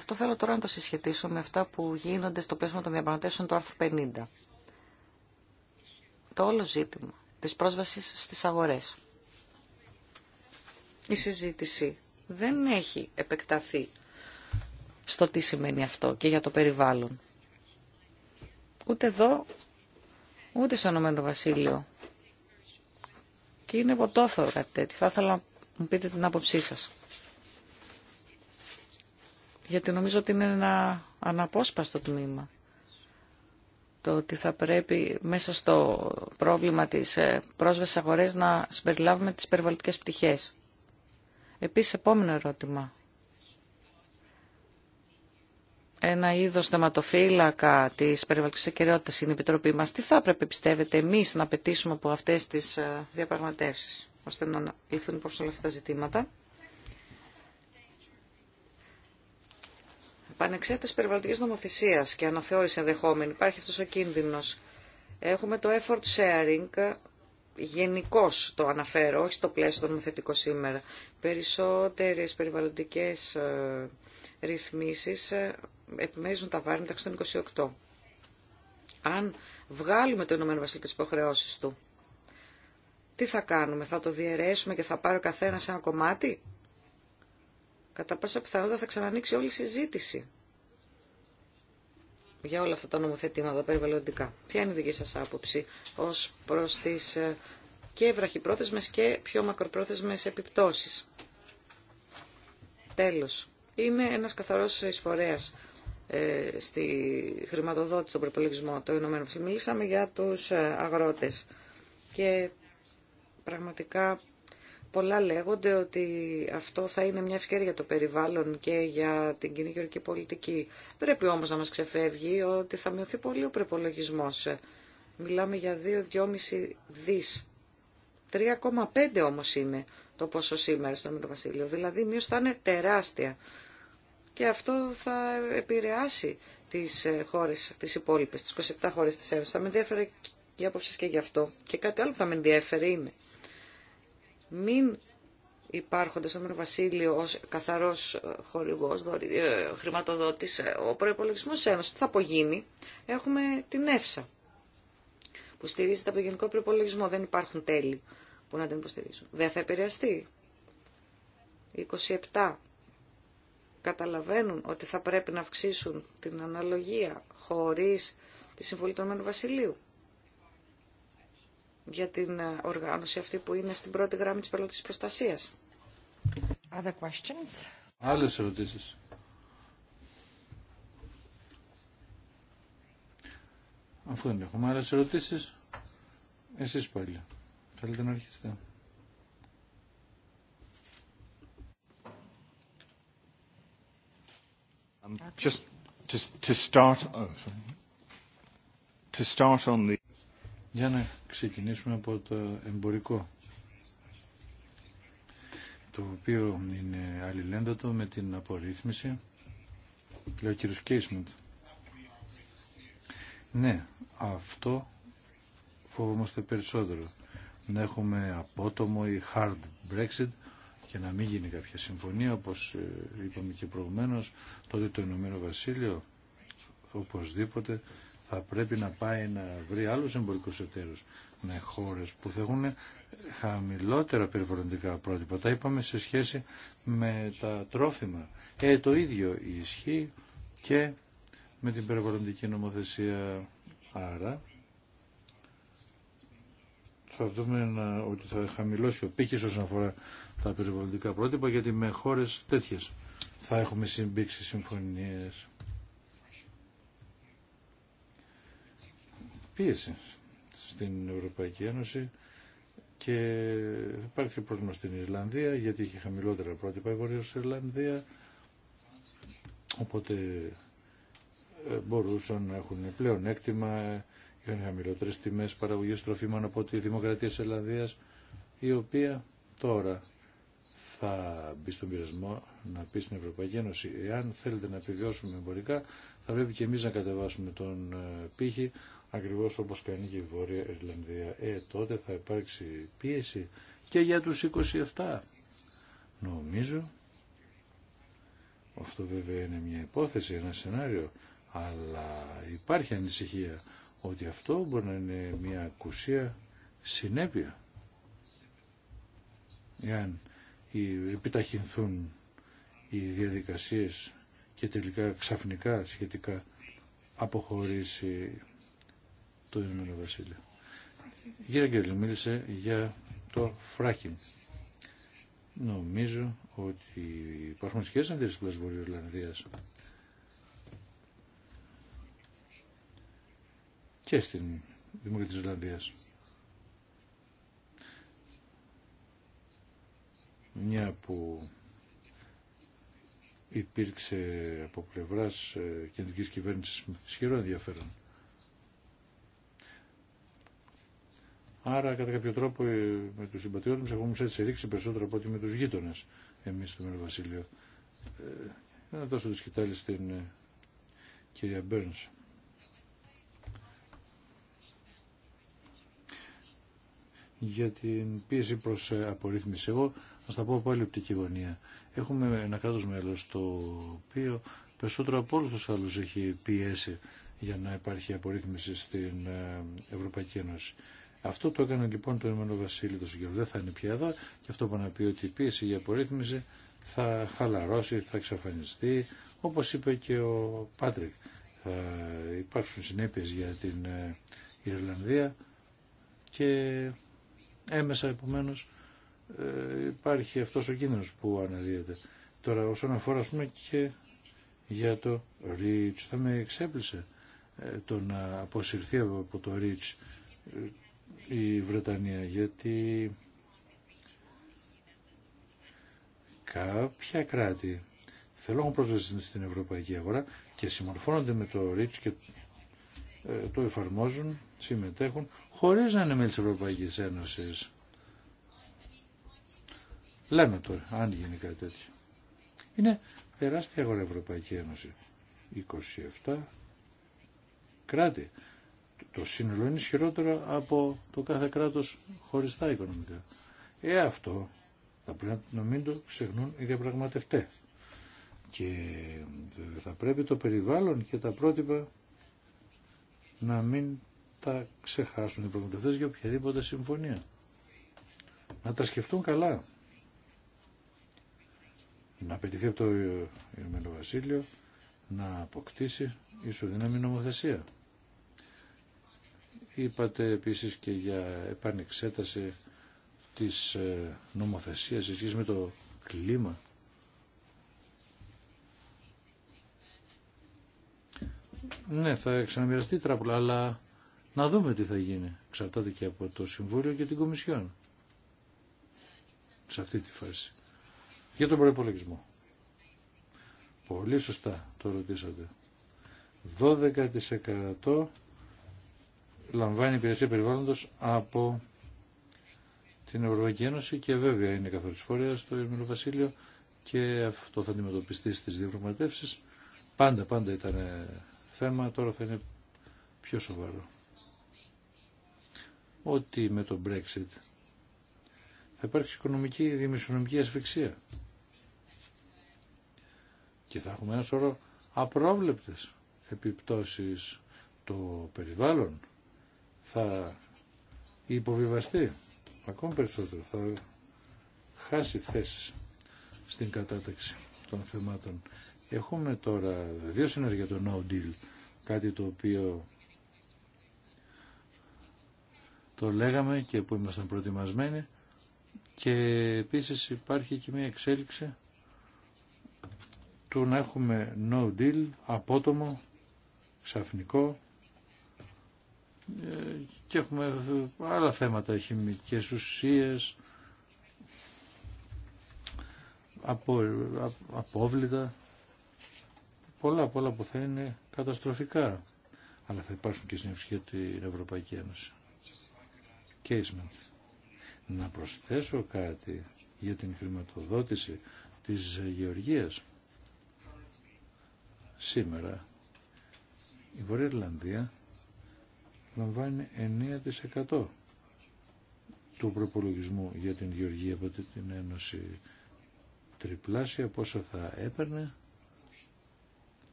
Αυτό θέλω τώρα να το συσχετήσω με αυτά που γίνονται στο πλαίσιο των διαπραγματεύσεων του άρθρου 50. Το όλο ζήτημα της πρόσβασης στις αγορές. Η συζήτηση δεν έχει επεκταθεί στο τι σημαίνει αυτό και για το περιβάλλον. Ούτε εδώ, ούτε στο Ηνωμένο Βασίλειο. Και είναι ποτόθωρο κάτι τέτοιο. Θα ήθελα να μου πείτε την άποψή σας γιατί νομίζω ότι είναι ένα αναπόσπαστο τμήμα το ότι θα πρέπει μέσα στο πρόβλημα της ε, πρόσβασης αγορές να συμπεριλάβουμε τις περιβαλλοντικές πτυχές. Επίσης, επόμενο ερώτημα. Ένα είδος θεματοφύλακα της περιβαλλοντικής ακαιρεότητας είναι η Επιτροπή μας. Τι θα πρέπει, πιστεύετε, εμείς να πετήσουμε από αυτές τις ε, διαπραγματεύσεις, ώστε να ληφθούν υπόψη όλα αυτά τα ζητήματα. Πανεξέταση περιβαλλοντική νομοθεσία και αναθεώρηση ενδεχόμενη. Υπάρχει αυτό ο κίνδυνο. Έχουμε το effort sharing. Γενικώ το αναφέρω, όχι στο πλαίσιο το νομοθετικό σήμερα. Περισσότερε περιβαλλοντικέ ε, ρυθμίσει ε, επιμένουν τα βάρη μεταξύ των 28. Αν βγάλουμε το Ηνωμένο Βασίλειο τι υποχρεώσει του, τι θα κάνουμε, θα το διαιρέσουμε και θα πάρει ο καθένα ένα κομμάτι κατά πάσα πιθανότητα θα ξανανοίξει όλη η συζήτηση για όλα αυτά τα νομοθετήματα περιβαλλοντικά. Ποια είναι η δική σας άποψη ως προς τις ε, και βραχυπρόθεσμες και πιο μακροπρόθεσμες επιπτώσεις. Τέλος, είναι ένας καθαρός εισφορέας ε, στη χρηματοδότηση των προπολογισμών το ΕΕ. Μιλήσαμε για τους ε, αγρότες και πραγματικά Πολλά λέγονται ότι αυτό θα είναι μια ευκαιρία για το περιβάλλον και για την κοινή γεωργική πολιτική. Πρέπει όμως να μας ξεφεύγει ότι θα μειωθεί πολύ ο προπολογισμό. Μιλάμε για 2-2,5 δις. 3,5 όμως είναι το πόσο σήμερα στο Μήνο Βασίλειο. Δηλαδή η μείωση θα είναι τεράστια. Και αυτό θα επηρεάσει τις ε, χώρες, τις υπόλοιπες, τις 27 χώρες της Ένωσης. Θα με ενδιαφέρει η άποψη και γι' αυτό. Και κάτι άλλο που θα με ενδιαφέρει είναι μην υπάρχοντα στο Μέρο Βασίλειο ω καθαρό ε, χορηγό, ε, χρηματοδότη, ε, ο προπολογισμό Ένωση, τι θα απογίνει, έχουμε την ΕΦΣΑ που στηρίζεται από το γενικό προπολογισμό. Δεν υπάρχουν τέλη που να την υποστηρίζουν. Δεν θα επηρεαστεί. 27 καταλαβαίνουν ότι θα πρέπει να αυξήσουν την αναλογία χωρίς τη συμβολή του Βασιλείου για την ε, οργάνωση αυτή που είναι στην πρώτη γράμμη της πελωτής προστασίας. questions? Άλλες ερωτήσεις. Αφού δεν έχουμε άλλες ερωτήσεις, εσείς πάλι. Θέλετε να αρχίσετε. Um, just, just to start, oh, to start on the για να ξεκινήσουμε από το εμπορικό το οποίο είναι αλληλένδετο με την απορρίθμιση λέει ναι αυτό φοβόμαστε περισσότερο να έχουμε απότομο ή hard Brexit και να μην γίνει κάποια συμφωνία όπως ε, είπαμε και προηγουμένως τότε το Ηνωμένο Βασίλειο οπωσδήποτε θα πρέπει να πάει να βρει άλλους εμπορικούς εταίρους με χώρες που θα έχουν χαμηλότερα περιβαλλοντικά πρότυπα. Τα είπαμε σε σχέση με τα τρόφιμα. Ε, το ίδιο ισχύει και με την περιβαλλοντική νομοθεσία. Άρα, Θα να, ότι θα χαμηλώσει ο πύχης όσον αφορά τα περιβαλλοντικά πρότυπα, γιατί με χώρες τέτοιες θα έχουμε συμπήξει συμφωνίες. πίεση στην Ευρωπαϊκή Ένωση και υπάρχει υπάρξει πρόβλημα στην Ιρλανδία γιατί είχε χαμηλότερα πρότυπα η Βορειός Ιρλανδία οπότε ε, μπορούσαν να έχουν πλέον έκτημα είχαν χαμηλότερες τιμές παραγωγής τροφίμων από τη Δημοκρατία της η οποία τώρα θα μπει στον πειρασμό να πει στην Ευρωπαϊκή Ένωση εάν θέλετε να επιβιώσουμε εμπορικά θα πρέπει και εμείς να κατεβάσουμε τον ε, πύχη ακριβώς όπως κάνει και η Βόρεια Ιρλανδία. Ε, τότε θα υπάρξει πίεση και για τους 27. Νομίζω, αυτό βέβαια είναι μια υπόθεση, ένα σενάριο, αλλά υπάρχει ανησυχία ότι αυτό μπορεί να είναι μια ακουσία συνέπεια. Εάν επιταχυνθούν οι διαδικασίες και τελικά ξαφνικά σχετικά αποχωρήσει το Το βασίλειο. Η Γύρω και μίλησε για το φράκινγκ. Νομίζω ότι υπάρχουν σχέσεις αντίρρησης τη Βόρειο Ιρλανδίας και στην Δημοκρατία τη Ιρλανδία. Μια που υπήρξε από πλευράς ε, κεντρικής κυβέρνησης ισχυρό ενδιαφέρον. Άρα κατά κάποιο τρόπο ε, με τους συμπατριώτες μας έχουμε έτσι ρίξει περισσότερο από ότι με τους γείτονες εμείς στο Μέρο Βασίλειο. Ε, να δώσω τη σκητάλη στην ε, κυρία Μπέρνς. για την πίεση προς ε, απορρίθμιση. Εγώ θα τα πω άλλη οπτική γωνία. Έχουμε ένα κράτος μέλος το οποίο περισσότερο από όλους τους άλλους έχει πιέσει για να υπάρχει απορρίθμιση στην Ευρωπαϊκή Ένωση. Αυτό το έκανε λοιπόν το Ηνωμένο Βασίλειο το Δεν θα είναι πια εδώ και αυτό που να πει ότι η πίεση για απορρίθμιση θα χαλαρώσει, θα εξαφανιστεί. Όπως είπε και ο Πάτρικ, θα υπάρξουν συνέπειες για την ε, Ιρλανδία και έμεσα επομένως ε, υπάρχει αυτός ο κίνδυνος που αναδύεται. Τώρα όσον αφορά πούμε, και για το Ρίτς, θα με εξέπλησε ε, το να αποσυρθεί από το Ρίτς η Βρετανία γιατί κάποια κράτη θέλουν να προσβέσουν στην ευρωπαϊκή αγορά και συμμορφώνονται με το ΡΙΤΣ και ε, το εφαρμόζουν, συμμετέχουν χωρίς να είναι μέλη της Ευρωπαϊκής Ένωσης. Λέμε τώρα, αν γίνει κάτι τέτοιο. Είναι τεράστια αγορά Ευρωπαϊκή Ένωση. 27 κράτη το σύνολο είναι ισχυρότερο από το κάθε κράτος χωριστά οικονομικά. Ε, αυτό θα πρέπει να μην το ξεχνούν οι διαπραγματευτέ. Και θα πρέπει το περιβάλλον και τα πρότυπα να μην τα ξεχάσουν οι διαπραγματευτές για οποιαδήποτε συμφωνία. Να τα σκεφτούν καλά. Να απαιτηθεί από το Ηνωμένο Βασίλειο να αποκτήσει ισοδύναμη νομοθεσία. Είπατε επίσης και για επανεξέταση της ε, νομοθεσίας σε με το κλίμα. Ναι, θα ξαναμοιραστεί η τράπουλα, αλλά να δούμε τι θα γίνει. Ξαρτάται και από το Συμβούλιο και την Κομισιόν. Σε αυτή τη φάση. Για τον προπολογισμό. Πολύ σωστά το ρωτήσατε. 12% λαμβάνει υπηρεσία περιβάλλοντος από την Ευρωπαϊκή Ένωση και βέβαια είναι καθορισμόρια στο Ερμηνό Βασίλειο και αυτό θα αντιμετωπιστεί στις διαπραγματεύσει. Πάντα, πάντα ήταν θέμα, τώρα θα είναι πιο σοβαρό. Ότι με το Brexit θα υπάρξει οικονομική, δημοσιονομική ασφυξία. Και θα έχουμε ένα σωρό απρόβλεπτες επιπτώσεις το περιβάλλον θα υποβιβαστεί ακόμη περισσότερο, θα χάσει θέσεις στην κατάταξη των θεμάτων. Έχουμε τώρα δύο συνεργεία το No Deal, κάτι το οποίο το λέγαμε και που ήμασταν προετοιμασμένοι και επίσης υπάρχει και μια εξέλιξη του να έχουμε no deal, απότομο, ξαφνικό και έχουμε άλλα θέματα, χημικές ουσίες, από, απόβλητα, πολλά πολλά που θα είναι καταστροφικά, αλλά θα υπάρξουν και στην την Ευρωπαϊκή Ένωση. Να προσθέσω κάτι για την χρηματοδότηση της Γεωργίας. Σήμερα η Βόρεια Ιρλανδία λαμβάνει 9% του προπολογισμού για την γεωργία από την Ένωση τριπλάσια πόσο θα έπαιρνε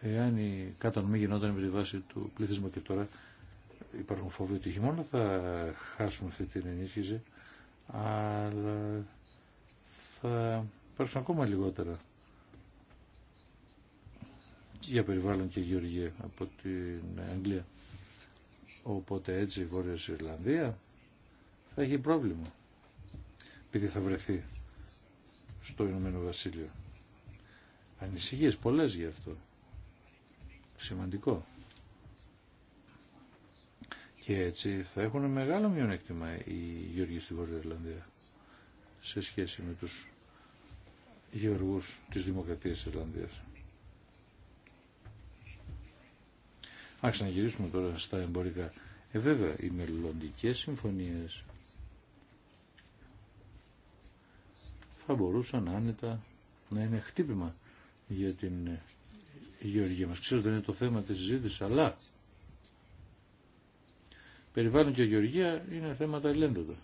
εάν η κατανομή γινόταν με τη βάση του πληθυσμού και τώρα υπάρχουν φόβοι ότι μόνο θα χάσουμε αυτή την ενίσχυση αλλά θα υπάρξουν ακόμα λιγότερα για περιβάλλον και γεωργία από την Αγγλία. Οπότε έτσι η Βόρεια Ιρλανδία θα έχει πρόβλημα επειδή θα βρεθεί στο Ηνωμένο Βασίλειο. Ανησυχίες πολλές γι' αυτό. Σημαντικό. Και έτσι θα έχουν μεγάλο μειονέκτημα οι Γεωργοί στη Βόρεια Ιρλανδία σε σχέση με τους γεωργούς της Δημοκρατίας της Ιρλανδίας. να ξαναγυρίσουμε τώρα στα εμπορικά. Ε, βέβαια, οι μελλοντικέ συμφωνίες θα μπορούσαν άνετα να είναι χτύπημα για την γεωργία μας. Ξέρω δεν είναι το θέμα της συζήτησης, αλλά περιβάλλον και γεωργία είναι θέματα ελέγχοντα.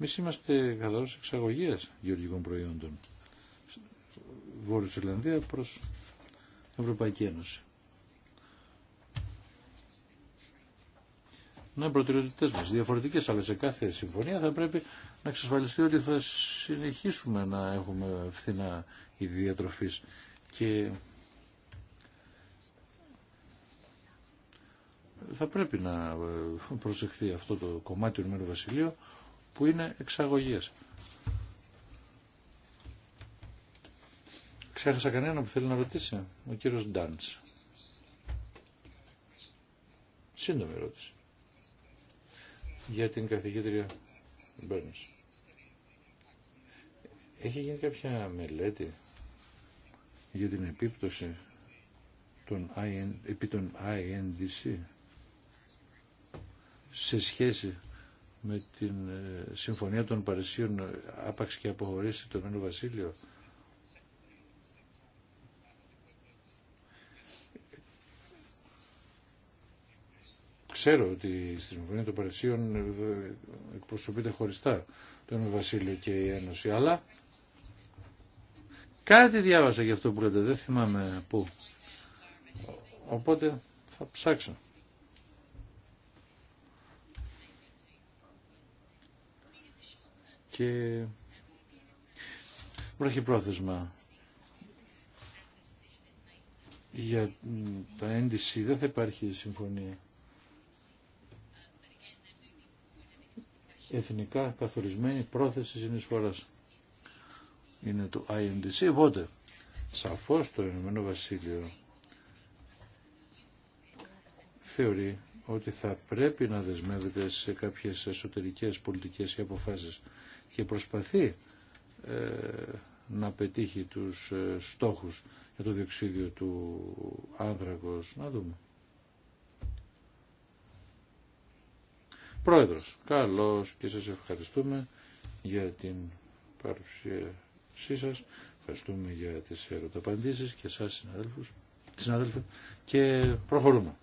Εμεί είμαστε καθαρός εξαγωγίας γεωργικών προϊόντων. Βόρειος Ιρλανδία προς Ευρωπαϊκή Ένωση. Ναι, προτεραιότητες μας διαφορετικές, αλλά σε κάθε συμφωνία θα πρέπει να εξασφαλιστεί ότι θα συνεχίσουμε να έχουμε φθηνά είδη και θα πρέπει να ε, προσεχθεί αυτό το κομμάτι του Ηνωμένου Βασιλείου που είναι εξαγωγέ. Ξέχασα κανένα που θέλει να ρωτήσει. Ο κύριος Ντάντς. Σύντομη ερώτηση. Για την καθηγήτρια Μπέρνς. Έχει γίνει κάποια μελέτη για την επίπτωση των IN, επί των INDC σε σχέση με την ε, Συμφωνία των Παρισίων ε, άπαξ και αποχωρήσει το Μένο Βασίλειο ξέρω ότι στη Συμφωνία των Παρισίων ε, ε, εκπροσωπείται χωριστά το Ένω και η Ένωση, αλλά κάτι διάβασα για αυτό που λέτε, δεν θυμάμαι πού. Οπότε θα ψάξω. Και βράχει πρόθεσμα για τα NDC δεν θα υπάρχει συμφωνία. εθνικά καθορισμένη πρόθεση συνεισφοράς. Είναι το INDC. οπότε σαφώς το Ηνωμένο Βασίλειο θεωρεί ότι θα πρέπει να δεσμεύεται σε κάποιες εσωτερικές πολιτικές ή αποφάσεις και προσπαθεί ε, να πετύχει τους ε, στόχους για το διοξίδιο του άνθρακος. Να δούμε. Πρόεδρος, καλώς και σας ευχαριστούμε για την παρουσίασή σας. Ευχαριστούμε για τις ερωταπαντήσεις και σας συναδέλφους, και προχωρούμε.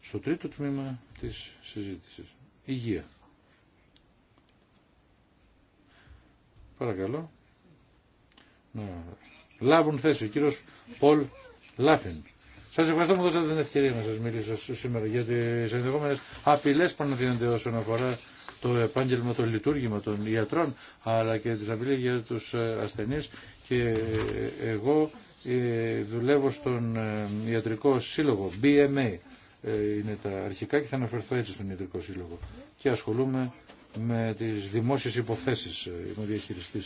Στο τρίτο τμήμα της συζήτησης. Υγεία. Παρακαλώ. Να λάβουν θέση ο κύριος Πολ Λάφιν. Σα ευχαριστώ που δώσατε την ευκαιρία να σας μιλήσω σήμερα για τι ενδεχομένε απειλέ που αναδύνονται όσον αφορά το επάγγελμα, το λειτουργήμα των ιατρών, αλλά και τις απειλές για τους ε, ασθενείς και ε, εγώ ε, δουλεύω στον ιατρικό σύλλογο, BMA είναι τα αρχικά και θα αναφερθώ έτσι στον ιατρικό σύλλογο και ασχολούμαι με τις δημόσιες υποθέσεις, είμαι διαχειριστή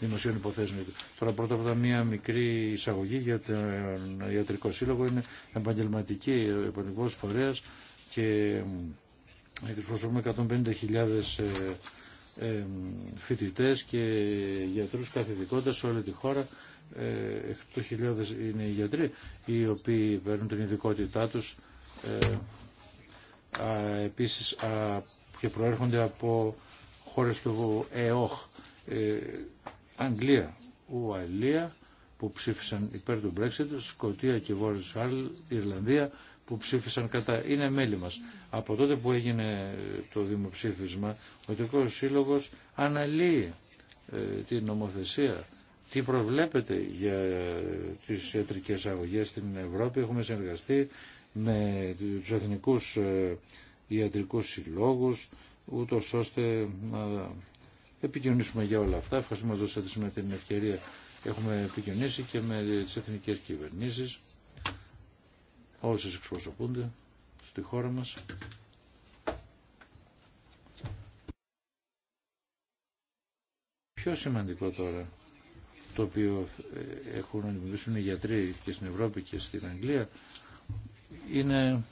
δημοσίων υποθέσεων. Τώρα πρώτα απ' όλα μία μικρή εισαγωγή για τον Ιατρικό Σύλλογο, είναι επαγγελματική, ε, επαγγελματικό φορέας και ε, εκπροσωπούμε 150.000 ε, φοιτητέ και γιατρούς καθηγητικότητας σε όλη τη χώρα. 8.000 είναι οι γιατροί οι οποίοι παίρνουν την ειδικότητά τους. Επίσης και προέρχονται από χώρες του ΕΟΧ, ε, Αγγλία, Ουαλία που ψήφισαν υπέρ του Brexit, Σκοτία και Βόρειος Ιρλανδία που ψήφισαν κατά. Είναι μέλη μας. Από τότε που έγινε το δημοψήφισμα, ο Τουρκός Σύλλογος αναλύει ε, την νομοθεσία. Τι προβλέπεται για ε, τις ιατρικές αγωγές στην Ευρώπη. Έχουμε συνεργαστεί με τους εθνικούς ε, ιατρικούς συλλόγους, ούτω ώστε να επικοινωνήσουμε για όλα αυτά. Ευχαριστούμε ότι δώσατε σήμερα την ευκαιρία. Έχουμε επικοινωνήσει και με τις εθνικές κυβερνήσεις, όσες εξπροσωπούνται στη χώρα μας. Πιο σημαντικό τώρα το οποίο έχουν να δημιουργήσουν οι γιατροί και στην Ευρώπη και στην Αγγλία είναι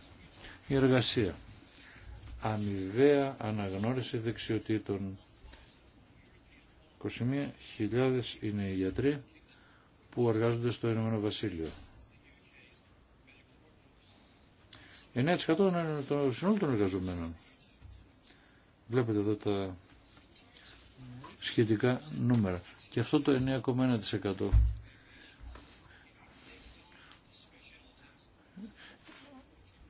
η εργασία αμοιβαία αναγνώριση δεξιοτήτων. 21.000 είναι οι γιατροί που εργάζονται στο Ηνωμένο Βασίλειο. 9% είναι το συνόλου των εργαζομένων. Βλέπετε εδώ τα σχετικά νούμερα. Και αυτό το 9,1%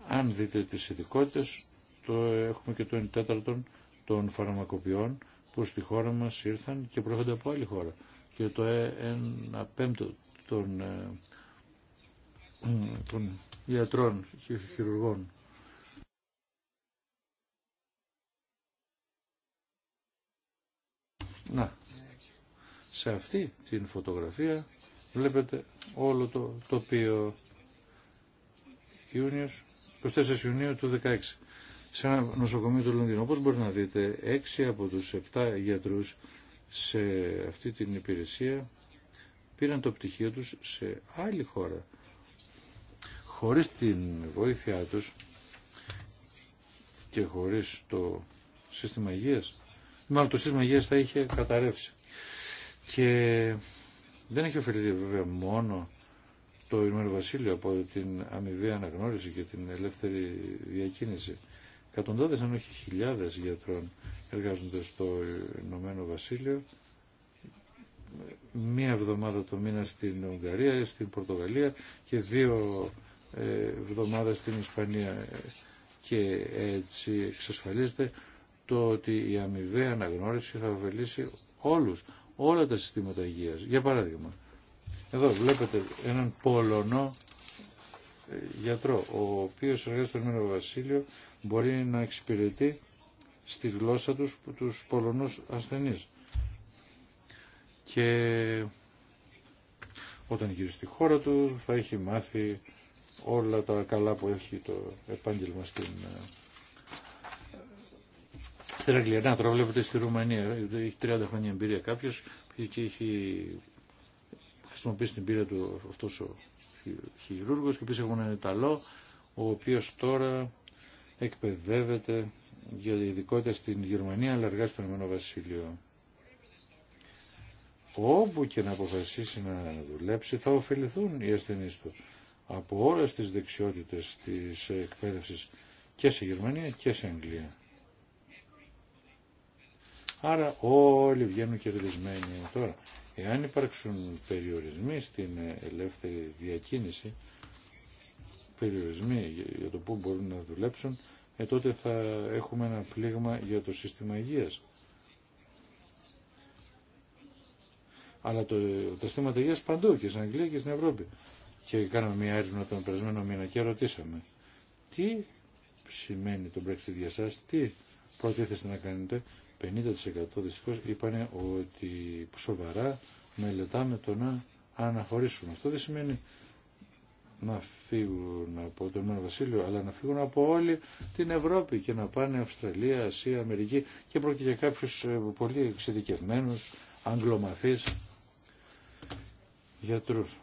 αν δείτε τις ειδικότητες το, έχουμε και τον τέταρτον των φαρμακοποιών που στη χώρα μας ήρθαν και προέρχονται από άλλη χώρα. Και το ένα ε, πέμπτο των, ε, των ιατρών και χειρουργών. Να, σε αυτή την φωτογραφία βλέπετε όλο το τοπίο Ιούνιος, 24 Ιουνίου του 16 σε ένα νοσοκομείο του Λονδίνου. Όπως μπορείτε να δείτε, έξι από τους επτά γιατρούς σε αυτή την υπηρεσία πήραν το πτυχίο τους σε άλλη χώρα. Χωρίς την βοήθειά τους και χωρίς το σύστημα υγείας, μάλλον το σύστημα υγείας θα είχε καταρρεύσει. Και δεν έχει ωφεληθεί βέβαια μόνο το Ηνωμένο Βασίλειο από την αμοιβή αναγνώριση και την ελεύθερη διακίνηση εκατοντάδες αν όχι χιλιάδες γιατρών εργάζονται στο Ηνωμένο Βασίλειο μία εβδομάδα το μήνα στην Ουγγαρία, στην Πορτογαλία και δύο ε, εβδομάδες στην Ισπανία και έτσι εξασφαλίζεται το ότι η αμοιβαία αναγνώριση θα ωφελήσει όλους, όλα τα συστήματα υγείας. Για παράδειγμα, εδώ βλέπετε έναν Πολωνό ε, γιατρό, ο οποίος εργάζεται στο Ηνωμένο Βασίλειο μπορεί να εξυπηρετεί στη γλώσσα τους, τους Πολωνούς ασθενείς. Και όταν γυρίσει στη χώρα του θα έχει μάθει όλα τα καλά που έχει το επάγγελμα στην ε, στην Αγγλία. Να, τώρα βλέπετε στη Ρουμανία. Έχει 30 χρόνια εμπειρία κάποιο και έχει χρησιμοποιήσει την εμπειρία του αυτό ο χειρούργος. και επίση έχουμε έναν Ιταλό ο οποίος τώρα εκπαιδεύεται για ειδικότητα στην Γερμανία αλλά εργάζεται στον Ηνωμένο Βασίλειο. Όπου και να αποφασίσει να δουλέψει θα ωφεληθούν οι ασθενείς του από όλες τις δεξιότητες της εκπαίδευσης και σε Γερμανία και σε Αγγλία. Άρα όλοι βγαίνουν κερδισμένοι τώρα. Εάν υπάρξουν περιορισμοί στην ελεύθερη διακίνηση, περιορισμοί για το πού μπορούν να δουλέψουν, ε, τότε θα έχουμε ένα πλήγμα για το σύστημα υγείας. Αλλά το, τα στήματα υγείας παντού και στην Αγγλία και στην Ευρώπη. Και κάναμε μια έρευνα τον περασμένο μήνα και ρωτήσαμε τι σημαίνει το Brexit για σας, τι προτίθεστε να κάνετε. 50% δυστυχώς είπαν ότι σοβαρά μελετάμε το να αναχωρήσουμε. Αυτό δεν σημαίνει να φύγουν από το Ηνωμένο Βασίλειο, αλλά να φύγουν από όλη την Ευρώπη και να πάνε Αυστραλία, Ασία, Αμερική και πρόκειται για κάποιους ε, πολύ εξειδικευμένους, αγγλομαθείς γιατρούς.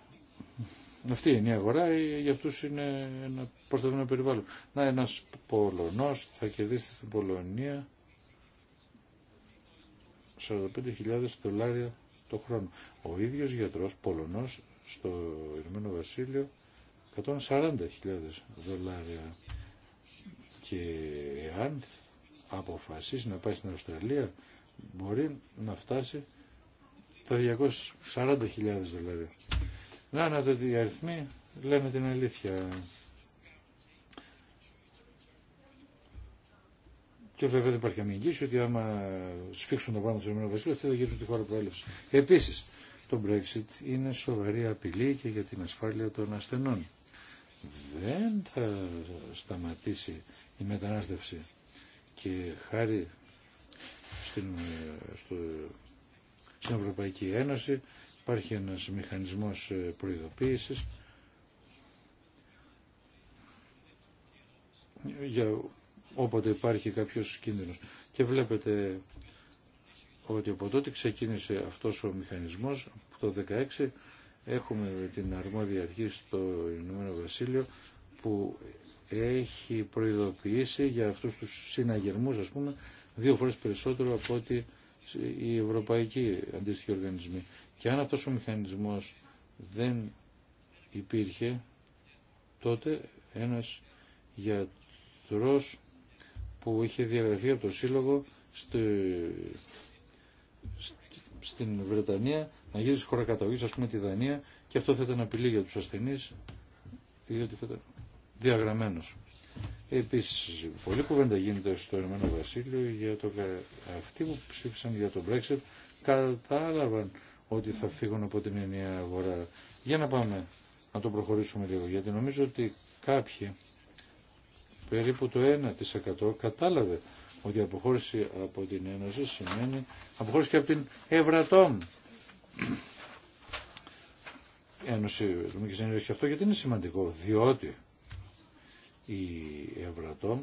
Αυτή είναι η αγορά, ε, για αυτού είναι ένα προστατευμένο περιβάλλον. Να, ένα Πολωνό θα κερδίσει στην Πολωνία 45.000 δολάρια το χρόνο. Ο ίδιος γιατρός Πολωνός στο Ηνωμένο Βασίλειο 140.000 δολάρια και αν αποφασίσει να πάει στην Αυστραλία μπορεί να φτάσει τα 240.000 δολάρια. Να, να, ότι οι αριθμοί λένε την αλήθεια. Και βέβαια δεν υπάρχει καμία ότι άμα σφίξουν το πράγμα του Ηνωμένο Βασίλειου αυτοί θα γυρίσουν τη χώρα προέλευση. Επίσης, το Brexit είναι σοβαρή απειλή και για την ασφάλεια των ασθενών δεν θα σταματήσει η μετανάστευση και χάρη στην, στο, Ευρωπαϊκή Ένωση υπάρχει ένας μηχανισμός ε, προειδοποίησης για όποτε υπάρχει κάποιος κίνδυνος. Και βλέπετε ότι από τότε ξεκίνησε αυτός ο μηχανισμός, το 2016 Έχουμε την αρμόδια αρχή στο Ηνωμένο Βασίλειο που έχει προειδοποιήσει για αυτούς τους συναγερμούς ας πούμε δύο φορές περισσότερο από ότι οι ευρωπαϊκοί αντίστοιχοι οργανισμοί. Και αν αυτός ο μηχανισμός δεν υπήρχε τότε ένας γιατρός που είχε διαγραφεί από το Σύλλογο στην Βρετανία να γίνει χώρα καταγωγή, α πούμε τη Δανία και αυτό θα ήταν απειλή για του ασθενεί διότι θα ήταν διαγραμμένος. Επίσης, πολλή κουβέντα γίνεται στο Ηνωμένο Βασίλειο για το αυτοί που ψήφισαν για το Brexit κατάλαβαν ότι θα φύγουν από την ενιαία αγορά. Για να πάμε να το προχωρήσουμε λίγο, γιατί νομίζω ότι κάποιοι, περίπου το 1% κατάλαβε ότι η αποχώρηση από την Ένωση σημαίνει αποχώρηση και από την Ευρατόμ. Ένωση και ενέργεια και αυτό γιατί είναι σημαντικό, διότι η Ευρατόμ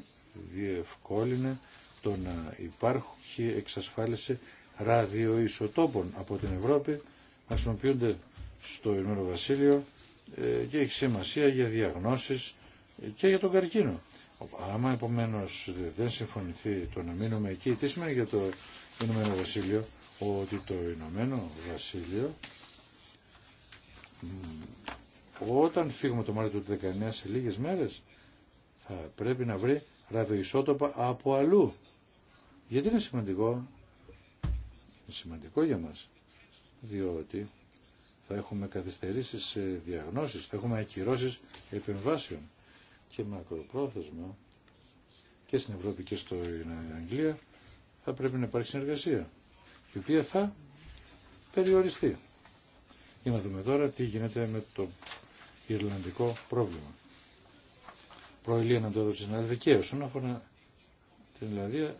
διευκόλυνε το να υπάρχει εξασφάλιση ραδιοϊσοτόπων από την Ευρώπη, να χρησιμοποιούνται στο Ηνωμένο Βασίλειο ε, και έχει σημασία για διαγνώσεις και για τον καρκίνο. Άμα επομένω δεν συμφωνηθεί το να μείνουμε εκεί, τι σημαίνει για το Ηνωμένο Βασίλειο, ότι το Ηνωμένο Βασίλειο όταν φύγουμε το Μάρτιο του 19 σε λίγες μέρες θα πρέπει να βρει ραδιοϊσότοπα από αλλού. Γιατί είναι σημαντικό. Είναι σημαντικό για μας. Διότι θα έχουμε καθυστερήσεις σε διαγνώσεις, θα έχουμε ακυρώσεις επεμβάσεων και μακροπρόθεσμα και στην Ευρώπη και στην Αγγλία θα πρέπει να υπάρχει συνεργασία η οποία θα περιοριστεί. Για να δούμε τώρα τι γίνεται με το Ιρλανδικό πρόβλημα. Προηλία να το έδωσε στην και όσον αφορά την Ιρλανδία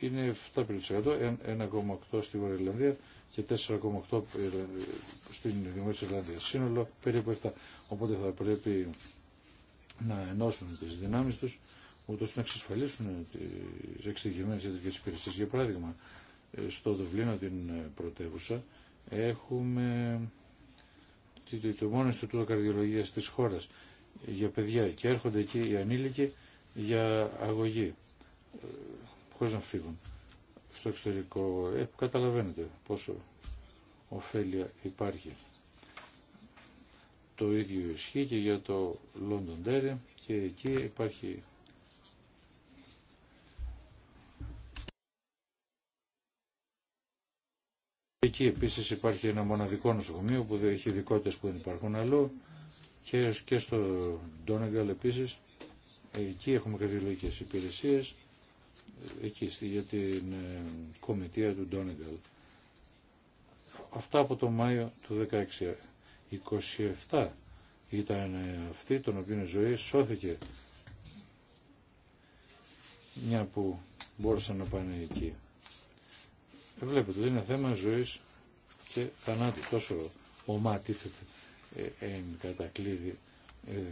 είναι 7%, 1,8% στη Βορειοελλανδία και 4,8 στην Δημοκρατία Ελλάδα. Σύνολο περίπου 7. Οπότε θα πρέπει να ενώσουν τις δυνάμεις τους ούτως να εξασφαλίσουν τις εξηγημένε ιατρικέ υπηρεσίε. Για παράδειγμα, ε, στο Δουβλίνο την ε, πρωτεύουσα έχουμε το μόνο Ινστιτούτο Καρδιολογίας της χώρας για παιδιά και έρχονται εκεί οι ανήλικοι για αγωγή ε, Χωρί να φύγουν στο εξωτερικό. Ε, καταλαβαίνετε πόσο ωφέλεια υπάρχει. Το ίδιο ισχύει και για το London Dairy και εκεί υπάρχει Εκεί επίσης υπάρχει ένα μοναδικό νοσοκομείο που έχει ειδικότητες που δεν υπάρχουν αλλού και, στο Ντόνεγκαλ επίσης εκεί έχουμε καρδιολογικές υπηρεσίες εκεί, για την ε, κομιτεία του Ντόνεγκαλ Αυτά από το Μάιο του 16. 27 ήταν ε, αυτή τον οποίο η ζωή σώθηκε μια που μπόρεσαν να πάνε εκεί. Ε, βλέπετε, είναι θέμα ζωής και θανάτου. Τόσο ομά τίθεται εν κατακλείδη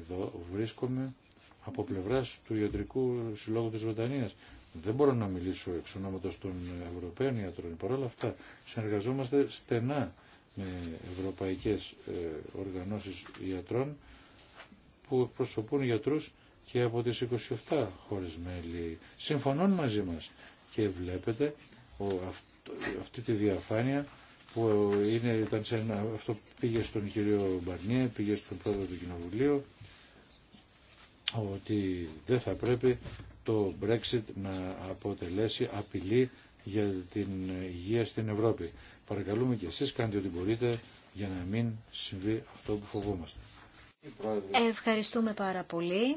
εδώ βρίσκομαι από πλευράς του Ιατρικού Συλλόγου της Βρετανίας δεν μπορώ να μιλήσω εξ ονόματος των Ευρωπαίων ιατρών. Παρ' όλα αυτά συνεργαζόμαστε στενά με ευρωπαϊκές ε, οργανώσεις ιατρών που εκπροσωπούν γιατρούς και από τις 27 χώρες μέλη. Συμφωνούν μαζί μας και βλέπετε αυτή τη διαφάνεια που είναι, ήταν σε ένα, αυτό πήγε στον κύριο Μπαρνιέ, πήγε στον πρόεδρο του Κοινοβουλίου, ότι δεν θα πρέπει το Brexit να αποτελέσει απειλή για την υγεία στην Ευρώπη. Παρακαλούμε και εσείς κάντε ό,τι μπορείτε για να μην συμβεί αυτό που φοβόμαστε. Ευχαριστούμε πάρα πολύ.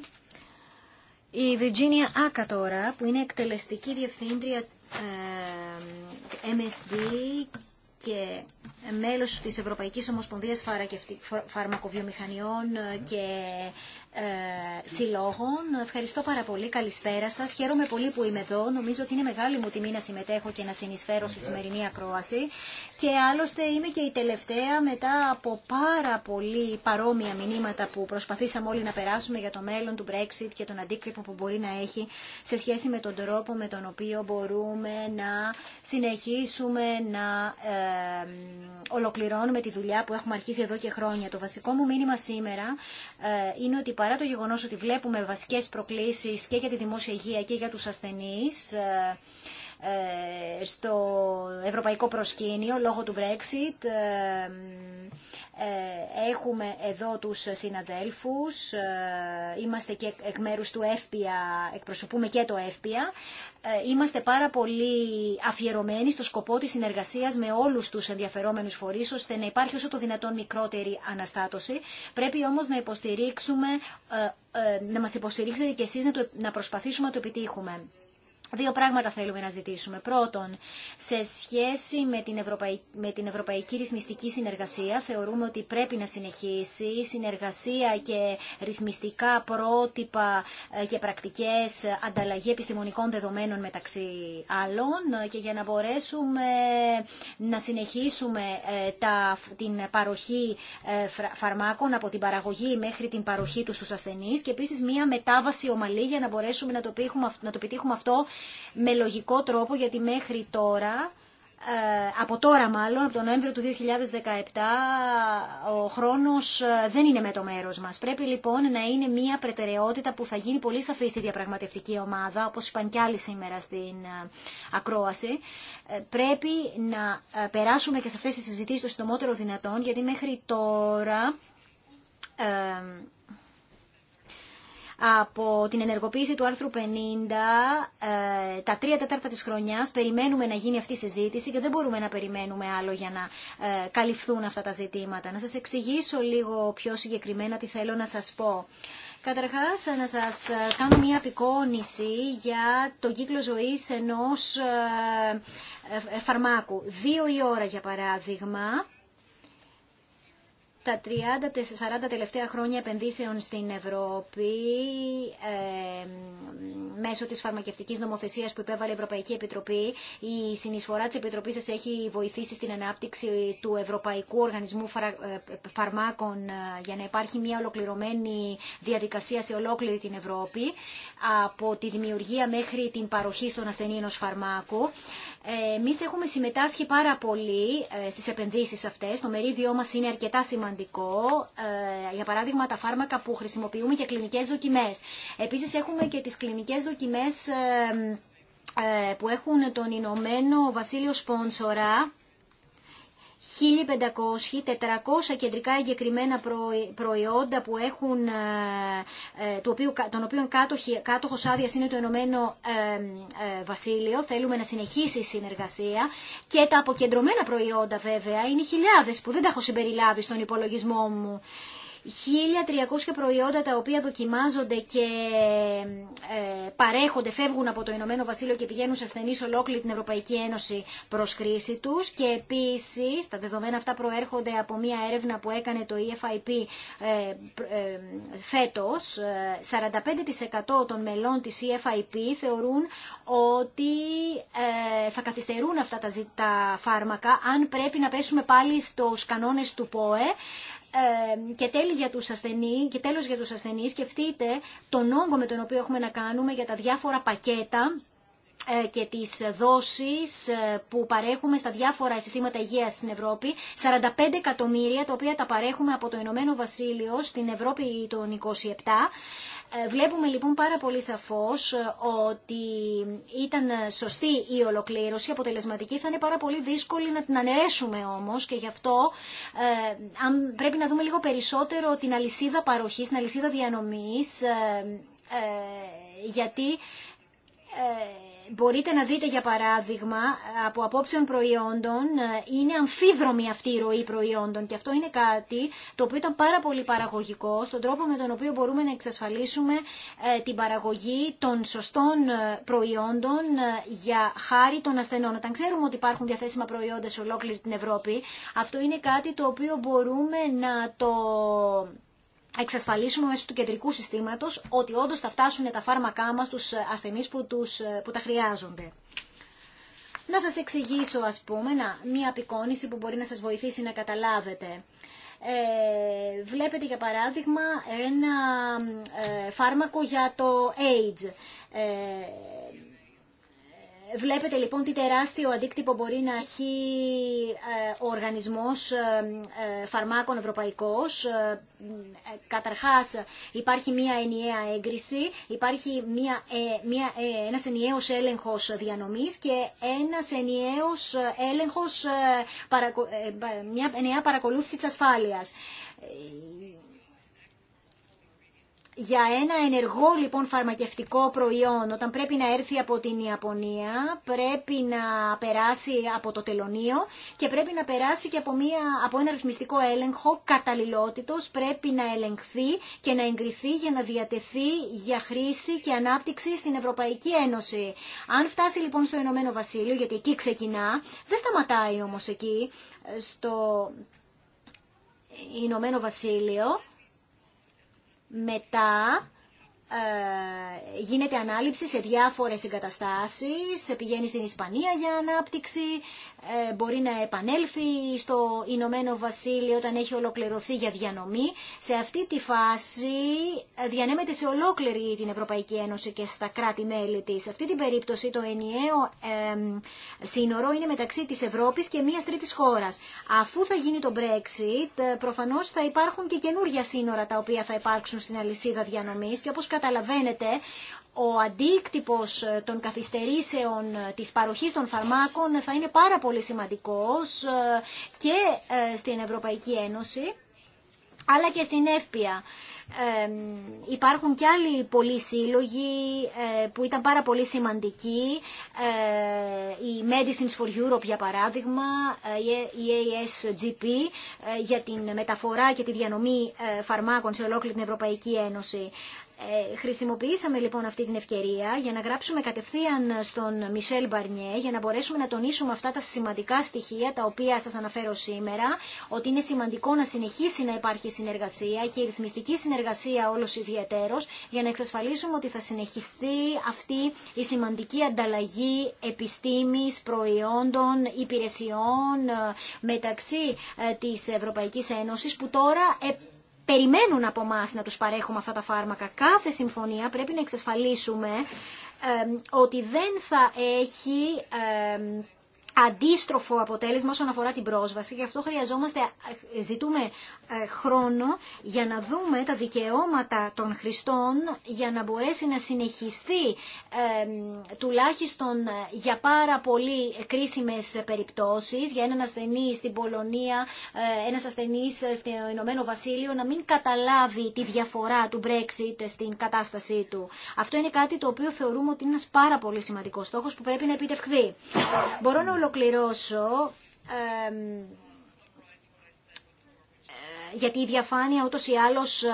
Η Virginia Άκα τώρα, που είναι εκτελεστική διευθύντρια ε, MSD και μέλος της Ευρωπαϊκής Ομοσπονδίας Φαρμακοβιομηχανιών και ε, συλλόγων. Ευχαριστώ πάρα πολύ. Καλησπέρα σας. Χαίρομαι πολύ που είμαι εδώ. Νομίζω ότι είναι μεγάλη μου τιμή να συμμετέχω και να συνεισφέρω στη σημερινή ακρόαση. Και άλλωστε είμαι και η τελευταία μετά από πάρα πολύ παρόμοια μηνύματα που προσπαθήσαμε όλοι να περάσουμε για το μέλλον του Brexit και τον αντίκτυπο που μπορεί να έχει σε σχέση με τον τρόπο με τον οποίο μπορούμε να συνεχίσουμε να ε, ολοκληρώνουμε τη δουλειά που έχουμε αρχίσει εδώ και χρόνια. Το βασικό μου μήνυμα σήμερα ε, είναι ότι παρά το γεγονός ότι βλέπουμε βασικές προκλήσεις και για τη δημόσια υγεία και για τους ασθενείς, ε, ε, στο ευρωπαϊκό προσκήνιο λόγω του Brexit. Ε, ε, έχουμε εδώ τους συναδέλφους, είμαστε και εκ μέρους του ΕΦΠΙΑ, εκπροσωπούμε και το ΕΦΠΙΑ. Είμαστε πάρα πολύ αφιερωμένοι στο σκοπό της συνεργασίας με όλους τους ενδιαφερόμενους φορείς, ώστε να υπάρχει όσο το δυνατόν μικρότερη αναστάτωση. Πρέπει όμως να υποστηρίξουμε, να μας υποστηρίξετε και εσείς να προσπαθήσουμε να το επιτύχουμε. Δύο πράγματα θέλουμε να ζητήσουμε. Πρώτον, σε σχέση με την, Ευρωπαϊ... με την Ευρωπαϊκή Ρυθμιστική Συνεργασία, θεωρούμε ότι πρέπει να συνεχίσει η συνεργασία και ρυθμιστικά πρότυπα ε, και πρακτικές ανταλλαγή επιστημονικών δεδομένων μεταξύ άλλων και για να μπορέσουμε να συνεχίσουμε ε, τα... την παροχή ε, φαρμάκων από την παραγωγή μέχρι την παροχή του στους ασθενείς και επίσης μια μετάβαση ομαλή για να μπορέσουμε να το, πετύχουμε να το αυτό με λογικό τρόπο γιατί μέχρι τώρα ε, από τώρα μάλλον, από τον Νοέμβριο του 2017, ο χρόνος ε, δεν είναι με το μέρος μας. Πρέπει λοιπόν να είναι μια προτεραιότητα που θα γίνει πολύ σαφή στη διαπραγματευτική ομάδα, όπως είπαν κι άλλοι σήμερα στην ε, ακρόαση. Πρέπει να περάσουμε και σε αυτές τις συζητήσεις το συντομότερο δυνατόν, γιατί μέχρι τώρα από την ενεργοποίηση του άρθρου 50 ε, τα τρία τέταρτα της χρονιάς περιμένουμε να γίνει αυτή η συζήτηση και δεν μπορούμε να περιμένουμε άλλο για να ε, καλυφθούν αυτά τα ζητήματα. Να σας εξηγήσω λίγο πιο συγκεκριμένα τι θέλω να σας πω. Καταρχάς, να σας ε, κάνω μια απεικόνηση για τον κύκλο ζωής ενός φαρμάκου. Δύο η ώρα, για παράδειγμα, τα 30-40 τελευταία χρόνια επενδύσεων στην Ευρώπη ε, μέσω της φαρμακευτικής νομοθεσίας που υπέβαλε η Ευρωπαϊκή Επιτροπή. Η συνεισφορά της Επιτροπής σας έχει βοηθήσει στην ανάπτυξη του Ευρωπαϊκού Οργανισμού ε, Φαρμάκων ε, για να υπάρχει μια ολοκληρωμένη διαδικασία σε ολόκληρη την Ευρώπη από τη δημιουργία μέχρι την παροχή στον ασθενή ενός φαρμάκου. Ε, εμείς έχουμε συμμετάσχει πάρα πολύ στις επενδύσεις αυτές. Το μερίδιό μας είναι αρκετά σημαντικό σημαντικό, ε, για παράδειγμα τα φάρμακα που χρησιμοποιούμε για κλινικές δοκιμές. Επίσης έχουμε και τις κλινικές δοκιμές ε, ε, που έχουν τον Ηνωμένο Βασίλειο Σπόνσορα, 1.500-400 κεντρικά εγκεκριμένα προϊόντα που έχουν, ε, ε, το οποίο, των οποίων κάτοχος άδεια είναι το Ενωμένο ε, Βασίλειο. Θέλουμε να συνεχίσει η συνεργασία και τα αποκεντρωμένα προϊόντα βέβαια είναι χιλιάδες που δεν τα έχω συμπεριλάβει στον υπολογισμό μου. 1.300 προϊόντα τα οποία δοκιμάζονται και ε, παρέχονται, φεύγουν από το Ηνωμένο Βασίλειο και πηγαίνουν σε ασθενείς ολόκληρη την Ευρωπαϊκή Ένωση προς χρήση τους και επίσης τα δεδομένα αυτά προέρχονται από μια έρευνα που έκανε το EFIP ε, ε, φέτος. 45% των μελών της EFIP θεωρούν ότι θα καθυστερούν αυτά τα φάρμακα αν πρέπει να πέσουμε πάλι στους κανόνες του ΠΟΕ και τέλος για τους ασθενείς, και τέλος για τους ασθενείς, σκεφτείτε τον όγκο με τον οποίο έχουμε να κάνουμε για τα διάφορα πακέτα ε, και τις δόσεις ε, που παρέχουμε στα διάφορα συστήματα υγείας στην Ευρώπη. 45 εκατομμύρια τα οποία τα παρέχουμε από το Ηνωμένο Βασίλειο στην Ευρώπη των 27 ε, βλέπουμε λοιπόν πάρα πολύ σαφώς ε, ότι ήταν σωστή η ολοκλήρωση, αποτελεσματική. Θα είναι πάρα πολύ δύσκολη να την αναιρέσουμε όμως και γι' αυτό ε, πρέπει να δούμε λίγο περισσότερο την αλυσίδα παροχής, την αλυσίδα διανομής, ε, ε, γιατί ε, μπορείτε να δείτε για παράδειγμα από απόψεων προϊόντων ε, είναι αμφίδρομη αυτή η ροή προϊόντων και αυτό είναι κάτι το οποίο ήταν πάρα πολύ παραγωγικό στον τρόπο με τον οποίο μπορούμε να εξασφαλίσουμε ε, την παραγωγή των σωστών ε, προϊόντων για χάρη των ασθενών. Όταν ξέρουμε ότι υπάρχουν διαθέσιμα προϊόντα σε ολόκληρη την Ευρώπη, αυτό είναι κάτι το οποίο μπορούμε να το εξασφαλίσουμε μέσω του κεντρικού συστήματο ότι όντως θα φτάσουν τα φάρμακά μα στου ε, ασθενείς που, ε, που τα χρειάζονται. Να σας εξηγήσω ας πούμε να, μια απεικόνηση που μπορεί να σας βοηθήσει να καταλάβετε. Ε, βλέπετε για παράδειγμα ένα ε, φάρμακο για το AIDS. Ε, Βλέπετε λοιπόν τι τεράστιο αντίκτυπο μπορεί να έχει ε, ο οργανισμός ε, ε, φαρμάκων ευρωπαϊκός. Καταρχάς υπάρχει μία ενιαία έγκριση, υπάρχει μία, μία, ένας ενιαίος έλεγχος διανομής και ένας ενιαίος έλεγχος, μια ενιαία παρακολούθηση της ασφάλειας για ένα ενεργό λοιπόν φαρμακευτικό προϊόν όταν πρέπει να έρθει από την Ιαπωνία πρέπει να περάσει από το τελωνίο και πρέπει να περάσει και από, μια, από ένα ρυθμιστικό έλεγχο καταλληλότητος πρέπει να ελεγχθεί και να εγκριθεί για να διατεθεί για χρήση και ανάπτυξη στην Ευρωπαϊκή Ένωση. Αν φτάσει λοιπόν στο Ηνωμένο Βασίλειο γιατί εκεί ξεκινά, δεν σταματάει όμως εκεί ε, στο Ηνωμένο Βασίλειο μετά ε, γίνεται ανάληψη σε διάφορες εγκαταστάσεις, πηγαίνει στην Ισπανία για ανάπτυξη, ε, μπορεί να επανέλθει στο Ηνωμένο Βασίλειο όταν έχει ολοκληρωθεί για διανομή. Σε αυτή τη φάση ε, διανέμεται σε ολόκληρη την Ευρωπαϊκή Ένωση και στα κράτη-μέλη της. Σε αυτή την περίπτωση το ενιαίο σύνορο είναι μεταξύ της Ευρώπης και μίας τρίτης χώρας. Αφού θα γίνει το Brexit, ε, προφανώς θα υπάρχουν και καινούργια σύνορα τα οποία θα υπάρξουν στην αλυσίδα διανομής και όπως καταλαβαίνετε ο αντίκτυπος ε, των καθυστερήσεων ε, της παροχής των φαρμάκων θα είναι πάρα πολύ σημαντικός ε, και στην Ευρωπαϊκή Ένωση αλλά και στην ΕΦΠΙΑ. υπάρχουν και άλλοι πολλοί σύλλογοι που ήταν πάρα πολύ σημαντικοί η Medicines for Europe για παράδειγμα η ASGP για την μεταφορά και τη διανομή φαρμάκων σε ολόκληρη την Ευρωπαϊκή Ένωση ε, χρησιμοποιήσαμε λοιπόν αυτή την ευκαιρία για να γράψουμε κατευθείαν στον Μισελ Μπαρνιέ για να μπορέσουμε να τονίσουμε αυτά τα σημαντικά στοιχεία τα οποία σας αναφέρω σήμερα ότι είναι σημαντικό να συνεχίσει να υπάρχει συνεργασία και η ρυθμιστική συνεργασία όλος ιδιαίτερος για να εξασφαλίσουμε ότι θα συνεχιστεί αυτή η σημαντική ανταλλαγή επιστήμης, προϊόντων, υπηρεσιών ε, μεταξύ ε, της Ευρωπαϊκής Ένωσης που τώρα ε, περιμένουν από εμά να τους παρέχουμε αυτά τα φάρμακα. Κάθε συμφωνία πρέπει να εξασφαλίσουμε ότι δεν θα έχει αντίστροφο αποτέλεσμα όσον αφορά την πρόσβαση. Γι' αυτό χρειαζόμαστε, ε, ζητούμε ε, χρόνο για να δούμε τα δικαιώματα των χρηστών για να μπορέσει να συνεχιστεί τουλάχιστον ε, για πάρα πολύ κρίσιμες περιπτώσεις, για έναν ασθενή στην Πολωνία, ένα ένας ασθενής στο Ηνωμένο Βασίλειο να μην καταλάβει τη διαφορά του Brexit στην κατάστασή του. Αυτό είναι κάτι το οποίο θεωρούμε ότι είναι ένας πάρα πολύ σημαντικός στόχος που πρέπει να επιτευχθεί. Μπορώ να ολοκληρώσω γιατί η διαφάνεια ούτως ή άλλως ε,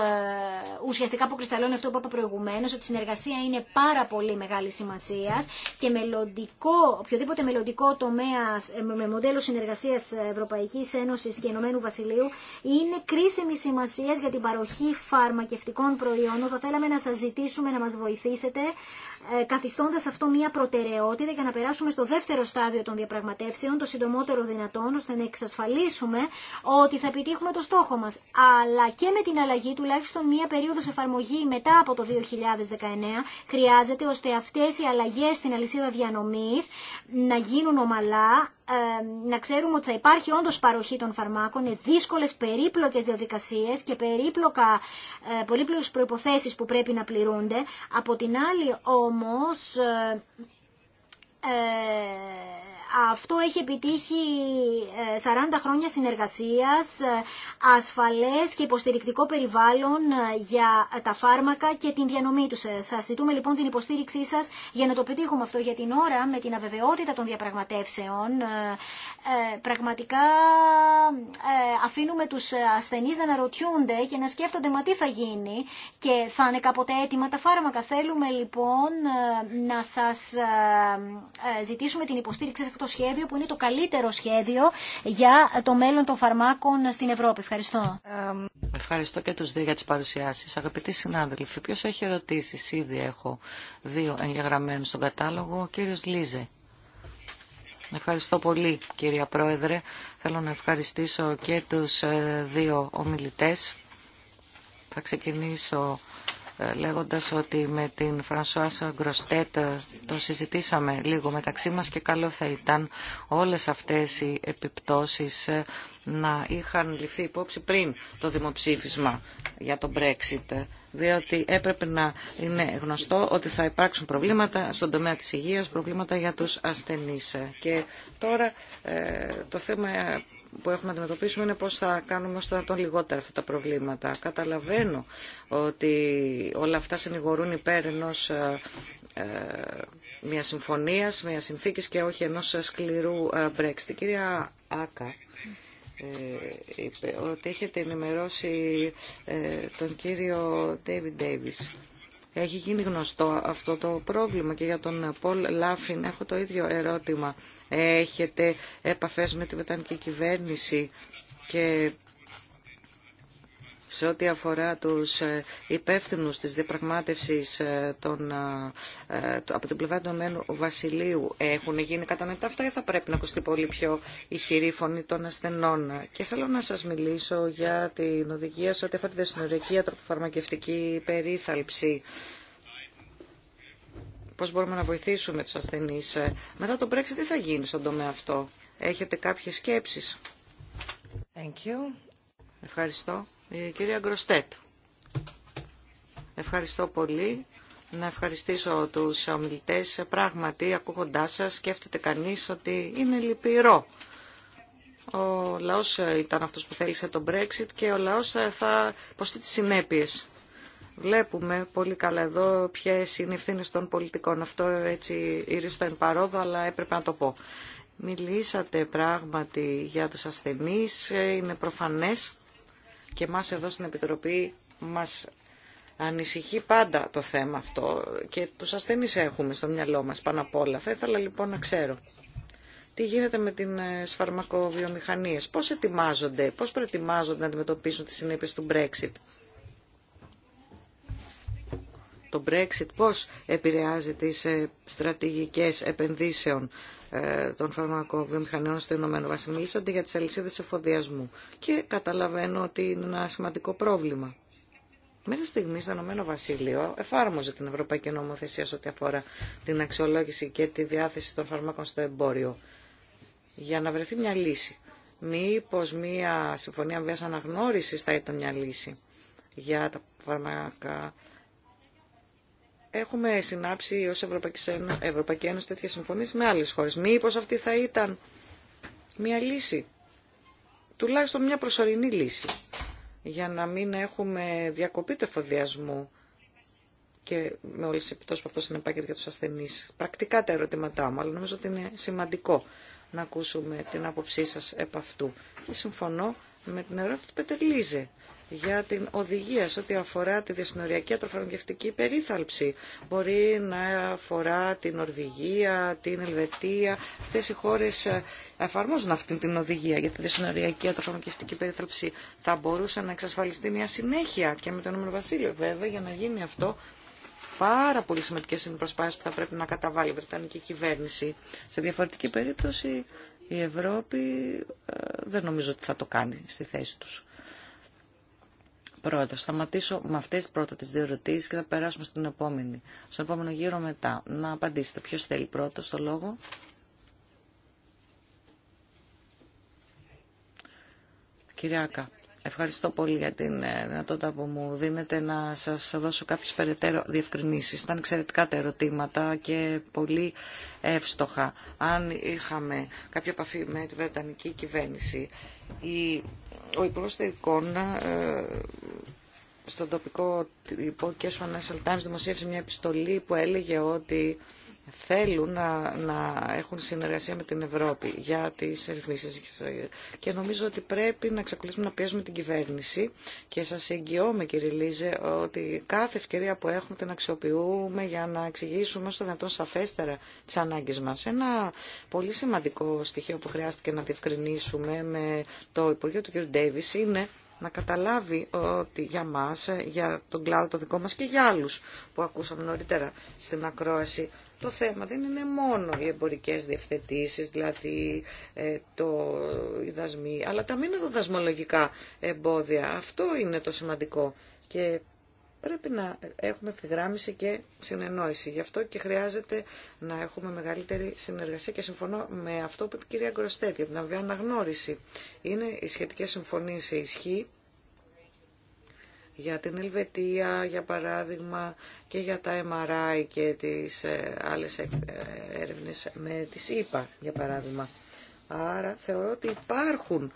ουσιαστικά αποκρισταλώνει αυτό που είπα προηγουμένω, ότι η συνεργασία είναι ειπα προηγουμένω, οτι πολύ μεγάλη σημασία και μελλοντικό, οποιοδήποτε μελλοντικό τομέα ε, με μοντέλο συνεργασία Ευρωπαϊκή Ένωση και Ενωμένου Βασιλείου είναι κρίσιμη σημασία για την παροχή φαρμακευτικών προϊόντων. Θα θέλαμε να σα ζητήσουμε να μα βοηθήσετε ε, καθιστώντα αυτό μια προτεραιότητα για να περάσουμε στο δεύτερο στάδιο των διαπραγματεύσεων, το συντομότερο δυνατόν, ώστε να εξασφαλίσουμε ότι θα επιτύχουμε το στόχο αλλά και με την αλλαγή τουλάχιστον μία περίοδος εφαρμογή μετά από το 2019 χρειάζεται ώστε αυτές οι αλλαγέ στην αλυσίδα διανομής να γίνουν ομαλά, να ξέρουμε ότι θα υπάρχει όντω παροχή των φαρμάκων, είναι δύσκολες περίπλοκες διαδικασίες και περίπλοκα, ε, πολύπλοκε προϋποθέσεις που πρέπει να πληρούνται. Από την άλλη όμως... Ε, ε, αυτό έχει επιτύχει 40 ε, χρόνια συνεργασίας, ε, ασφαλές και υποστηρικτικό περιβάλλον ε, για τα φάρμακα και την διανομή τους. Σας ζητούμε λοιπόν την υποστήριξή σας για να το πετύχουμε αυτό για την ώρα με την αβεβαιότητα των διαπραγματεύσεων. Πραγματικά αφήνουμε τους ασθενείς να αναρωτιούνται και να σκέφτονται μα τι θα γίνει και θα είναι κάποτε έτοιμα τα φάρμακα. Θέλουμε λοιπόν να σας ζητήσουμε την υποστήριξη σε αυτό το σχέδιο που είναι το καλύτερο σχέδιο για το μέλλον των φαρμάκων στην Ευρώπη. Ευχαριστώ. Ευχαριστώ και τους δύο για τις παρουσιάσεις. Αγαπητοί συνάδελφοι, ποιος έχει ερωτήσεις, ήδη έχω δύο εγγεγραμμένους στον κατάλογο, ο κύριος Λίζε. Ευχαριστώ πολύ κυρία Πρόεδρε. Θέλω να ευχαριστήσω και τους ε, δύο ομιλητές. Θα ξεκινήσω λέγοντας ότι με την Φρανσουάσα Γκροστέτ το συζητήσαμε λίγο μεταξύ μας και καλό θα ήταν όλες αυτές οι επιπτώσεις να είχαν ληφθεί υπόψη πριν το δημοψήφισμα για το Brexit διότι έπρεπε να είναι γνωστό ότι θα υπάρξουν προβλήματα στον τομέα της υγείας, προβλήματα για τους ασθενείς. Και τώρα ε, το θέμα που έχουμε να αντιμετωπίσουμε είναι πώς θα κάνουμε ώστε να τον λιγότερα αυτά τα προβλήματα. Καταλαβαίνω ότι όλα αυτά συνηγορούν υπέρ ενός ε, ε μια συμφωνίας, μια συνθήκης και όχι ενός σκληρού ε, Brexit. Η κυρία Άκα ε, είπε ότι έχετε ενημερώσει τον κύριο David Davis έχει γίνει γνωστό αυτό το πρόβλημα και για τον Πολ Λάφιν έχω το ίδιο ερώτημα. Έχετε επαφές με τη Βετανική κυβέρνηση και σε ό,τι αφορά τους ε, υπεύθυνους της διαπραγμάτευσης ε, των, ε, από την πλευρά του Βασιλείου έχουν γίνει κατανοητά αυτά ή θα πρέπει να ακουστεί πολύ πιο ηχηρή φωνή των ασθενών. Και θέλω να σας μιλήσω για την οδηγία σε ό,τι αφορά τη δεσυνοριακή ατροποφαρμακευτική περίθαλψη πώς μπορούμε να βοηθήσουμε τους ασθενείς. Μετά το Brexit τι θα γίνει στον τομέα αυτό. Έχετε κάποιες σκέψεις. Thank you. Ευχαριστώ. Η ε, κυρία Γκροστέτ. Ευχαριστώ πολύ. Να ευχαριστήσω τους ομιλητές. Ε, πράγματι, ακούγοντάς σας, σκέφτεται κανείς ότι είναι λυπηρό. Ο λαός ε, ήταν αυτός που θέλησε τον Brexit και ο λαός θα υποστεί τις συνέπειες. Βλέπουμε πολύ καλά εδώ ποιε είναι οι ευθύνε των πολιτικών. Αυτό έτσι ήρθε εν παρόδο, αλλά έπρεπε να το πω. Μιλήσατε πράγματι για τους ασθενείς, είναι προφανές και μας εδώ στην Επιτροπή μας ανησυχεί πάντα το θέμα αυτό και τους ασθενείς έχουμε στο μυαλό μας πάνω απ' όλα. Θα ήθελα λοιπόν να ξέρω τι γίνεται με τις ε, φαρμακοβιομηχανίες, πώς ετοιμάζονται, πώς προετοιμάζονται να αντιμετωπίσουν τις συνέπειες του Brexit. Το Brexit πώς επηρεάζει τις ε, στρατηγικές επενδύσεων ε, των φαρμακοβιομηχανιών στο Ηνωμένο Βασίλειο. Μιλήσατε για τι αλυσίδε εφοδιασμού και καταλαβαίνω ότι είναι ένα σημαντικό πρόβλημα. Μέχρι στιγμή στο Ηνωμένο Βασίλειο εφάρμοζε την Ευρωπαϊκή Νομοθεσία σε ό,τι αφορά την αξιολόγηση και τη διάθεση των φαρμάκων στο εμπόριο για να βρεθεί μια λύση. Μηπω μία συμφωνία μια συμφωνία βία αναγνωριση θα ήταν μια λύση για τα φαρμακά έχουμε συνάψει ως Ευρωπαϊκή Ένωση τέτοιες συμφωνίες με άλλες χώρες. Μήπως αυτή θα ήταν μια λύση, τουλάχιστον μια προσωρινή λύση, για να μην έχουμε διακοπή του εφοδιασμού και με όλες τις επιπτώσεις που αυτό συνεπάγεται για τους ασθενείς. Πρακτικά τα ερωτήματά μου, αλλά νομίζω ότι είναι σημαντικό να ακούσουμε την άποψή σας επ' αυτού. Και συμφωνώ με την ερώτηση του Πετελίζε για την οδηγία σε ό,τι αφορά τη διασυνοριακή ατροφαρμακευτική περίθαλψη. Μπορεί να αφορά την Ορβηγία την Ελβετία. Αυτέ οι χώρε ε, εφαρμόζουν αυτή την οδηγία για τη διασυνοριακή ατροφαρμακευτική περίθαλψη. Θα μπορούσε να εξασφαλιστεί μια συνέχεια και με το νούμερο Βασίλειο βέβαια για να γίνει αυτό πάρα πολύ σημαντικέ είναι οι που θα πρέπει να καταβάλει η Βρετανική κυβέρνηση. Σε διαφορετική περίπτωση η Ευρώπη ε, δεν νομίζω ότι θα το κάνει στη θέση του. Πρώτα, σταματήσω με αυτέ πρώτα τι δύο ερωτήσει και θα περάσουμε στην επόμενη. Στον επόμενο γύρο μετά. Να απαντήσετε. Ποιο θέλει πρώτο στο λόγο. Κυριάκα, ευχαριστώ πολύ για την ε, δυνατότητα που μου δίνετε να σας δώσω κάποιε περαιτέρω διευκρινήσει. Ήταν εξαιρετικά τα ερωτήματα και πολύ εύστοχα. Αν είχαμε κάποια επαφή με τη Βρετανική κυβέρνηση η, ο Υπουργό Θεϊκών ε, στον τοπικό τύπο και στο National Times δημοσίευσε μια επιστολή που έλεγε ότι θέλουν να, έχουν συνεργασία με την Ευρώπη για τις ρυθμίσεις και νομίζω ότι πρέπει να εξακολουθούμε να πιέζουμε την κυβέρνηση και σας εγγυώμαι κύριε Λίζε ότι κάθε ευκαιρία που έχουμε την αξιοποιούμε για να εξηγήσουμε όσο δυνατόν σαφέστερα τις ανάγκες μας. Ένα πολύ σημαντικό στοιχείο που χρειάστηκε να διευκρινίσουμε με το Υπουργείο του κ. Ντέιβις είναι να καταλάβει ότι για μας, για τον κλάδο το δικό μας και για άλλους που ακούσαμε νωρίτερα στην ακρόαση το θέμα δεν είναι μόνο οι εμπορικές διευθετήσεις, δηλαδή ε, το, οι δασμοί, αλλά τα μήνα δασμολογικά εμπόδια. Αυτό είναι το σημαντικό και πρέπει να έχουμε ευθυγράμμιση και συνεννόηση. Γι' αυτό και χρειάζεται να έχουμε μεγαλύτερη συνεργασία και συμφωνώ με αυτό που είπε η κυρία Γκροστέτη, την αναγνώριση Είναι οι σχετικέ συμφωνίε σε ισχύ για την Ελβετία, για παράδειγμα, και για τα MRI και τις ε, άλλες ε, έρευνες με τις ΣΥΠΑ, για παράδειγμα. Άρα θεωρώ ότι υπάρχουν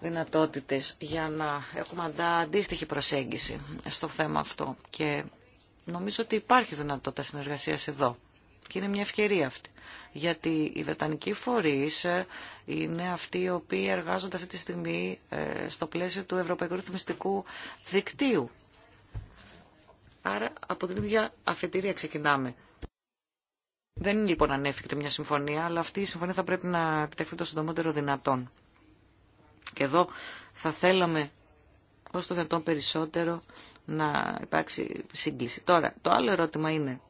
δυνατότητες για να έχουμε αντίστοιχη προσέγγιση στο θέμα αυτό και νομίζω ότι υπάρχει δυνατότητα συνεργασίας εδώ. Και είναι μια ευκαιρία αυτή. Γιατί οι Βρετανικοί φορεί ε, είναι αυτοί οι οποίοι εργάζονται αυτή τη στιγμή ε, στο πλαίσιο του Ευρωπαϊκού Ρυθμιστικού Δικτύου. Άρα από την ίδια αφετηρία ξεκινάμε. Δεν είναι λοιπόν ανέφικτη μια συμφωνία, αλλά αυτή η συμφωνία θα πρέπει να επιτευχθεί το συντομότερο δυνατόν. Και εδώ θα θέλαμε όσο το δυνατόν περισσότερο να υπάρξει σύγκληση. Τώρα, το άλλο ερώτημα είναι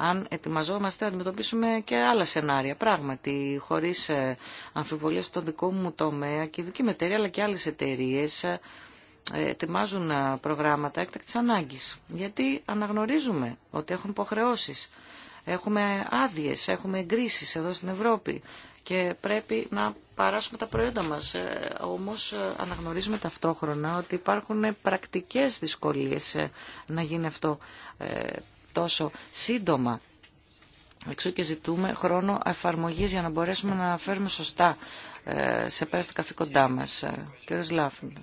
αν ετοιμαζόμαστε να αντιμετωπίσουμε και άλλα σενάρια. Πράγματι, χωρίς ε, αμφιβολία στον δικό μου τομέα και η δική μου εταιρεία αλλά και άλλες εταιρείε ε, ετοιμάζουν ε, προγράμματα έκτακτη ανάγκης. Γιατί αναγνωρίζουμε ότι έχουν υποχρεώσει. Έχουμε άδειε, έχουμε εγκρίσει εδώ στην Ευρώπη και πρέπει να παράσουμε τα προϊόντα μας. Όμως αναγνωρίζουμε ταυτόχρονα ότι υπάρχουν πρακτικές δυσκολίες να γίνει αυτό τόσο σύντομα. Εξού και ζητούμε χρόνο εφαρμογή για να μπορέσουμε να φέρουμε σωστά ε, σε πέρα καθήκοντά μα. Ε, Κύριο Λάφιντ,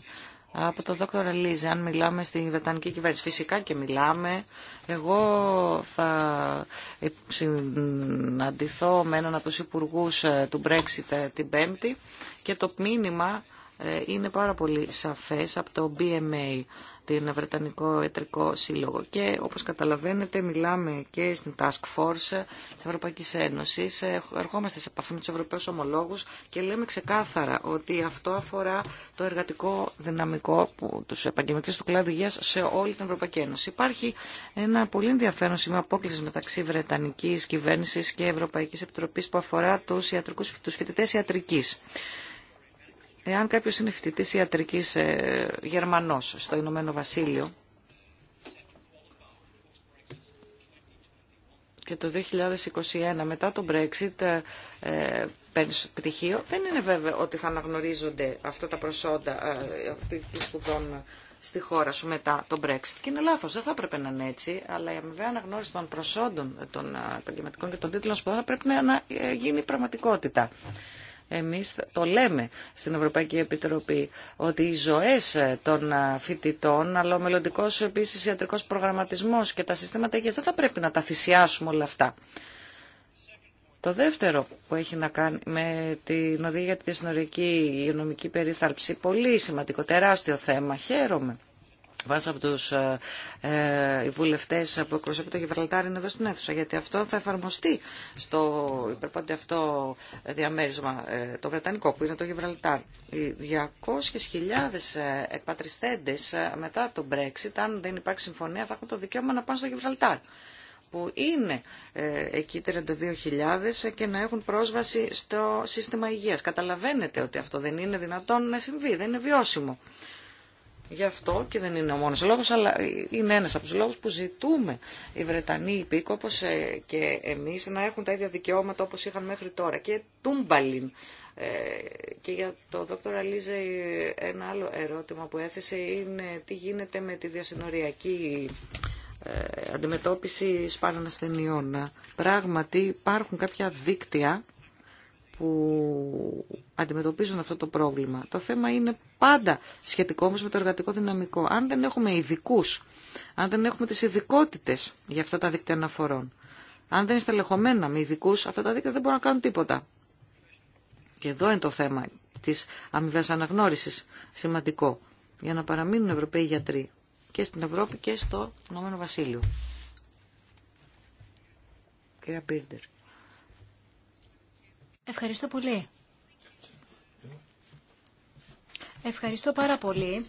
από το Δόκτωρα Λίζε, αν μιλάμε στην Βρετανική κυβέρνηση, φυσικά και μιλάμε. Εγώ θα συναντηθώ με έναν από του υπουργού ε, του Brexit την Πέμπτη και το μήνυμα ε, είναι πάρα πολύ σαφές από το BMA, την Βρετανικό Ετρικό Σύλλογο. Και όπως καταλαβαίνετε μιλάμε και στην Task Force της Ευρωπαϊκής Ένωσης. Ε, ερχόμαστε σε επαφή με τους Ευρωπαίους ομολόγους και λέμε ξεκάθαρα ότι αυτό αφορά το εργατικό δυναμικό που τους επαγγελματίες του κλάδου υγείας σε όλη την Ευρωπαϊκή Ένωση. Υπάρχει ένα πολύ ενδιαφέρον σημείο απόκλησης μεταξύ Βρετανικής κυβέρνησης και Ευρωπαϊκής Επιτροπής που αφορά τους, ιατρικούς, τους ιατρικής. Εάν κάποιο είναι φοιτητής ιατρικής ε, Γερμανό στο Ηνωμένο Βασίλειο και το 2021 μετά το Brexit ε, ε παίρνει πτυχίο, δεν είναι βέβαιο ότι θα αναγνωρίζονται αυτά τα προσόντα ε, αυτοί σπουδών ε, στη χώρα σου μετά το Brexit. Και είναι λάθο, δεν θα έπρεπε να είναι έτσι, αλλά η αμοιβή αναγνώριση των προσόντων των επαγγελματικών και των τίτλων σπουδών θα πρέπει να γίνει πραγματικότητα. Εμείς το λέμε στην Ευρωπαϊκή Επιτροπή ότι οι ζωές των φοιτητών, αλλά ο μελλοντικό επίσης ιατρικός προγραμματισμός και τα συστήματα υγείας δεν θα πρέπει να τα θυσιάσουμε όλα αυτά. Το δεύτερο που έχει να κάνει με την οδηγία της τη συνορική υγειονομική περίθαλψη, πολύ σημαντικό, τεράστιο θέμα, χαίρομαι Βάσει από ε, ε, του ε, βουλευτέ που εκπροσωπεί το Γιβραλτάρ είναι εδώ στην αίθουσα, γιατί αυτό θα εφαρμοστεί στο υπερπάντη αυτό διαμέρισμα ε, το Βρετανικό που είναι το Γιβραλτάρ. Οι 200.000 ε, εκπατριστέντε μετά το Brexit, αν δεν υπάρξει συμφωνία, θα έχουν το δικαίωμα να πάνε στο Γιβραλτάρ που είναι εκεί 32.000 και να έχουν πρόσβαση στο σύστημα υγείας. Καταλαβαίνετε ότι αυτό δεν είναι δυνατόν να συμβεί, δεν είναι βιώσιμο. Γι' αυτό και δεν είναι ο μόνος λόγος, αλλά είναι ένας από τους λόγους που ζητούμε οι Βρετανοί υπήκοπος ε, και εμείς να έχουν τα ίδια δικαιώματα όπως είχαν μέχρι τώρα. Και τούμπαλιν. Ε, και για το δόκτωρα Λίζε ένα άλλο ερώτημα που έθεσε είναι τι γίνεται με τη διασυνοριακή ε, αντιμετώπιση σπάνων ασθενειών. Πράγματι υπάρχουν κάποια δίκτυα που αντιμετωπίζουν αυτό το πρόβλημα. Το θέμα είναι πάντα σχετικό όμως με το εργατικό δυναμικό. Αν δεν έχουμε ειδικού, αν δεν έχουμε τις ειδικότητε για αυτά τα δίκτυα αναφορών, αν δεν είναι στελεχωμένα με ειδικού, αυτά τα δίκτυα δεν μπορούν να κάνουν τίποτα. Και εδώ είναι το θέμα της αμοιβές αναγνώρισης σημαντικό για να παραμείνουν Ευρωπαίοι γιατροί και στην Ευρώπη και στο Ηνωμένο Βασίλειο. Κυρία Πίρντερ. Ευχαριστώ πολύ. Ευχαριστώ πάρα πολύ.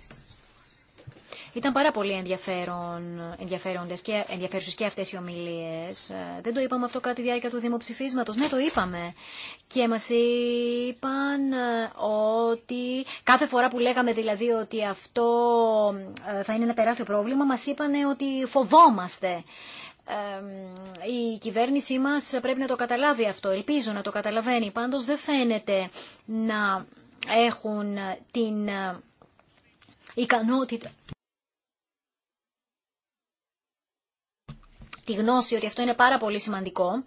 Ήταν πάρα πολύ ενδιαφέρον, ενδιαφέροντες και ενδιαφέρουσες και αυτές οι ομιλίες. Δεν το είπαμε αυτό κάτι διάρκεια του δημοψηφίσματος. Ναι, το είπαμε. Και μας είπαν ε, ότι κάθε φορά που λέγαμε δηλαδή ότι αυτό ε, θα είναι ένα τεράστιο πρόβλημα, μας είπαν ότι φοβόμαστε η κυβέρνησή μας πρέπει να το καταλάβει αυτό. Ελπίζω να το καταλαβαίνει. Πάντως δεν φαίνεται να έχουν την ε, ικανότητα... Τη γνώση ότι αυτό είναι πάρα πολύ σημαντικό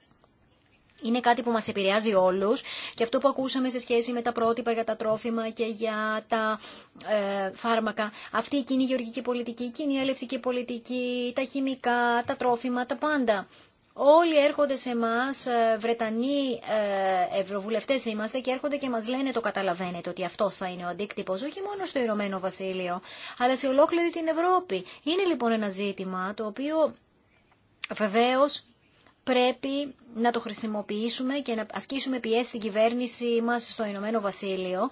είναι κάτι που μας επηρεάζει όλους και αυτό που ακούσαμε σε σχέση με τα πρότυπα για τα τρόφιμα και για τα ε, φάρμακα. Αυτή η κοινή γεωργική πολιτική, η κοινή ελευτική πολιτική, τα χημικά, τα τρόφιμα, τα πάντα. Όλοι έρχονται σε εμά, ε, Βρετανοί ε, ευρωβουλευτέ είμαστε και έρχονται και μα λένε το καταλαβαίνετε ότι αυτό θα είναι ο αντίκτυπο, όχι μόνο στο Ηνωμένο Βασίλειο, αλλά σε ολόκληρη την Ευρώπη. Είναι λοιπόν ένα ζήτημα το οποίο βεβαίω πρέπει να το χρησιμοποιήσουμε και να ασκήσουμε πιέση στην κυβέρνηση μας στο Ηνωμένο Βασίλειο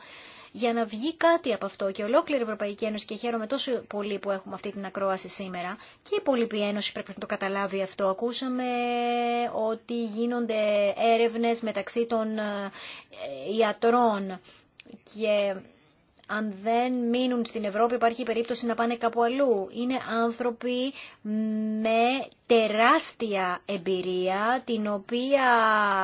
για να βγει κάτι από αυτό και ολόκληρη η Ευρωπαϊκή Ένωση και χαίρομαι τόσο πολύ που έχουμε αυτή την ακρόαση σήμερα και η υπόλοιπη Ένωση πρέπει να το καταλάβει αυτό. Ακούσαμε ότι γίνονται έρευνες μεταξύ των ε, ιατρών και αν δεν μείνουν στην Ευρώπη υπάρχει περίπτωση να πάνε κάπου αλλού. Είναι άνθρωποι με τεράστια εμπειρία την οποία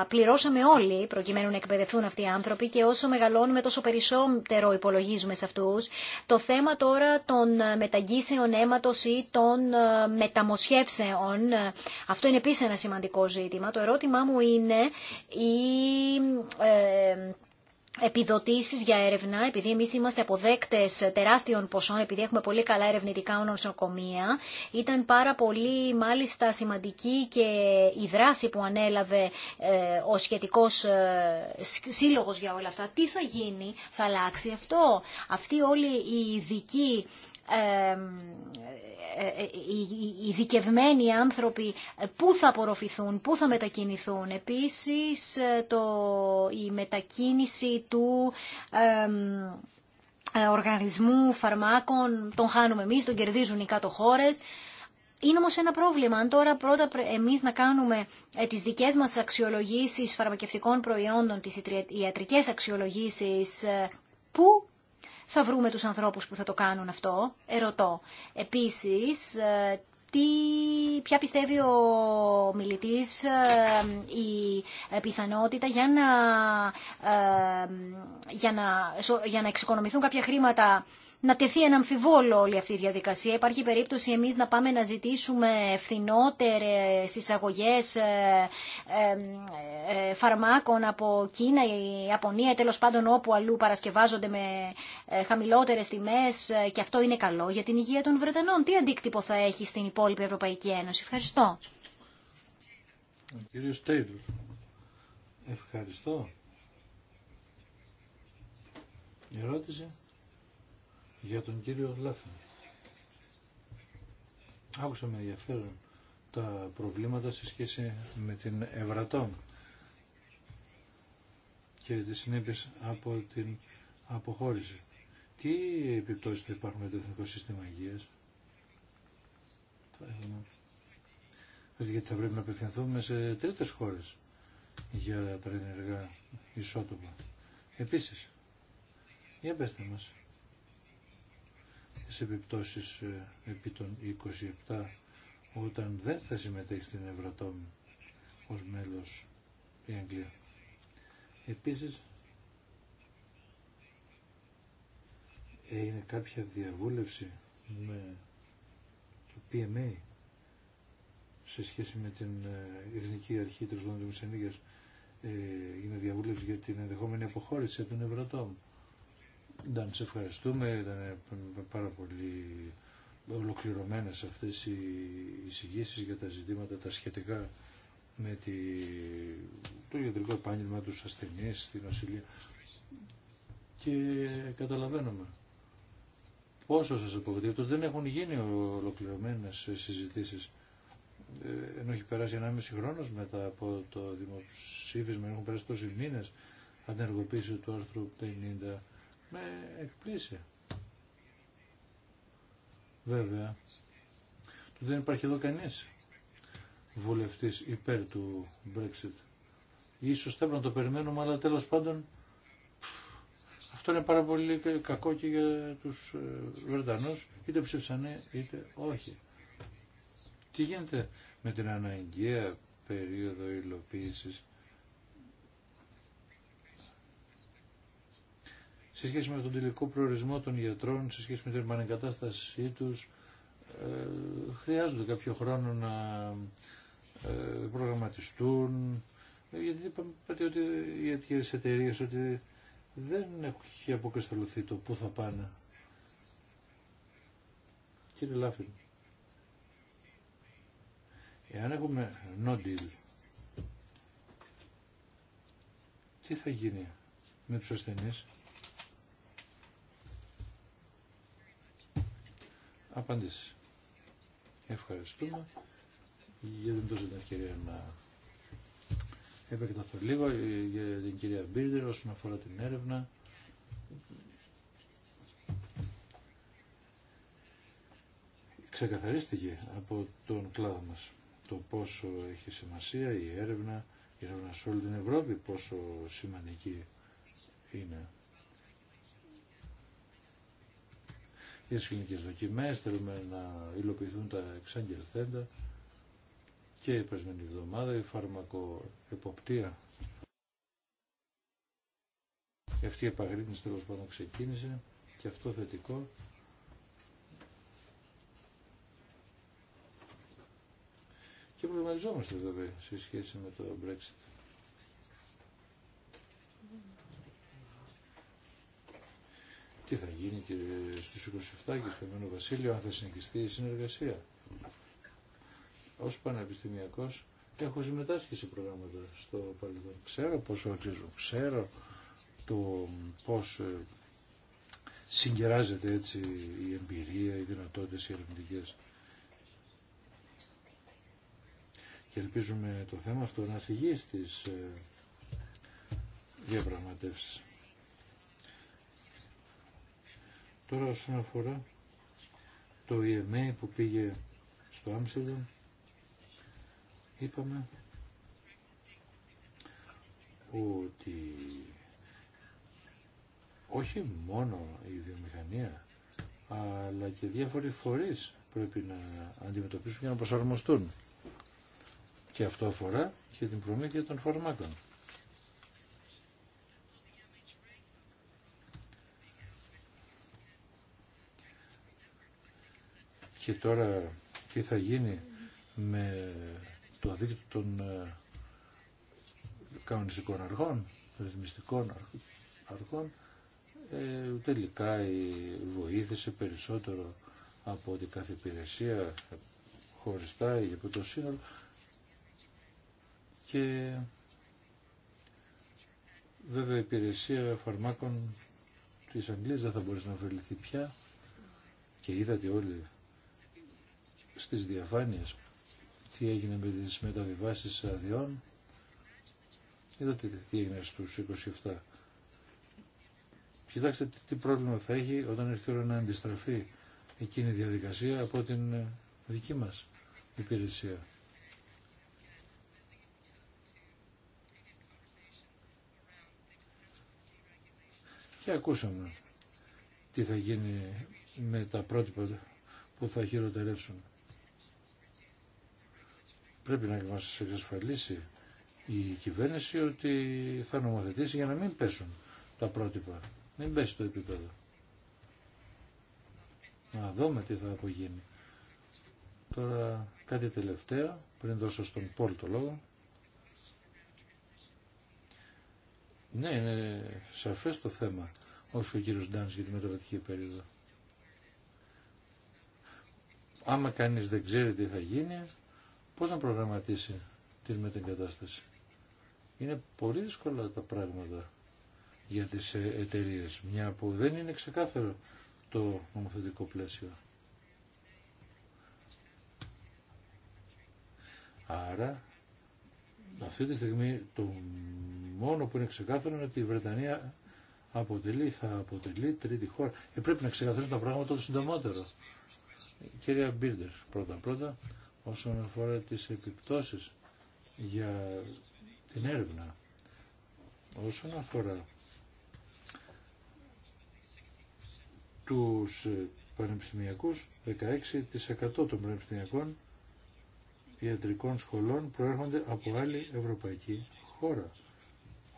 πληρώσαμε όλοι προκειμένου να εκπαιδευτούν αυτοί οι άνθρωποι και όσο μεγαλώνουμε τόσο περισσότερο υπολογίζουμε σε αυτούς. Το θέμα τώρα των μεταγγίσεων αίματος ή των ε, μεταμοσχεύσεων ε, αυτό είναι επίσης ένα σημαντικό ζήτημα. Το ερώτημά μου είναι η, ε, επιδοτήσεις για έρευνα, επειδή εμείς είμαστε αποδέκτες τεράστιων ποσών, επειδή έχουμε πολύ καλά ερευνητικά νοσοκομεία. Ήταν πάρα πολύ μάλιστα σημαντική και η δράση που ανέλαβε ε, ο σχετικός ε, σύλλογος για όλα αυτά. Τι θα γίνει, θα αλλάξει αυτό. Αυτή όλη η ειδική ε, οι ειδικευμένοι άνθρωποι πού θα απορροφηθούν, πού θα μετακινηθούν. Επίσης το, η μετακίνηση του οργανισμού φαρμάκων, τον χάνουμε εμείς, τον κερδίζουν οι κάτω χώρες. Είναι όμως ένα πρόβλημα. Αν τώρα πρώτα εμείς να κάνουμε τις δικές μας αξιολογήσεις φαρμακευτικών προϊόντων, τις ιατρικές αξιολογήσεις, πού θα βρούμε τους ανθρώπους που θα το κάνουν αυτό, ερωτώ. Επίσης, ε, τι, ποια πιστεύει ο μιλητής ε, η ε, πιθανότητα για να, για, να, για να εξοικονομηθούν κάποια χρήματα να τεθεί ένα αμφιβόλο όλη αυτή η διαδικασία. Υπάρχει περίπτωση εμείς να πάμε να ζητήσουμε φθηνότερες εισαγωγές ε, ε, ε, φαρμάκων από Κίνα ή Ιαπωνία, τέλος πάντων όπου αλλού παρασκευάζονται με χαμηλότερες τιμές και αυτό είναι καλό για την υγεία των Βρετανών. Τι αντίκτυπο θα έχει στην υπόλοιπη Ευρωπαϊκή Ένωση. Ευχαριστώ. Ευχαριστώ. Ερώτηση για τον κύριο Λάφιν. Άκουσα με ενδιαφέρον τα προβλήματα σε σχέση με την Ευρατών και τις συνέπειες από την αποχώρηση. Τι επιπτώσεις θα υπάρχουν με το Εθνικό Σύστημα Υγείας. Γιατί θα πρέπει να απευθυνθούμε σε τρίτες χώρες για τα ενεργά ισότοπα. Επίσης, για πέστε μας, τις επιπτώσεις ε, επί των 27 όταν δεν θα συμμετέχει στην Ευρωτόμ ως μέλος η Αγγλία. Επίσης έγινε κάποια διαβούλευση με το PMA σε σχέση με την ε, Εθνική Αρχή των Μεσανίγειας ε, είναι διαβούλευση για την ενδεχόμενη αποχώρηση των Ευρωτών. Ναι, σε ευχαριστούμε. Ήταν πάρα πολύ ολοκληρωμένες αυτές οι εισηγήσει για τα ζητήματα τα σχετικά με τη, το ιατρικό επάγγελμα του ασθενείς, την νοσηλεία. Και καταλαβαίνουμε πόσο σας απογοητεύτω, δεν έχουν γίνει ολοκληρωμένες συζητήσεις. Ε, ενώ έχει περάσει 1,5 χρόνος μετά από το δημοψήφισμα, έχουν περάσει τόσοι μήνες ανεργοποίηση του άρθρου 50 με εκπλήσει. Βέβαια, του δεν υπάρχει εδώ κανείς βουλευτής υπέρ του Brexit. Ίσως θέλω να το περιμένουμε, αλλά τέλος πάντων αυτό είναι πάρα πολύ κακό και για τους ε, Βρετανούς, είτε ψήφισανε είτε όχι. Τι γίνεται με την αναγκαία περίοδο υλοποίησης σε σχέση με τον τελικό προορισμό των γιατρών, σε σχέση με την επανεγκατάστασή τους, ε, χρειάζονται κάποιο χρόνο να ε, προγραμματιστούν, ε, γιατί είπατε ότι οι εταιρείες εταιρείες ότι δεν έχει αποκρισταλωθεί το πού θα πάνε. Κύριε Λάφιν, εάν έχουμε no deal, τι θα γίνει με τους ασθενείς, απαντήσεις. Ευχαριστούμε γιατί δεν τόσο την ευκαιρία να επεκταθώ λίγο ε, για την κυρία Μπίρντερ όσον αφορά την έρευνα. Ξεκαθαρίστηκε από τον κλάδο μας το πόσο έχει σημασία η έρευνα, η έρευνα σε όλη την Ευρώπη, πόσο σημαντική είναι. για τις κλινικές δοκιμές, θέλουμε να υλοποιηθούν τα εξαγγελθέντα και η περσμένη εβδομάδα η φαρμακοεποπτεία αυτή η επαγρύπνηση τέλο πάντων ξεκίνησε και αυτό θετικό και προβληματιζόμαστε βέβαια σε σχέση με το Brexit. τι θα γίνει και στους 27 και στο μενό Βασίλειο αν θα συνεχιστεί η συνεργασία. Ως πανεπιστημιακό, έχω συμμετάσχει σε προγράμματα στο παρελθόν. Ξέρω πόσο αξίζουν, ξέρω το πώς ε, συγκεράζεται έτσι η εμπειρία, οι δυνατότητε οι ερευνητικέ. Και ελπίζουμε το θέμα αυτό να φυγεί στις ε, διαπραγματεύσει. Τώρα όσον αφορά το EMA που πήγε στο Άμστερνταμ, είπαμε ότι όχι μόνο η βιομηχανία, αλλά και διάφοροι φορείς πρέπει να αντιμετωπίσουν και να προσαρμοστούν. Και αυτό αφορά και την προμήθεια των φαρμάκων. Και τώρα τι θα γίνει με το αδίκτυο των ε, κανονιστικών αργών ρυθμιστικών τελικά ε, τελικά η βοήθησε περισσότερο από ότι κάθε υπηρεσία χωριστά ή από το σύνολο και βέβαια η υπηρεσία φαρμάκων της Αγγλίας δεν θα μπορείς να ωφεληθεί πια και είδατε όλοι στις διαφάνειες τι έγινε με τις μεταβιβάσεις αδειών. Είδατε τι έγινε στους 27. Κοιτάξτε τι πρόβλημα θα έχει όταν έρθει η να αντιστραφεί εκείνη η διαδικασία από την ε, δική μας υπηρεσία. Και ακούσαμε τι θα γίνει με τα πρότυπα που θα χειροτερεύσουν. Πρέπει να μας εξασφαλίσει η κυβέρνηση ότι θα νομοθετήσει για να μην πέσουν τα πρότυπα. Μην πέσει το επίπεδο. Να δούμε τι θα απογίνει. Τώρα κάτι τελευταίο, πριν δώσω στον Πολ το λόγο. Ναι, είναι σαφές το θέμα όσο ο κύριος Ντάνς για τη μεταβατική περίοδο. Άμα κανείς δεν ξέρει τι θα γίνει, πώς να προγραμματίσει τη μετεγκατάσταση. Είναι πολύ δύσκολα τα πράγματα για τις ε, εταιρείε, μια που δεν είναι ξεκάθαρο το νομοθετικό πλαίσιο. Άρα, αυτή τη στιγμή το μόνο που είναι ξεκάθαρο είναι ότι η Βρετανία αποτελεί, θα αποτελεί τρίτη χώρα. Ε, πρέπει να ξεκαθαρίσουν τα πράγματα το συντομότερο. Κύριε Μπίλτερ, πρώτα-πρώτα, όσον αφορά τις επιπτώσεις για την έρευνα. Όσον αφορά τους ε, πανεπιστημιακούς, 16% των πανεπιστημιακών ιατρικών σχολών προέρχονται από άλλη ευρωπαϊκή χώρα.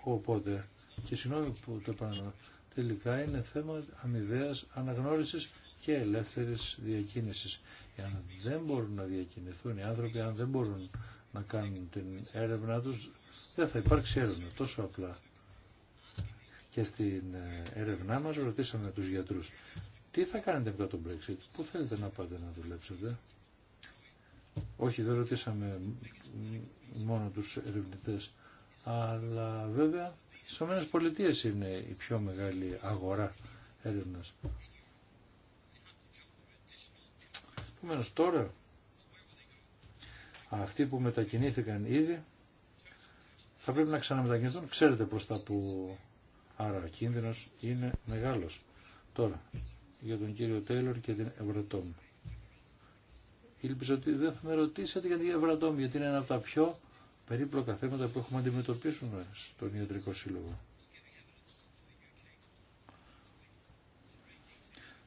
Οπότε, και συγγνώμη που το επαναλαμβάνω, τελικά είναι θέμα αμοιβαίας αναγνώρισης και ελεύθερης διακίνησης αν δεν μπορούν να διακινηθούν οι άνθρωποι, αν δεν μπορούν να κάνουν την έρευνά τους, δεν θα υπάρξει έρευνα, τόσο απλά. Και στην ε, έρευνά μας ρωτήσαμε τους γιατρούς, τι θα κάνετε μετά τον Brexit, πού θέλετε να πάτε να δουλέψετε. Όχι, δεν ρωτήσαμε μόνο τους ερευνητές, αλλά βέβαια στις ΗΠΑ είναι η πιο μεγάλη αγορά έρευνας. Επομένως τώρα αυτοί που μετακινήθηκαν ήδη θα πρέπει να ξαναμετακινηθούν. Ξέρετε προς τα που άρα ο κίνδυνος είναι μεγάλος. Τώρα για τον κύριο Τέιλορ και την Ευρωτόμ. Ήλπιζα ότι δεν θα με ρωτήσετε για την Ευρωτόμ γιατί είναι ένα από τα πιο περίπλοκα θέματα που έχουμε αντιμετωπίσουμε στον Ιατρικό Σύλλογο.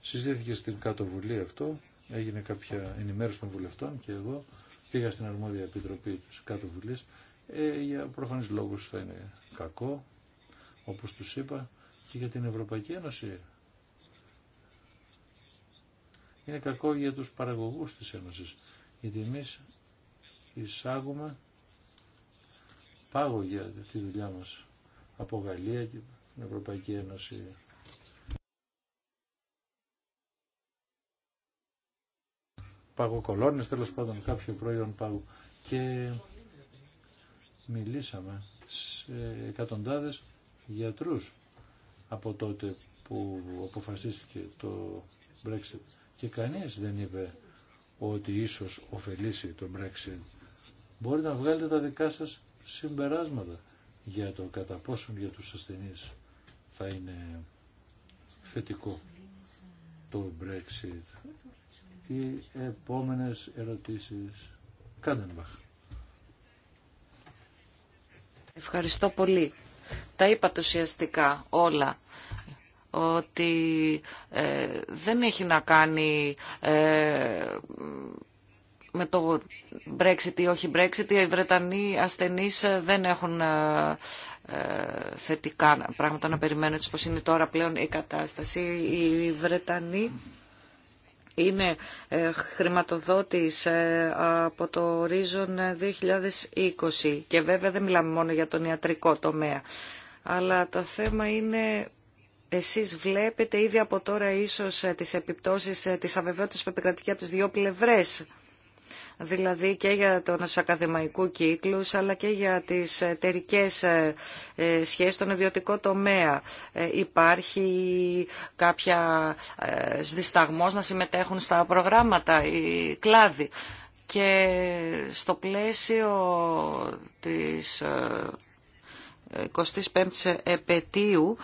Συζήθηκε στην Κάτω αυτό έγινε κάποια ενημέρωση των βουλευτών και εγώ πήγα στην αρμόδια επιτροπή της κάτω βουλής ε, για προφανείς λόγους θα είναι κακό όπως τους είπα και για την Ευρωπαϊκή Ένωση είναι κακό για τους παραγωγούς της Ένωσης γιατί εμείς εισάγουμε πάγο για τη δουλειά μας από Γαλλία και την Ευρωπαϊκή Ένωση παγοκολόνες, τέλος πάντων κάποιο προϊόν πάγου. Και μιλήσαμε σε εκατοντάδε γιατρούς από τότε που αποφασίστηκε το Brexit και κανείς δεν είπε ότι ίσως ωφελήσει το Brexit. Μπορείτε να βγάλετε τα δικά σα συμπεράσματα για το κατά πόσον για τους ασθενείς θα είναι θετικό το Brexit οι επόμενες ερωτήσεις. Κάντεμπαχ. Ευχαριστώ πολύ. Τα είπα ουσιαστικά όλα ότι ε, δεν έχει να κάνει ε, με το Brexit ή όχι Brexit. Οι Βρετανοί ασθενείς δεν έχουν ε, θετικά πράγματα να περιμένουν έτσι πως είναι τώρα πλέον η κατάσταση. Οι Βρετανοί είναι ε, χρηματοδότης ε, από το Horizon 2020 ε, και βέβαια δεν μιλάμε μόνο για τον ιατρικό τομέα. Αλλά το θέμα είναι εσείς βλέπετε ήδη από τώρα ίσως τις επιπτώσεις της αβεβαιότητας που επικρατεί από τις δύο πλευρές δηλαδή και για τον ακαδημαϊκού κύκλου, αλλά και για τις εταιρικέ ε, ε, σχέσεις στον ιδιωτικό τομέα. Ε, υπάρχει κάποια δισταγμό να συμμετέχουν στα προγράμματα, οι κλάδοι. Και στο πλαίσιο της 25ης επαιτίου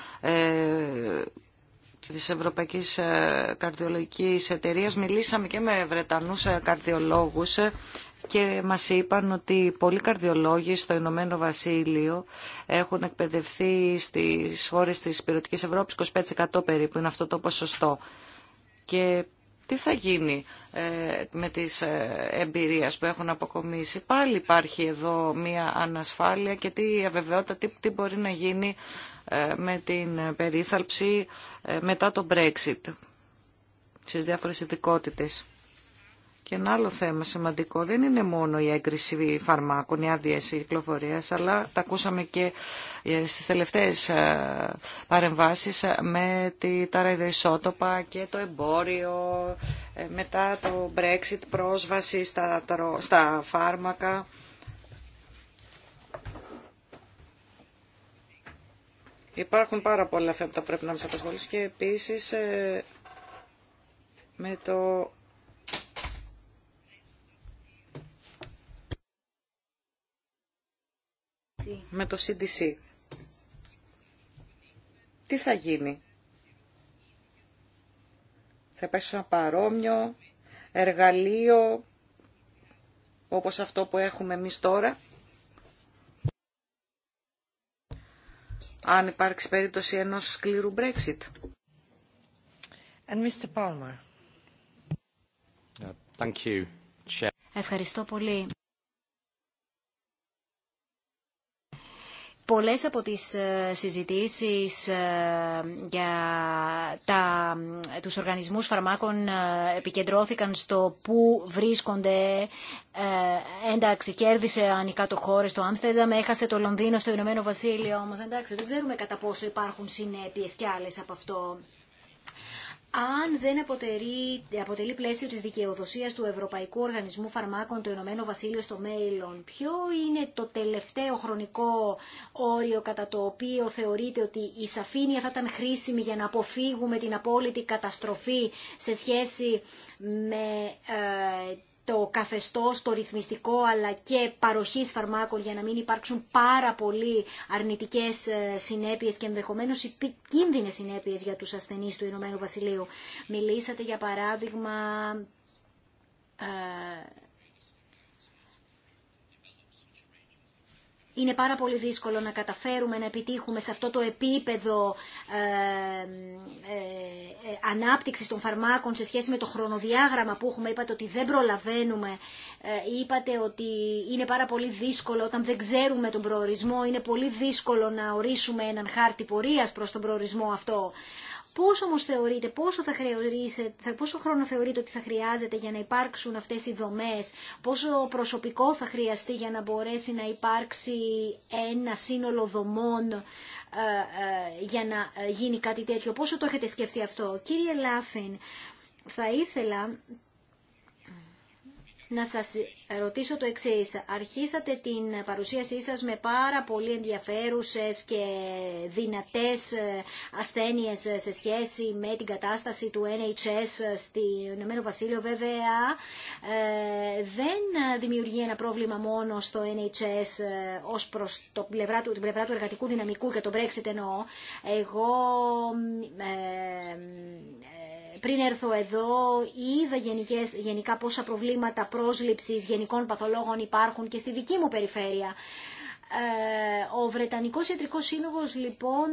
της Ευρωπαϊκής ε, Καρδιολογικής Εταιρείας μιλήσαμε και με Βρετανούς ε, καρδιολόγους ε, και μας είπαν ότι πολλοί καρδιολόγοι στο Ηνωμένο Βασίλειο έχουν εκπαιδευτεί στις χώρες της Πυρωτικής Ευρώπης 25% περίπου, είναι αυτό το ποσοστό. Και τι θα γίνει με τις εμπειρίες που έχουν αποκομίσει. Πάλι υπάρχει εδώ μία ανασφάλεια και τι αβεβαιότητα, τι μπορεί να γίνει ε, με την περίθαλψη ε, μετά το Brexit στις διάφορες ειδικότητε. Και ένα άλλο θέμα σημαντικό δεν είναι μόνο η έγκριση φαρμάκων, η άδεια κυκλοφορία, αλλά τα ακούσαμε και ε, στι τελευταίε παρεμβάσει με τα ραϊδοϊσότοπα και το εμπόριο, μετά το Brexit, πρόσβαση στα, στα φάρμακα. Υπάρχουν πάρα πολλά θέματα που πρέπει να μας απασχολήσουν και επίσης ε, με το με το CDC. Τι θα γίνει. Θα υπάρξει ένα παρόμοιο εργαλείο όπως αυτό που έχουμε εμείς τώρα αν υπάρξει περίπτωση ενός σκληρού Brexit. Ευχαριστώ πολύ. Πολλές από τις ε, συζητήσεις ε, για τα, τους οργανισμούς φαρμάκων ε, επικεντρώθηκαν στο πού βρίσκονται. εντάξει, κέρδισε ανικά το χώρο στο Άμστερνταμ, έχασε το Λονδίνο στο Ηνωμένο Βασίλειο, όμως εντάξει, δεν ξέρουμε κατά πόσο υπάρχουν συνέπειες και άλλες από αυτό αν δεν αποτελεί, αποτελεί πλαίσιο της δικαιοδοσίας του Ευρωπαϊκού Οργανισμού Φαρμάκων το Ηνωμένο Βασίλειο στο μέλλον, ποιο είναι το τελευταίο χρονικό όριο κατά το οποίο θεωρείται ότι η σαφήνεια θα ήταν χρήσιμη για να αποφύγουμε την απόλυτη καταστροφή σε σχέση με ε, το καθεστώς, το ρυθμιστικό αλλά και παροχής φαρμάκων για να μην υπάρξουν πάρα πολύ αρνητικές ε, συνέπειες και ενδεχομένως κίνδυνες συνέπειες για τους ασθενείς του Ηνωμένου Βασιλείου. Μιλήσατε για παράδειγμα ε, είναι πάρα πολύ δύσκολο να καταφέρουμε να επιτύχουμε σε αυτό το επίπεδο ε, ε, ε, ανάπτυξης των φαρμάκων σε σχέση με το χρονοδιάγραμμα που έχουμε. Είπατε ότι δεν προλαβαίνουμε. Ε, είπατε ότι είναι πάρα πολύ δύσκολο όταν δεν ξέρουμε τον προορισμό. Είναι πολύ δύσκολο να ορίσουμε έναν χάρτη πορείας προς τον προορισμό αυτό. Πόσο όμως θεωρείτε, πόσο, θα θα, πόσο χρόνο θεωρείτε ότι θα χρειάζεται για να υπάρξουν αυτές οι δομές, πόσο προσωπικό θα χρειαστεί για να μπορέσει να υπάρξει ένα σύνολο δομών ε, ε, για να ε, γίνει κάτι τέτοιο. Πόσο το έχετε σκεφτεί αυτό. Κύριε Λάφιν, θα ήθελα να σας ρωτήσω το εξής. Αρχίσατε την παρουσίασή σας με πάρα πολύ ενδιαφέρουσες και δυνατές ε, ασθένειες ε, σε σχέση με την κατάσταση του NHS ε, στην Ηνωμένο Βασίλειο. Βέβαια δεν δημιουργεί ένα πρόβλημα μόνο στο NHS ως προς το πλευρά του, την πλευρά του εργατικού δυναμικού και το Brexit εννοώ. Εγώ πριν έρθω εδώ είδα γενικές, γενικά πόσα προβλήματα πρόσληψης γενικών παθολόγων υπάρχουν και στη δική μου περιφέρεια. Ε, ο Βρετανικός Ιατρικός Σύνογος λοιπόν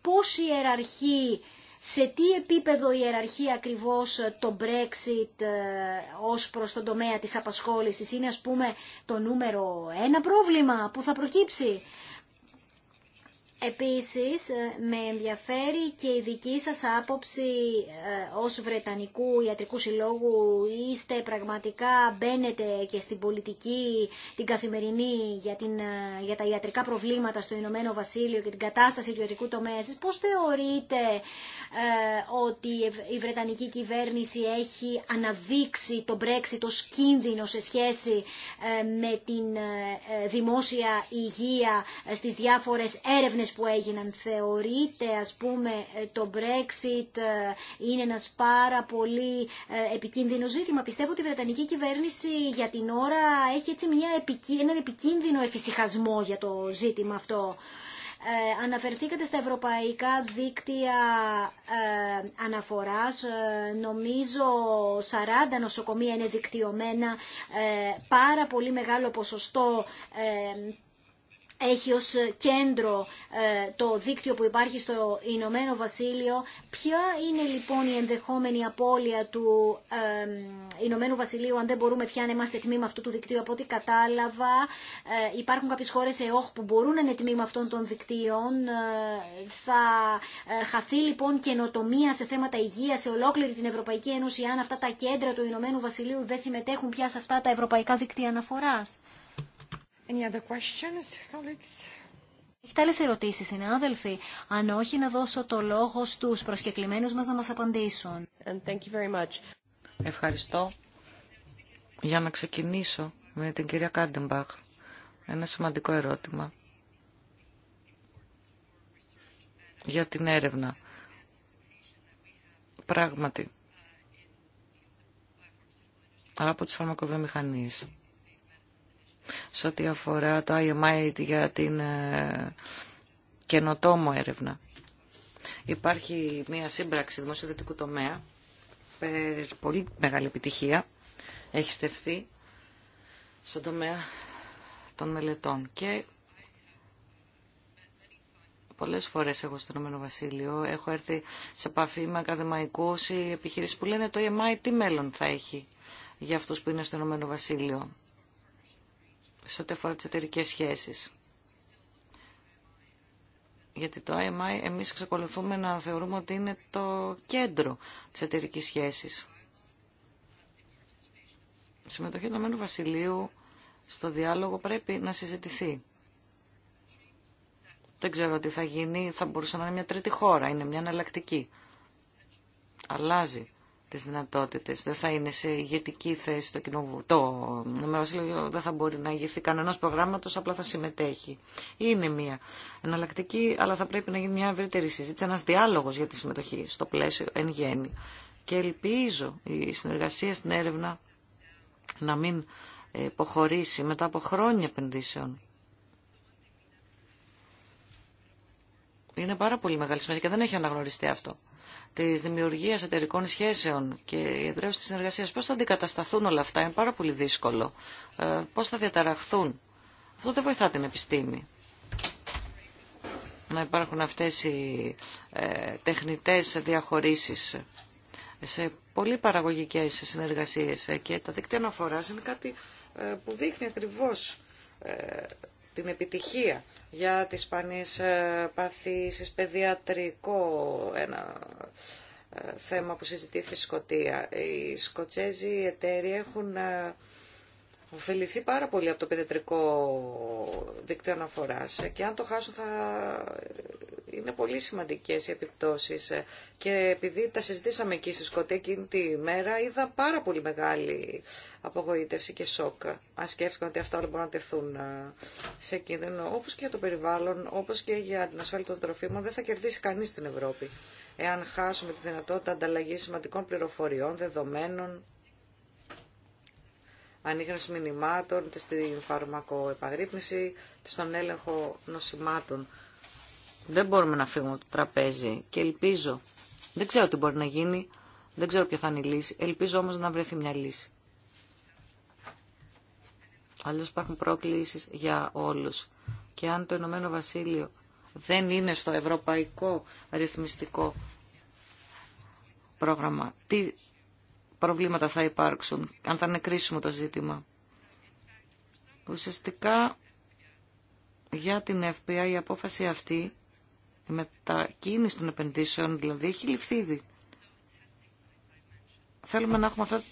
πώς ιεραρχεί σε τι επίπεδο ιεραρχεί ακριβώς το Brexit ε, ως προς τον τομέα της απασχόλησης είναι ας πούμε το νούμερο ένα πρόβλημα που θα προκύψει. Επίσης, ε, με ενδιαφέρει και η δική σας άποψη ε, ως Βρετανικού Ιατρικού Συλλόγου. Είστε πραγματικά, μπαίνετε και στην πολιτική, την καθημερινή, για, την, ε, για τα ιατρικά προβλήματα στο Ηνωμένο Βασίλειο και την κατάσταση του ιατρικού τομέα. πώς θεωρείτε ότι η Βρετανική κυβέρνηση έχει αναδείξει το Brexit ως κίνδυνο σε σχέση με την δημόσια υγεία στις διάφορες έρευνες που έγιναν. Θεωρείται, ας πούμε, ε, το Brexit ε, είναι ένας πάρα πολύ ε, επικίνδυνο ζήτημα. Πιστεύω ότι η Βρετανική κυβέρνηση για την ώρα έχει έτσι μια έναν επικίνδυνο εφησυχασμό για το ζήτημα αυτό. αναφερθήκατε στα ευρωπαϊκά δίκτυα ε, αναφοράς. νομίζω 40 νοσοκομεία είναι δικτυωμένα. Πάρα πολύ μεγάλο ποσοστό έχει ως κέντρο ε, το δίκτυο που υπάρχει στο Ηνωμένο Βασίλειο. Ποια είναι λοιπόν η ενδεχόμενη απώλεια του Ηνωμένου Βασιλείου αν δεν μπορούμε πια να είμαστε τμήμα αυτού του δικτύου. Από ό,τι κατάλαβα ε, υπάρχουν κάποιες χώρες ΕΟΧ που μπορούν να είναι τμήμα αυτών των δικτύων. Ε, θα χαθεί λοιπόν καινοτομία σε θέματα υγείας σε ολόκληρη την Ευρωπαϊκή Ένωση αν αυτά τα κέντρα του Ηνωμένου Βασιλείου δεν συμμετέχουν πια σε αυτά τα ευρωπαϊκά δικτύα αναφοράς. Any other questions, Έχετε συνάδελφοι. Αν όχι, να δώσω το λόγο στου προσκεκλημένου μα να μα απαντήσουν. Ευχαριστώ. Για να ξεκινήσω με την κυρία Κάντεμπαχ. Ένα σημαντικό ερώτημα για την έρευνα. Πράγματι, από τις φαρμακοβιομηχανίες σε ό,τι αφορά το IMI για την ε, καινοτόμο έρευνα. Υπάρχει μια σύμπραξη δημοσιοδοτικού τομέα, πολύ μεγάλη επιτυχία, έχει στεφθεί στον τομέα των μελετών και πολλές φορές εγώ στο Ηνωμένο Βασίλειο έχω έρθει σε επαφή με ακαδημαϊκούς ή επιχειρήσεις που λένε το EMI τι μέλλον θα έχει για αυτούς που είναι στο Ηνωμένο Βασίλειο σε ό,τι αφορά τις εταιρικές σχέσεις. Γιατί το IMI εμείς εξακολουθούμε να θεωρούμε ότι είναι το κέντρο της εταιρική σχέσης. Η συμμετοχή του Ηνωμένου Βασιλείου στο διάλογο πρέπει να συζητηθεί. Δεν ξέρω τι θα γίνει, θα μπορούσε να είναι μια τρίτη χώρα, είναι μια εναλλακτική. Αλλάζει τις δυνατότητες. Δεν θα είναι σε ηγετική θέση το κοινοβούλιο. Το Βασίλειο δεν θα μπορεί να ηγηθεί κανένας προγράμματος, απλά θα συμμετέχει. Είναι μια εναλλακτική, αλλά θα πρέπει να γίνει μια ευρύτερη συζήτηση, ένας διάλογος για τη συμμετοχή στο πλαίσιο εν γέννη. Και ελπίζω η συνεργασία στην έρευνα να μην υποχωρήσει μετά από χρόνια επενδύσεων. Είναι πάρα πολύ μεγάλη σημασία και δεν έχει αναγνωριστεί αυτό. Τη δημιουργία εταιρικών σχέσεων και η εδραίωση τη συνεργασίας. Πώς θα αντικατασταθούν όλα αυτά, είναι πάρα πολύ δύσκολο. Ε, Πώ θα διαταραχθούν. Αυτό δεν βοηθά την επιστήμη. Να υπάρχουν αυτέ οι ε, τεχνητέ διαχωρήσει σε πολύ παραγωγικέ συνεργασίε ε, και τα δίκτυα αναφορά είναι κάτι που δείχνει ακριβώς την επιτυχία για τις σπανίες ε, παθήσεις, παιδιατρικό ένα ε, θέμα που συζητήθηκε στη Σκοτία. Οι σκοτσέζοι εταίροι έχουν ε, ωφεληθεί πάρα πολύ από το παιδετρικό δίκτυο αναφορά. και αν το χάσω θα είναι πολύ σημαντικέ οι επιπτώσει. και επειδή τα συζητήσαμε εκεί στη Σκωτία εκείνη τη μέρα είδα πάρα πολύ μεγάλη απογοήτευση και σοκ αν σκέφτηκαν ότι αυτά όλα μπορούν να τεθούν ε, σε κίνδυνο Όπω και για το περιβάλλον, όπω και για την ασφάλεια των τροφίμων δεν θα κερδίσει κανεί στην Ευρώπη εάν χάσουμε τη δυνατότητα ανταλλαγή σημαντικών πληροφοριών, δεδομένων ανήγνωση μηνυμάτων, στην φαρμακοεπαγρύπνηση, στον έλεγχο νοσημάτων. Δεν μπορούμε να φύγουμε από το τραπέζι και ελπίζω. Δεν ξέρω τι μπορεί να γίνει, δεν ξέρω ποια θα είναι η λύση. Ελπίζω όμως να βρεθεί μια λύση. Αλλιώς υπάρχουν προκλήσεις για όλους. Και αν το Ηνωμένο Βασίλειο δεν είναι στο ευρωπαϊκό ρυθμιστικό πρόγραμμα, τι προβλήματα θα υπάρξουν, αν θα είναι κρίσιμο το ζήτημα. Ουσιαστικά για την FBI η απόφαση αυτή, η μετακίνηση των επενδύσεων δηλαδή, έχει ληφθεί ήδη. Θέλουμε να έχουμε αυτά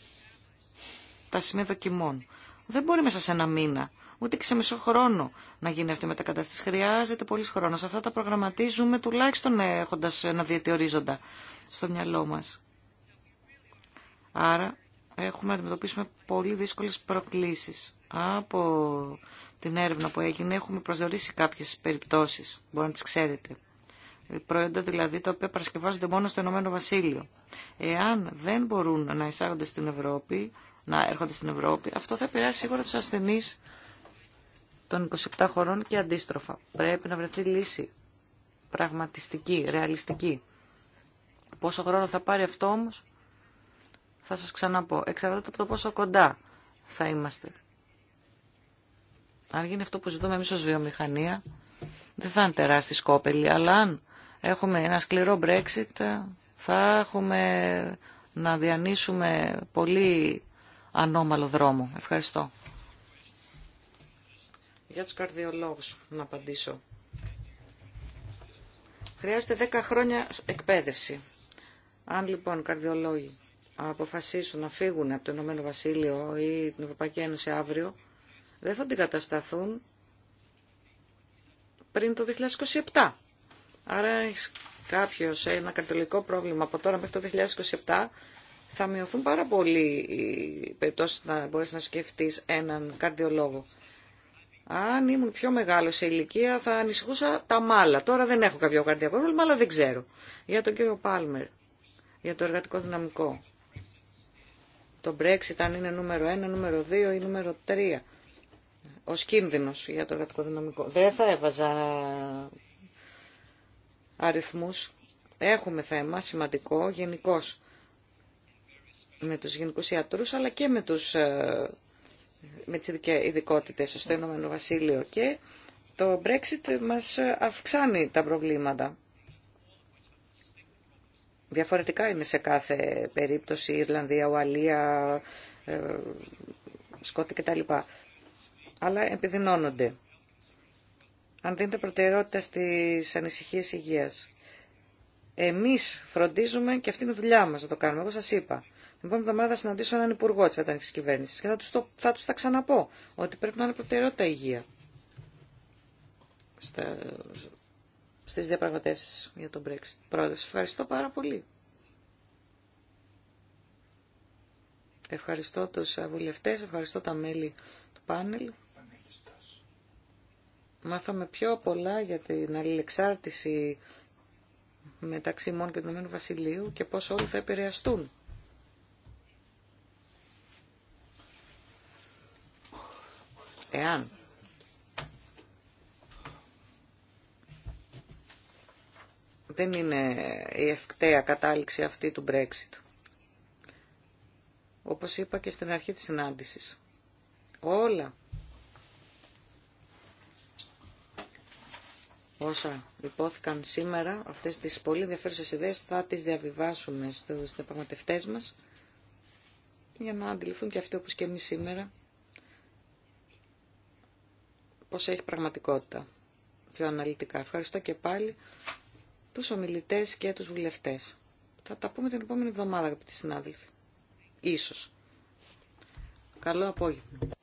τα σημεία δοκιμών. Δεν μπορεί μέσα σε ένα μήνα, ούτε και σε μισό χρόνο να γίνει αυτή η μετακατάσταση. Χρειάζεται πολλή χρόνο. Αυτά τα προγραμματίζουμε τουλάχιστον έχοντα ένα ορίζοντα στο μυαλό μας. Άρα έχουμε να αντιμετωπίσουμε πολύ δύσκολες προκλήσεις. Από την έρευνα που έγινε έχουμε προσδιορίσει κάποιες περιπτώσεις, μπορεί να τις ξέρετε. Ε, προϊόντα δηλαδή τα οποία παρασκευάζονται μόνο στο Ηνωμένο Βασίλειο. Εάν δεν μπορούν να εισάγονται στην Ευρώπη, να έρχονται στην Ευρώπη, αυτό θα επηρεάσει σίγουρα τους ασθενείς των 27 χωρών και αντίστροφα. Πρέπει να βρεθεί λύση πραγματιστική, ρεαλιστική. Πόσο χρόνο θα πάρει αυτό όμω θα σας ξαναπώ, εξαρτάται από το πόσο κοντά θα είμαστε. Αν γίνει αυτό που ζητούμε εμείς ως βιομηχανία, δεν θα είναι τεράστιοι σκόπελοι, αλλά αν έχουμε ένα σκληρό Brexit, θα έχουμε να διανύσουμε πολύ ανώμαλο δρόμο. Ευχαριστώ. Για τους καρδιολόγους να απαντήσω. Χρειάζεται 10 χρόνια εκπαίδευση. Αν λοιπόν καρδιολόγοι αποφασίσουν να φύγουν από το Ηνωμένο Βασίλειο ή την Ευρωπαϊκή Ένωση αύριο, δεν θα αντικατασταθούν πριν το 2027. Άρα έχει κάποιο ένα καρτελικό πρόβλημα από τώρα μέχρι το 2027, θα μειωθούν πάρα πολύ οι περιπτώσει να μπορέσει να σκεφτεί έναν καρδιολόγο. Αν ήμουν πιο μεγάλο σε ηλικία θα ανησυχούσα τα μάλα. Τώρα δεν έχω κάποιο καρδιακό πρόβλημα, αλλά δεν ξέρω. Για τον κύριο Πάλμερ, για το εργατικό δυναμικό το Brexit αν είναι νούμερο 1, νούμερο 2 ή νούμερο 3 ως κίνδυνος για το εργατικό δυναμικό. Δεν θα έβαζα αριθμούς. Έχουμε θέμα σημαντικό γενικώ με τους γενικούς ιατρούς αλλά και με, τους, ε, με τις ειδικότητε στο Ηνωμένο Βασίλειο και το Brexit μας αυξάνει τα προβλήματα Διαφορετικά είναι σε κάθε περίπτωση Ιρλανδία, Ουαλία, ε, Σκότη κτλ. Αλλά επιδεινώνονται. Αν δίνετε προτεραιότητα στις ανησυχίες υγείας. Εμείς φροντίζουμε και αυτή είναι η δουλειά μας να το κάνουμε. Εγώ σας είπα. Την επόμενη εβδομάδα συναντήσω έναν υπουργό τη Βετανικής Κυβέρνησης και θα του το, θα τους τα ξαναπώ ότι πρέπει να είναι προτεραιότητα υγεία στις διαπραγματεύσεις για τον Brexit. σας ευχαριστώ πάρα πολύ. Ευχαριστώ τους βουλευτές, ευχαριστώ τα μέλη του πάνελ. Μάθαμε πιο πολλά για την αλληλεξάρτηση μεταξύ μόνο και του Ηνωμένου Βασιλείου και πώς όλοι θα επηρεαστούν. Εάν δεν είναι η ευκταία κατάληξη αυτή του Brexit. Όπως είπα και στην αρχή της συνάντησης. Όλα όσα υπόθηκαν σήμερα, αυτές τις πολύ ενδιαφέρουσες ιδέες θα τις διαβιβάσουμε στους διαπραγματευτές μας για να αντιληφθούν και αυτοί όπως και εμείς σήμερα πώς έχει πραγματικότητα πιο αναλυτικά. Ευχαριστώ και πάλι τους ομιλητές και τους βουλευτές. Θα τα πούμε την επόμενη εβδομάδα, αγαπητοί συνάδελφοι. Ίσως. Καλό απόγευμα.